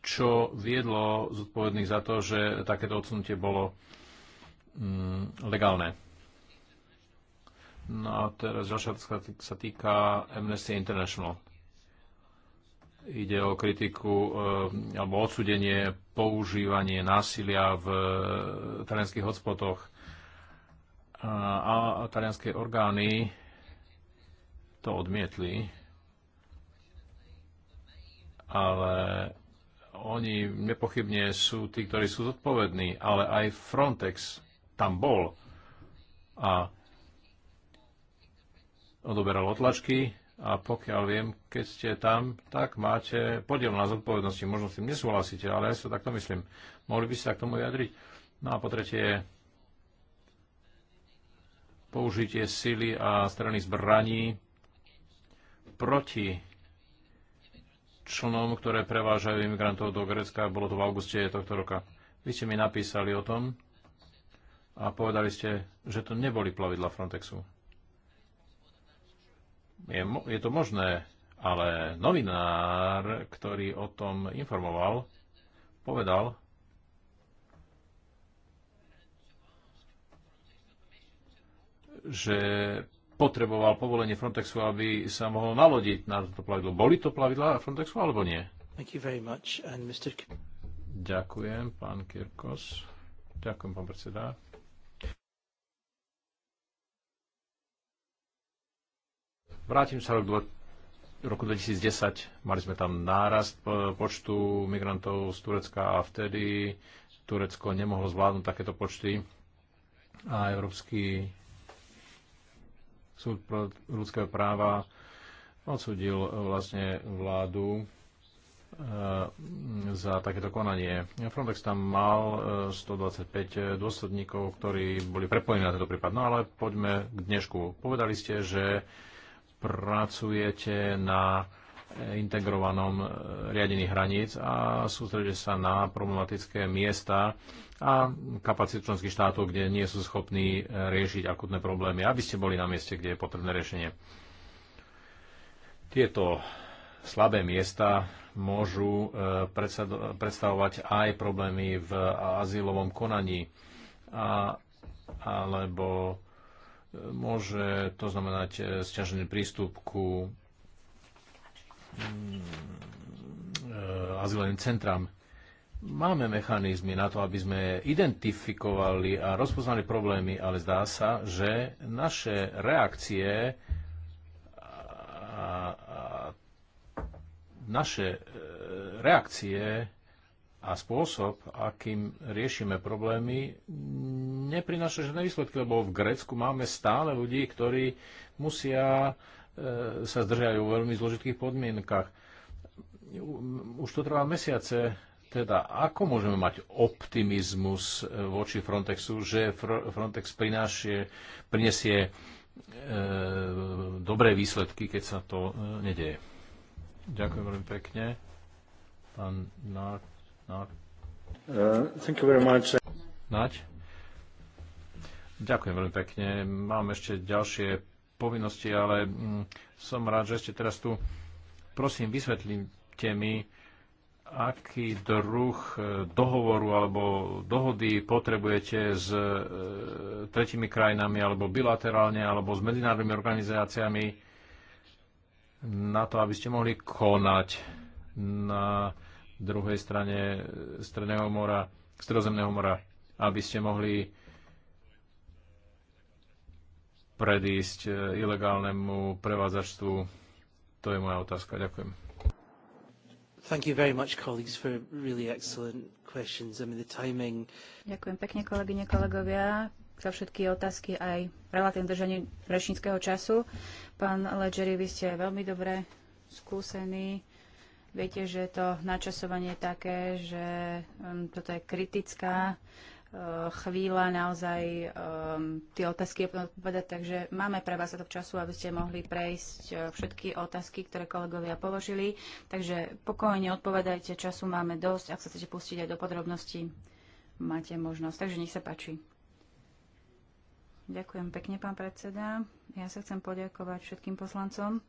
čo viedlo zodpovedných za to, že takéto odsunutie bolo mm, legálne. No a teraz ďalšia otázka sa týka Amnesty International. Ide o kritiku e, alebo odsudenie používanie násilia v e, talianských hotspotoch a, a talianské orgány to odmietli, ale oni nepochybne sú tí, ktorí sú zodpovední, ale aj Frontex tam bol a odoberal otlačky a pokiaľ viem, keď ste tam, tak máte podiel na zodpovednosti. Možno s tým nesúhlasíte, ale ja si to takto myslím. Mohli by ste sa k tomu vyjadriť. No a po tretie použitie sily a strany zbraní proti člnom, ktoré prevážajú imigrantov do Grécka. Bolo to v auguste tohto roka. Vy ste mi napísali o tom a povedali ste, že to neboli plavidla Frontexu. Je, je to možné, ale novinár, ktorý o tom informoval, povedal, že potreboval povolenie Frontexu, aby sa mohol nalodiť na toto plavidlo. Boli to plavidla Frontexu alebo nie? Thank you very much. And Mr. Ďakujem, pán Kirkos. Ďakujem, pán predseda. Vrátim sa rok roku 2010. Mali sme tam nárast počtu migrantov z Turecka a vtedy Turecko nemohlo zvládnuť takéto počty a Európsky súd pro ľudského práva odsudil vlastne vládu e, za takéto konanie. Frontex tam mal 125 e, dôsledníkov, ktorí boli prepojení na tento prípad. No ale poďme k dnešku. Povedali ste, že pracujete na integrovanom e, riadení hraníc a sústrede sa na problematické miesta a kapacit členských štátov, kde nie sú schopní e, riešiť akutné problémy, aby ste boli na mieste, kde je potrebné riešenie. Tieto slabé miesta môžu e, predstavovať aj problémy v azylovom konaní a, alebo môže to znamenať sťažený prístup ku Mm, e, azylovým centram. Máme mechanizmy na to, aby sme identifikovali a rozpoznali problémy, ale zdá sa, že naše reakcie a, a naše e, reakcie a spôsob, akým riešime problémy, neprináša žiadne výsledky, lebo v Grécku máme stále ľudí, ktorí musia E, sa zdržajú v veľmi zložitých podmienkach. Už to trvá mesiace. Teda, ako môžeme mať optimizmus e, voči Frontexu, že Frontex prinášie, prinesie e, dobré výsledky, keď sa to e, nedeje? Ďakujem veľmi pekne. Pán Nart, Uh, Nať. Ďakujem veľmi pekne. Mám ešte ďalšie povinnosti, ale mm, som rád, že ste teraz tu. Prosím, vysvetlite mi, aký druh e, dohovoru alebo dohody potrebujete s e, tretimi krajinami alebo bilaterálne alebo s medzinárodnými organizáciami na to, aby ste mohli konať na druhej strane Stredného mora, Stredozemného mora, aby ste mohli predísť e, ilegálnemu prevádzačstvu? To je moja otázka. Ďakujem. Thank you very much, colleagues, for really excellent questions. I mean, the timing... Ďakujem pekne, kolegyne, kolegovia za všetky otázky aj relatívne držanie rečníckého času. Pán Ledgeri, vy ste veľmi dobre skúsení. Viete, že to načasovanie je také, že mm, toto je kritická Eh, chvíľa naozaj um, tie otázky odpovedať, takže máme pre vás dostatok času, aby ste mohli prejsť eh, všetky otázky, ktoré kolegovia položili. Takže pokojne odpovedajte, času máme dosť, ak sa chcete pustiť aj do podrobností, máte možnosť. Takže nech sa páči. Ďakujem pekne, pán predseda. Ja sa chcem poďakovať všetkým poslancom.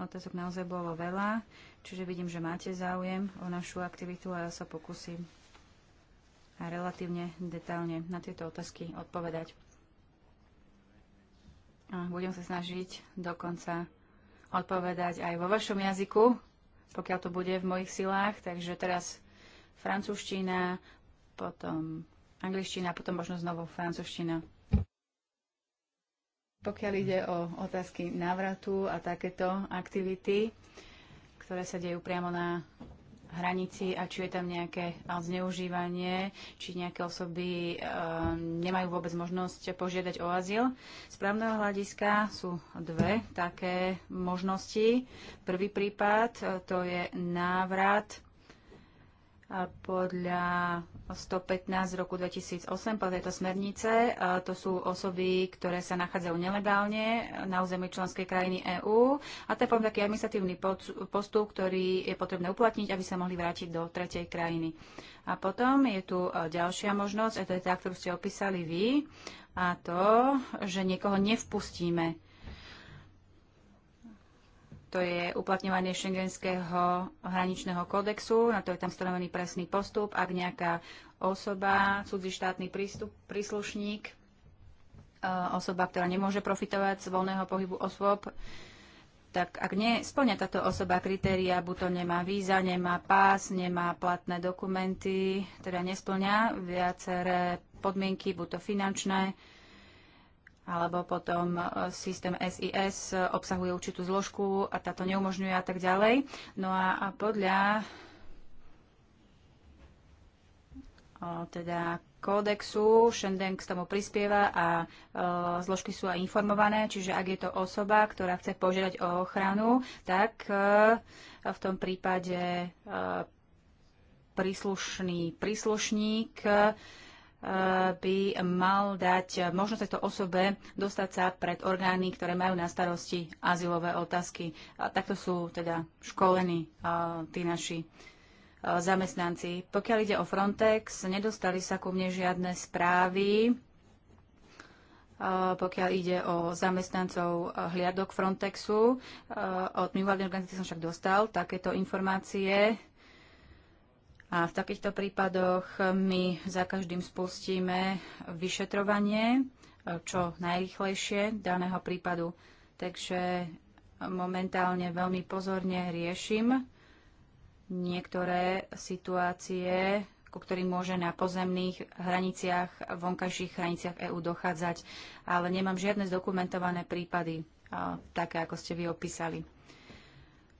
Otázok naozaj bolo veľa, čiže vidím, že máte záujem o našu aktivitu a ja sa pokúsim relatívne detailne na tieto otázky odpovedať. A budem sa snažiť dokonca odpovedať aj vo vašom jazyku, pokiaľ to bude v mojich silách. Takže teraz francúzština, potom angličtina, potom možno znovu francúzština. Pokiaľ ide o otázky návratu a takéto aktivity, ktoré sa dejú priamo na hranici a či je tam nejaké zneužívanie, či nejaké osoby e, nemajú vôbec možnosť požiadať o azyl. Z právneho hľadiska sú dve také možnosti. Prvý prípad e, to je návrat podľa 115 roku 2008, podľa tejto smernice. E, to sú osoby, ktoré sa nachádzajú nelegálne na území členskej krajiny EÚ. A to je potom taký administratívny postup, ktorý je potrebné uplatniť, aby sa mohli vrátiť do tretej krajiny. A potom je tu e, ďalšia možnosť, a to je tá, ktorú ste opísali vy, a to, že niekoho nevpustíme to je uplatňovanie šengenského hraničného kódexu, na to je tam stanovený presný postup. Ak nejaká osoba, cudzí štátny prístup, príslušník, e, osoba, ktorá nemôže profitovať z voľného pohybu osôb, tak ak nesplňa táto osoba kritéria, buď to nemá víza, nemá pás, nemá platné dokumenty, teda nesplňa viaceré podmienky, buď to finančné, alebo potom e, systém SIS e, obsahuje určitú zložku a táto neumožňuje a tak ďalej. No a, a podľa o, teda kódexu, Schengen k tomu prispieva a e, zložky sú aj informované, čiže ak je to osoba, ktorá chce požiadať o ochranu, tak v tom prípade príslušný príslušník e, by mal dať možnosť tejto osobe dostať sa pred orgány, ktoré majú na starosti azylové otázky. A takto sú teda školení tí naši zamestnanci. Pokiaľ ide o Frontex, nedostali sa ku mne žiadne správy, a, pokiaľ ide o zamestnancov hliadok Frontexu. Od mimovládnej organizácie som však dostal takéto informácie a v takýchto prípadoch my za každým spustíme vyšetrovanie, e, čo najrychlejšie daného prípadu. Takže momentálne veľmi pozorne riešim niektoré situácie, ku ktorým môže na pozemných hraniciach, vonkajších hraniciach EÚ dochádzať, ale nemám žiadne zdokumentované prípady, také ako ste vy opísali.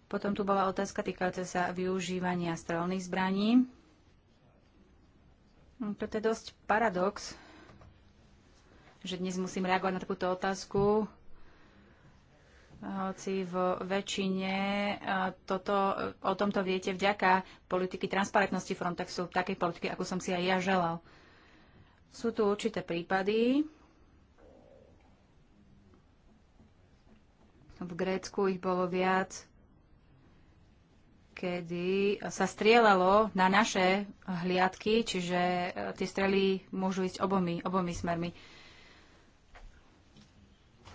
Potom tu bola otázka týkajúca sa využívania strelných zbraní. Hm, toto je dosť paradox, že dnes musím reagovať na takúto otázku, hoci v väčšine toto, o tomto viete vďaka politiky transparentnosti Frontexu, takej politiky, ako som si aj ja želal. Sú tu určité prípady. V Grécku ich bolo viac kedy sa strieľalo na naše hliadky, čiže e, tie strely môžu ísť obomi, obomi smermi.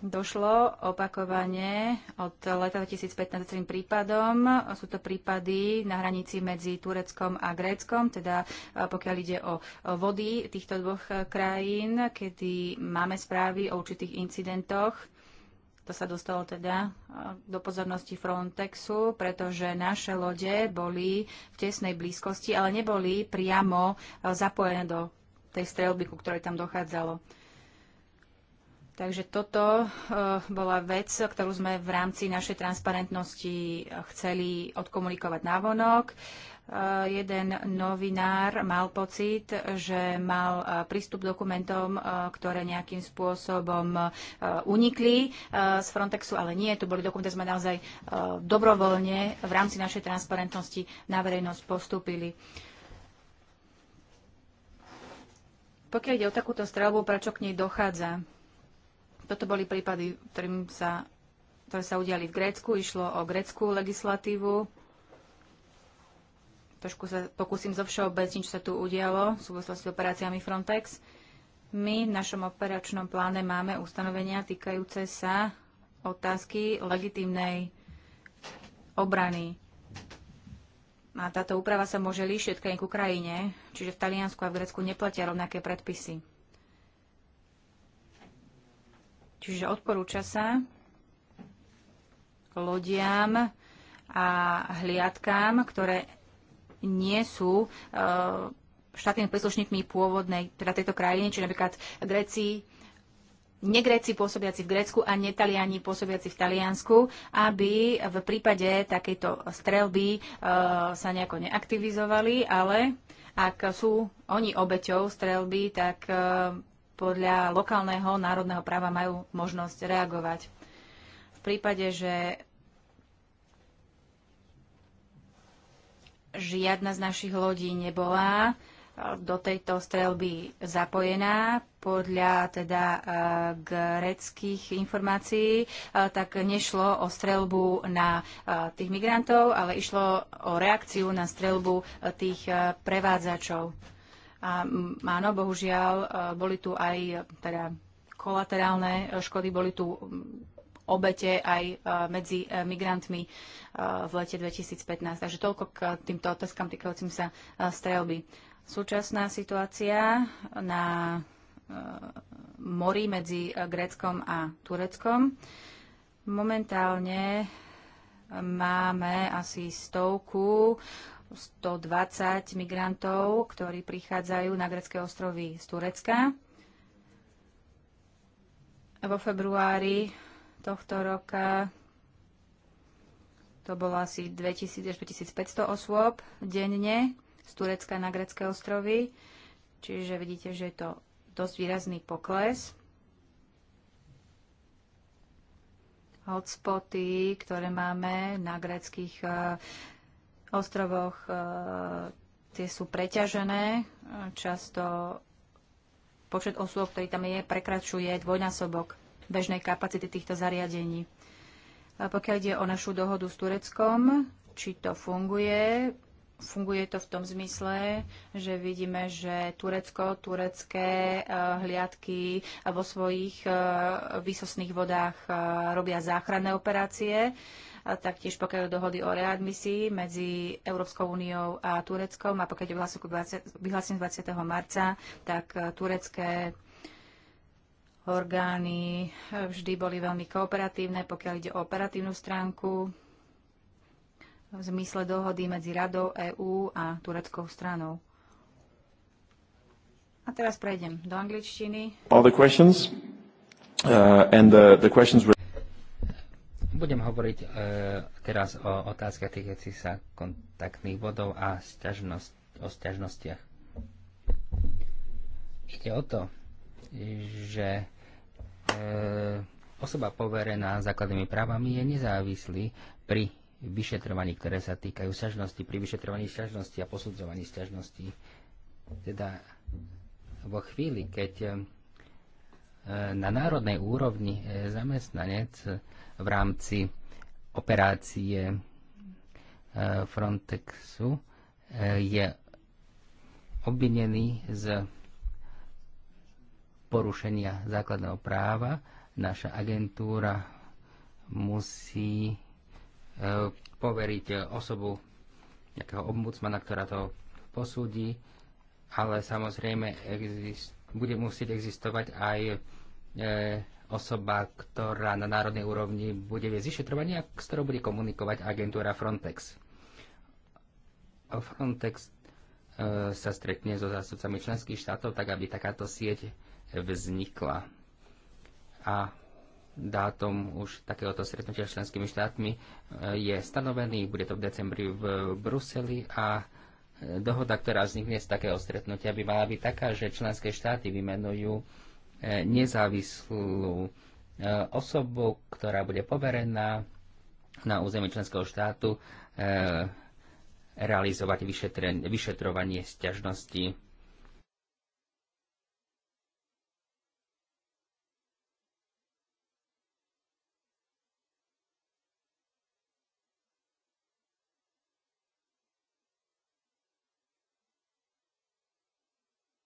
Došlo opakovane od leta 2015 celým prípadom. Sú to prípady na hranici medzi Tureckom a Gréckom, teda e, pokiaľ ide o vody týchto dvoch e, krajín, kedy máme správy o určitých incidentoch, to sa dostalo teda e, do pozornosti Frontexu, pretože naše lode boli v tesnej blízkosti, ale neboli priamo e, zapojené do tej strelby, ku ktorej tam dochádzalo. Takže toto e, bola vec, ktorú sme v rámci našej transparentnosti chceli odkomunikovať vonok. Eh, jeden novinár mal pocit, že mal eh, prístup dokumentom, eh, ktoré nejakým spôsobom unikli z Frontexu, ale nie, to boli dokumenty, sme naozaj dobrovoľne v rámci našej transparentnosti na verejnosť postúpili. Pokiaľ ide o takúto strelbu, prečo k nej dochádza? Toto boli prípady, ktorým sa, ktoré sa udiali v Grécku. Išlo o grécku legislatívu trošku sa pokúsim zo všeobecní, čo sa tu udialo v súvislosti s operáciami Frontex. My v našom operačnom pláne máme ustanovenia týkajúce sa otázky legitímnej obrany. A táto úprava sa môže líšiť krajín k krajine, čiže v Taliansku a v Grécku neplatia rovnaké predpisy. Čiže odporúča sa lodiam a hliadkám, ktoré nie sú eh, štátnymi príslušníkmi pôvodnej, teda tejto krajiny, či napríklad Gréci, negréci pôsobiaci v Grécku a netaliani pôsobiaci v Taliansku, aby v prípade takejto strelby uh, eh, sa nejako neaktivizovali, ale ak sú oni obeťou strelby, tak uh, podľa lokálneho národného práva majú možnosť reagovať. V prípade, že žiadna z našich lodí nebola eh, do tejto strelby zapojená. Podľa teda eh, greckých informácií eh, tak nešlo o strelbu na tých migrantov, ale išlo o reakciu na strelbu tých prevádzačov. A mm, áno, bohužiaľ, boli tu aj teda kolaterálne škody, boli tu mm, obete aj e, medzi e, migrantmi e, v lete 2015. Takže toľko k týmto otázkam týkajúcim sa strelby. Súčasná situácia na mori medzi Gréckom a Tureckom. Momentálne máme asi stovku 120 migrantov, ktorí prichádzajú na grecké ostrovy z Turecka. Vo februári tohto roka to bolo asi 2000 až 2500 osôb denne z Turecka na grecké ostrovy. Čiže vidíte, že je to dosť výrazný pokles. Hotspoty, ktoré máme na greckých eh, ostrovoch, eh, tie sú preťažené. Často počet osôb, ktorý tam je, prekračuje dvojnásobok bežnej kapacity týchto zariadení. A pokiaľ ide o našu dohodu s Tureckom, či to funguje, funguje to v tom zmysle, že vidíme, že Turecko, turecké eh, hliadky vo svojich eh, výsostných vodách eh, robia záchranné operácie. A taktiež pokiaľ dohody o readmisii medzi Európskou úniou a Tureckom a pokiaľ vyhlásenie 20. marca, tak turecké orgány eh, vždy boli veľmi kooperatívne, pokiaľ ide o operatívnu stránku v zmysle dohody medzi Radou EÚ a tureckou stranou. A teraz prejdem do angličtiny. All the questions, uh, and the, uh, the questions were... Budem hovoriť uh, teraz o otázkach týkajúcich sa kontaktných bodov a sťažnosť, o sťažnostiach. Ide o to, že e, osoba poverená základnými právami je nezávislý pri vyšetrovaní, ktoré sa týkajú sťažnosti, pri vyšetrovaní sťažnosti a posudzovaní sťažnosti. Teda vo chvíli, keď e, na národnej úrovni e, zamestnanec v rámci operácie Frontexu je obvinený z porušenia základného práva. Naša agentúra musí e, poveriť osobu nejakého ombudsmana, ktorá to posúdi, ale samozrejme exist, bude musieť existovať aj e, osoba, ktorá na národnej úrovni bude viesť vyšetrovanie a s ktorou bude komunikovať agentúra Frontex. Frontex e, sa stretne so zástupcami členských štátov, tak aby takáto sieť vznikla. A dátum už takéhoto stretnutia s členskými štátmi e, je stanovený, bude to v decembri v Bruseli a e, dohoda, ktorá vznikne z takého stretnutia, by mala byť taká, že členské štáty vymenujú e, nezávislú osobu, ktorá bude poverená na území členského štátu realizovať vyšetrovanie sťažnosti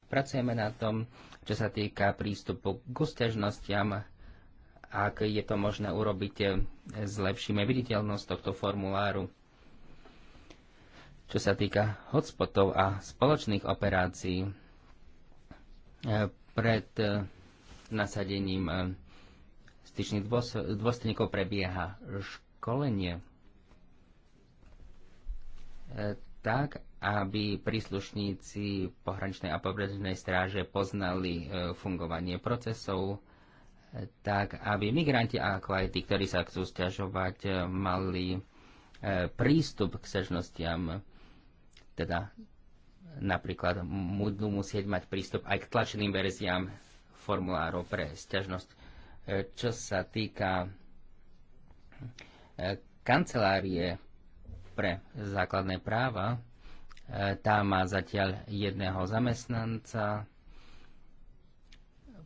Pracujeme na tom, čo sa týka prístupu k stiažnostiam. Ak je to možné urobiť, zlepšíme eh, viditeľnosť tohto formuláru. Čo sa týka hotspotov a spoločných operácií, eh, pred eh, nasadením styčných dôstojníkov prebieha školenie tak, aby príslušníci pohraničnej a pobrežnej stráže poznali e, fungovanie procesov, e, tak aby migranti ako aj tí, ktorí sa chcú stiažovať, e, mali prístup k sežnostiam, teda napríklad budú musieť mať prístup aj k tlačeným verziám formulárov pre stiažnosť. Čo sa týka kancelárie pre základné práva, E, tá má zatiaľ jedného zamestnanca,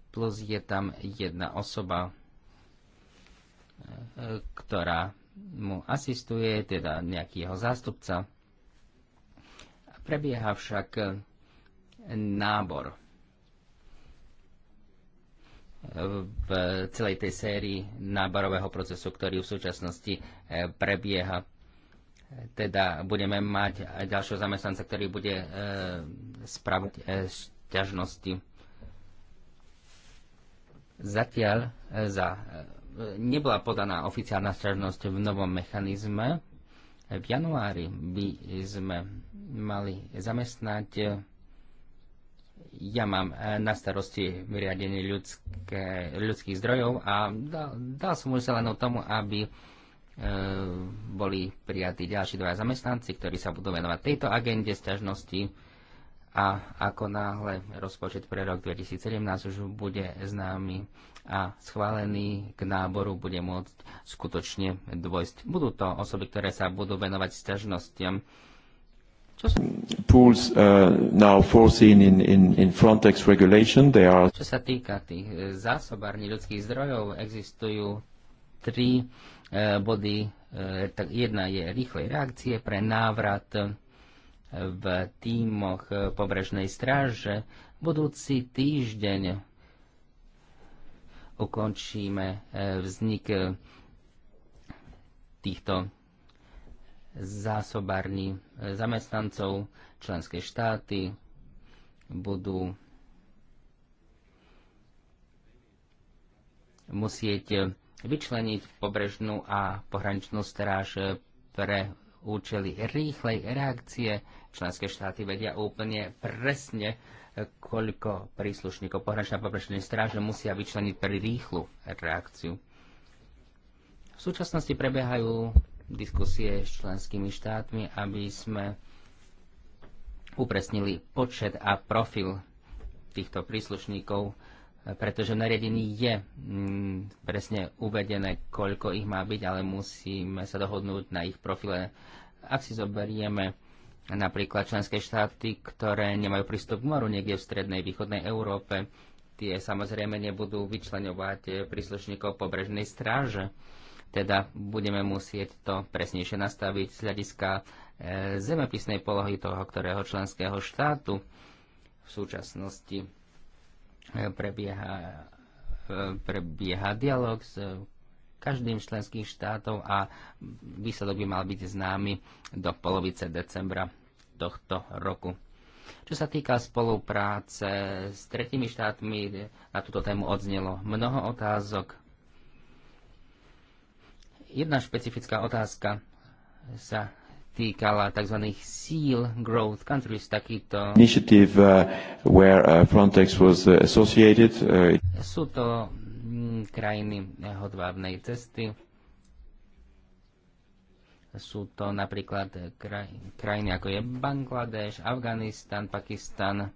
plus je tam jedna osoba, e, ktorá mu asistuje, teda nejaký jeho zástupca. Prebieha však nábor v celej tej sérii náborového procesu, ktorý v súčasnosti e, prebieha teda budeme mať aj ďalšieho zamestnanca, ktorý bude e, spravať e, šťažnosti. Zatiaľ e, za, e, nebola podaná oficiálna šťažnosť v novom mechanizme. V januári by sme mali zamestnať e, ja mám e, na starosti vyriadenie ľudské, ľudských zdrojov a dal, dal som už zelenú tomu, aby E, boli prijatí ďalší dva zamestnanci, ktorí sa budú venovať tejto agende sťažnosti a ako náhle rozpočet pre rok 2017 už bude známy a schválený k náboru bude môcť skutočne dvojsť. Budú to osoby, ktoré sa budú venovať sťažnostiam. Čo, Pools, uh, now foreseen in, in, in Frontex regulation, they are... Čo sa týka tých e, zásobární ľudských zdrojov, existujú tri body. E, jedna je rýchlej reakcie pre návrat e, v týmoch e, pobrežnej stráže. Budúci týždeň ukončíme vznik týchto zásobární zamestnancov. Členské štáty budú musieť vyčleniť pobrežnú a pohraničnú stráž pre účely rýchlej reakcie. Členské štáty vedia úplne presne, koľko príslušníkov pohraničnej pobrežnej stráže musia vyčleniť pre rýchlu reakciu. V súčasnosti prebiehajú diskusie s členskými štátmi, aby sme upresnili počet a profil týchto príslušníkov pretože v nariadení je mm, presne uvedené, koľko ich má byť, ale musíme sa dohodnúť na ich profile. Ak si zoberieme napríklad členské štáty, ktoré nemajú prístup k moru niekde v strednej, východnej Európe, tie samozrejme nebudú vyčlenovať eh, príslušníkov pobrežnej stráže. Teda budeme musieť to presnejšie nastaviť z hľadiska eh, zemepisnej polohy toho, ktorého členského štátu v súčasnosti prebieha, e, prebieha dialog s každým členským štátov a výsledok by mal byť známy do polovice decembra tohto roku. Čo sa týka spolupráce s tretimi štátmi, na túto tému odznelo mnoho otázok. Jedna špecifická otázka sa týkala tzv. SEAL growth countries, takýto... Initiative uh, where uh, Frontex was uh, associated. Uh... Sú to mm, krajiny hodvábnej cesty. Sú to napríklad eh, kraj, krajiny ako je Bangladeš, Afganistan, Pakistan.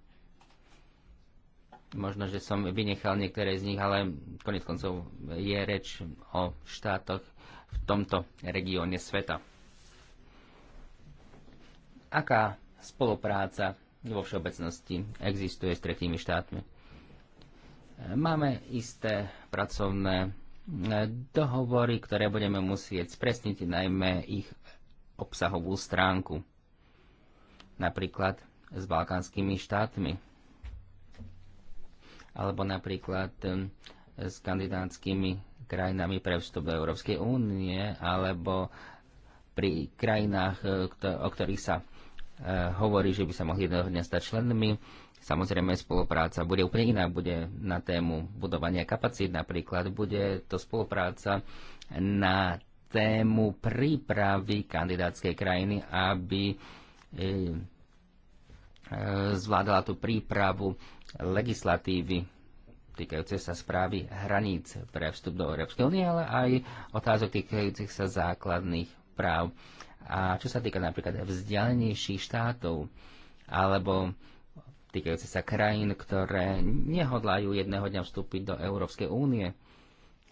Možno, že som vynechal niektoré z nich, ale konec koncov je reč o štátoch v tomto regióne sveta aká spolupráca vo všeobecnosti existuje s tretími štátmi. Máme isté pracovné eh, dohovory, ktoré budeme musieť spresniť, najmä ich obsahovú stránku. Napríklad s balkánskymi štátmi. Alebo napríklad eh, s kandidátskymi krajinami pre vstup do Európskej únie, alebo pri krajinách, eh, o ktorých sa E, hovorí, že by sa mohli jedného dňa stať členmi. Samozrejme, spolupráca bude úplne iná, bude na tému budovania kapacít napríklad, bude to spolupráca na tému prípravy kandidátskej krajiny, aby e, e, zvládala tú prípravu legislatívy týkajúce sa správy hraníc pre vstup do Európskej únie, ale aj otázok týkajúcich sa základných práv. A čo sa týka napríklad vzdialenejších štátov, alebo týkajúce sa krajín, ktoré nehodlajú jedného dňa vstúpiť do Európskej únie.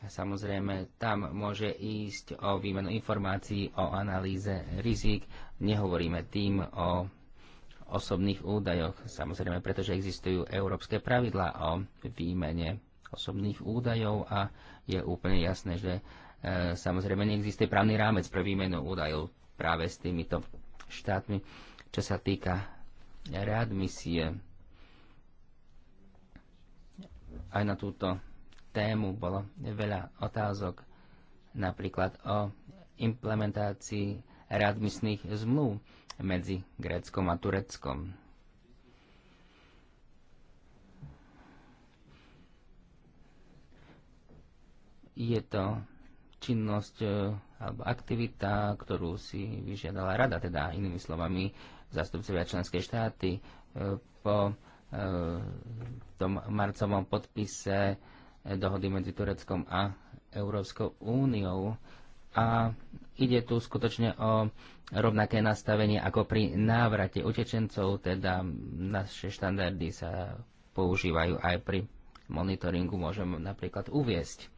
A samozrejme, tam môže ísť o výmenu informácií, o analýze rizik. Nehovoríme tým o osobných údajoch, samozrejme, pretože existujú európske pravidlá o výmene osobných údajov a je úplne jasné, že e, samozrejme neexistuje právny rámec pre výmenu údajov práve s týmito štátmi. Čo sa týka readmisie, aj na túto tému bolo veľa otázok, napríklad o implementácii readmisných zmluv medzi Gréckom a Tureckom. Je to činnosť e, alebo aktivita, ktorú si vyžiadala rada, teda inými slovami zastupcovia členskej štáty e, po e, tom marcovom podpise dohody medzi Tureckom a Európskou úniou. A ide tu skutočne o rovnaké nastavenie ako pri návrate utečencov, teda naše štandardy sa používajú aj pri monitoringu, môžem napríklad uviesť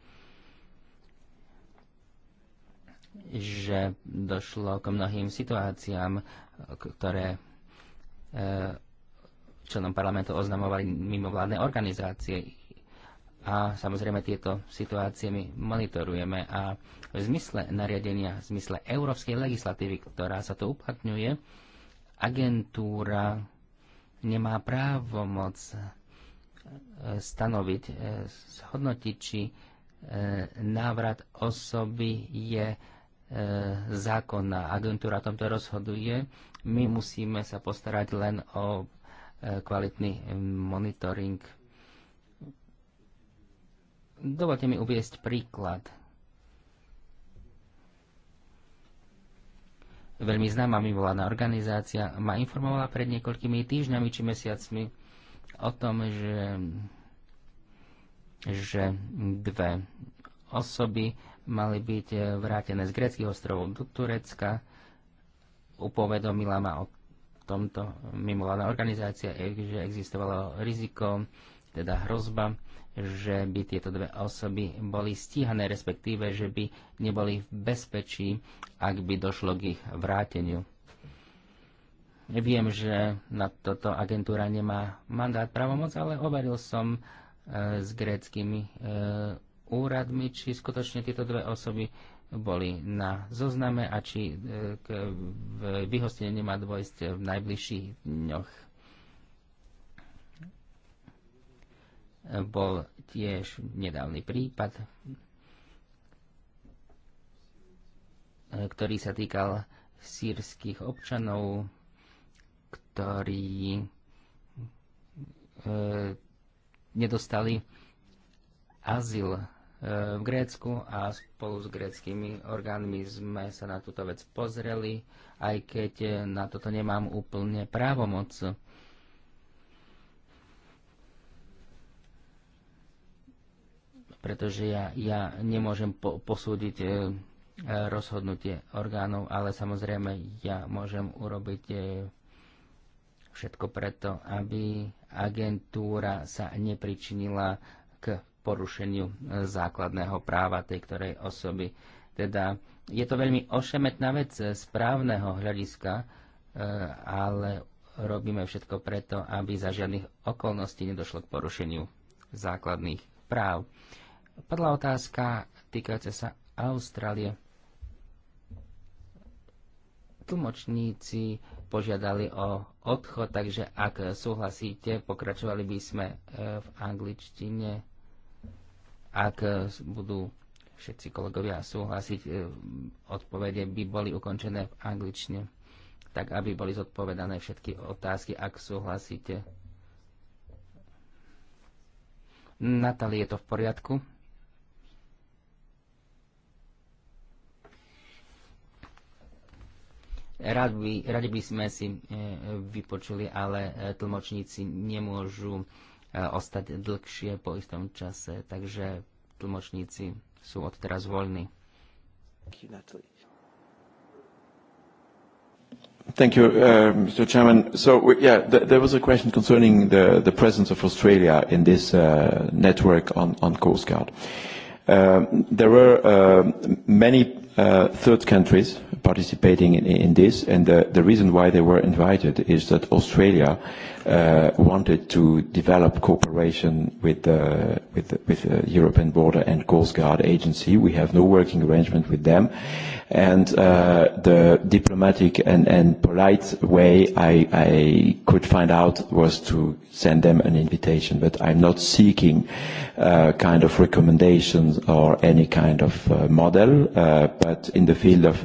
že došlo k mnohým situáciám, ktoré e, členom parlamentu oznamovali mimovládne organizácie. A samozrejme tieto situácie my monitorujeme a v zmysle nariadenia, v zmysle európskej legislatívy, ktorá sa tu uplatňuje, agentúra nemá právomoc e, stanoviť, e, zhodnotiť, či návrat osoby je E, zákonná agentúra o tomto rozhoduje. My musíme sa postarať len o e, kvalitný e, monitoring. Dovolte mi uviesť príklad. Veľmi známa mimovládna organizácia ma informovala pred niekoľkými týždňami či mesiacmi o tom, že, že dve osoby mali byť eh, vrátené z greckých ostrovov do Turecka. Upovedomila ma o tomto mimovládna organizácia, eh, že existovalo riziko, teda hrozba, že by tieto dve osoby boli stíhané, respektíve, že by neboli v bezpečí, ak by došlo k ich vráteniu. Viem, že na toto agentúra nemá mandát pravomoc, ale overil som e, s gréckými e, úradmi, či skutočne tieto dve osoby boli na zozname a či e, k vyhosteniu nemá dôjsť v najbližších dňoch. Bol tiež nedávny prípad, ktorý sa týkal sírskych občanov, ktorí e, nedostali azyl v Grécku a spolu s gréckými orgánmi sme sa na túto vec pozreli, aj keď eh, na toto nemám úplne právomoc. pretože ja, ja nemôžem po, posúdiť eh, rozhodnutie orgánov, ale samozrejme ja môžem urobiť eh, všetko preto, aby agentúra sa nepričinila k porušeniu e, základného práva tej ktorej osoby. Teda je to veľmi ošemetná vec z právneho hľadiska, e, ale robíme všetko preto, aby za žiadnych okolností nedošlo k porušeniu základných práv. Padla otázka týkajúca sa Austrálie. Tlmočníci požiadali o odchod, takže ak súhlasíte, pokračovali by sme e, v angličtine. Ak e, budú všetci kolegovia súhlasiť, e, odpovede by boli ukončené v angličtine, tak aby boli zodpovedané všetky otázky, ak súhlasíte. Natali, je to v poriadku? Rád by, radi by sme si e, vypočuli, ale tlmočníci nemôžu ostať dlhšie po istom čase, takže tlmočníci sú odteraz voľní. Thank you, uh, Mr. Chairman. So, yeah, th there was a question concerning the, the presence of Australia in this uh, network on, on Coast Guard. Um there were uh, many uh, third countries participating in, in this, and the, the reason why they were invited is that Australia uh, wanted to develop cooperation with the uh, with, with the uh, European Border and Coast Guard Agency. We have no working arrangement with them, and uh, the diplomatic and, and polite way I, I could find out was to send them an invitation. But I'm not seeking uh, kind of recommendations or any kind of uh, model, uh, but in the field of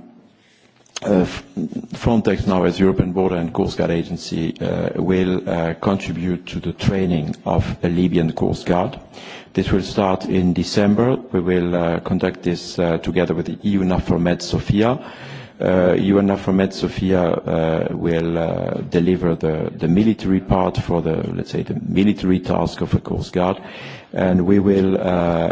Uh, Frontex now as European Border and Coast Guard Agency uh, will uh, contribute to the training of a Libyan Coast Guard. This will start in December. We will uh, conduct this uh, together with the EU Med Sofia. Uh, e UN Med Sofia uh, will uh, deliver the, the military part for the, let's say, the military task of a Coast Guard. And we will uh,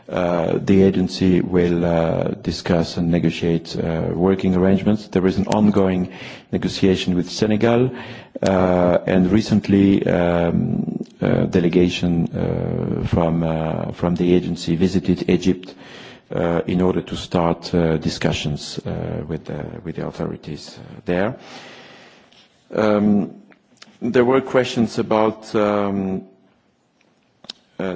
Uh, the agency will uh, discuss and negotiate uh, working arrangements. There is an ongoing negotiation with Senegal, uh, and recently a um, uh, delegation uh, from, uh, from the agency visited Egypt uh, in order to start uh, discussions uh, with, the, with the authorities there. Um, there were questions about um, uh,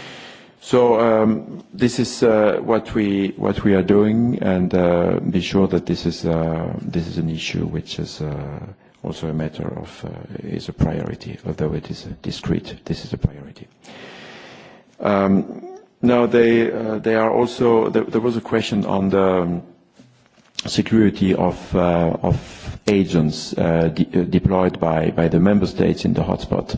so um, this is uh, what we what we are doing, and uh, be sure that this is uh, this is an issue which is uh, also a matter of uh, is a priority, although it is discrete. This is a priority. Um, now they uh, they are also there, there was a question on the um, security of uh, of agents uh, de- uh, deployed by by the member states in the hotspot.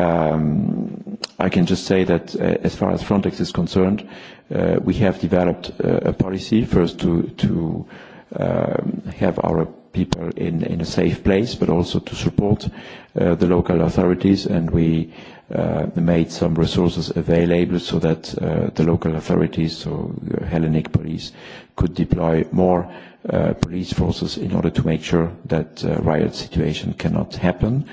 Um, I can just say that uh, as far as Frontex is concerned, uh, we have developed uh, a policy first to, to um, have our people in, in a safe place, but also to support uh, the local authorities. And we uh, made some resources available so that uh, the local authorities, so Hellenic police, could deploy more uh, police forces in order to make sure that uh, riot situation cannot happen. Uh,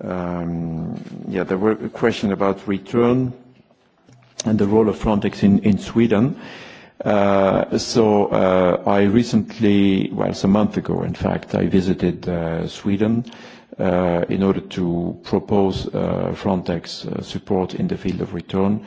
Um, yeah, there were a question about return and the role of Frontex in, in Sweden. Uh, so uh, I recently, well, some month ago, in fact, I visited uh, Sweden uh, in order to propose uh, Frontex uh, support in the field of return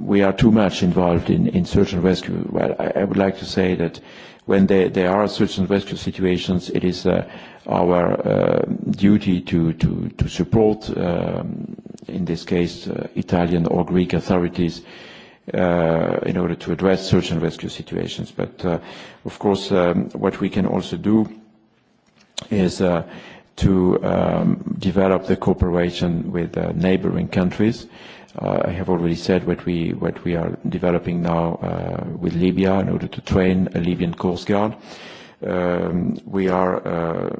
we are too much involved in, in search and rescue. Well, I, I would like to say that when there, there are search and rescue situations, it is uh, our uh, duty to, to, to support, um, in this case, uh, Italian or Greek authorities uh, in order to address search and rescue situations. But, uh, of course, um, what we can also do is uh, to um, develop the cooperation with uh, neighboring countries. Uh, Uh, I have already said what we, what we are developing now uh, with Libya in order to train a Libyan Coast Guard. Um, we are uh,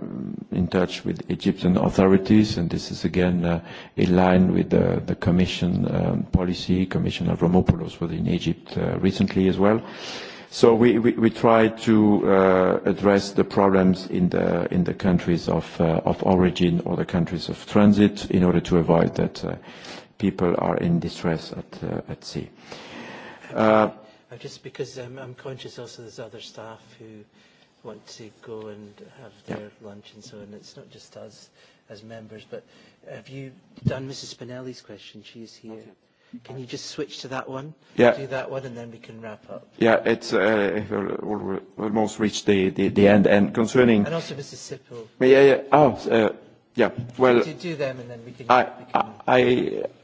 in touch with Egyptian authorities, and this is again uh, in line with the, the Commission um, policy, of Avramopoulos was in Egypt uh, recently as well. So we, we, we try to uh, address the problems in the, in the countries of, uh, of origin or the countries of transit in order to avoid that uh, people are in distress at, uh, at sea. Uh, uh, uh, just because um, I'm conscious also there's other staff who want to go and have their yeah. lunch and so on. It's not just us as members, but have you done Mrs. Spinelli's question? She is here. Okay. Can you just switch to that one? Yeah. Do that one, and then we can wrap up. Yeah, it's uh, almost reached the, the, the end. And concerning... And also Mrs. Sippel. Yeah, yeah. Oh, uh, yeah. Well... Do, do them, and then we can... I, we can... I,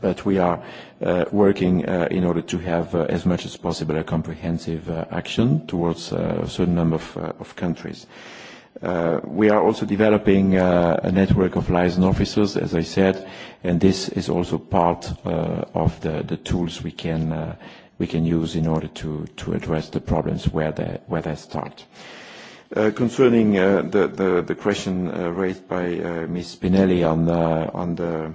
but we are uh, working uh, in order to have, uh, as much as possible, a comprehensive action towards a certain number of, of countries. Uh, we are also developing uh, a network of liaison officers, as I said, and this is also part uh, of the, the tools we can, uh, we can use in order to, to address the problems where they, where they start. Uh, concerning uh, the, the, the question uh, raised by uh, Ms. Spinelli on, uh, on the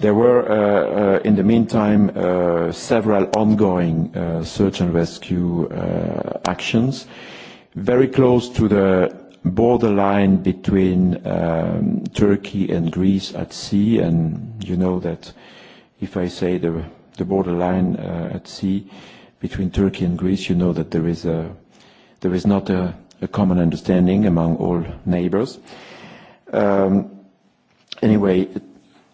There were, uh, uh, in the meantime, uh, several ongoing uh, search and rescue uh, actions, very close to the borderline between um, Turkey and Greece at sea, and you know that if I say the, the borderline uh, at sea between Turkey and Greece, you know that there is, a, there is not a, a common understanding among all neighbors. Um, anyway,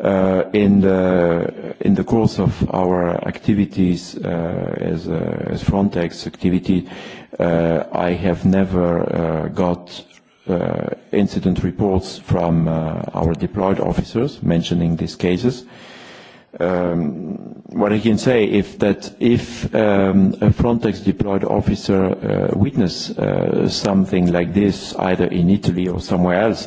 Uh, in the in the course of our activities uh, as uh, as Frontex activity, uh, I have never uh, got uh, incident reports from uh, our deployed officers mentioning these cases. Um, what I can say is that if um, a Frontex deployed officer uh, witness uh, something like this either in Italy or somewhere else,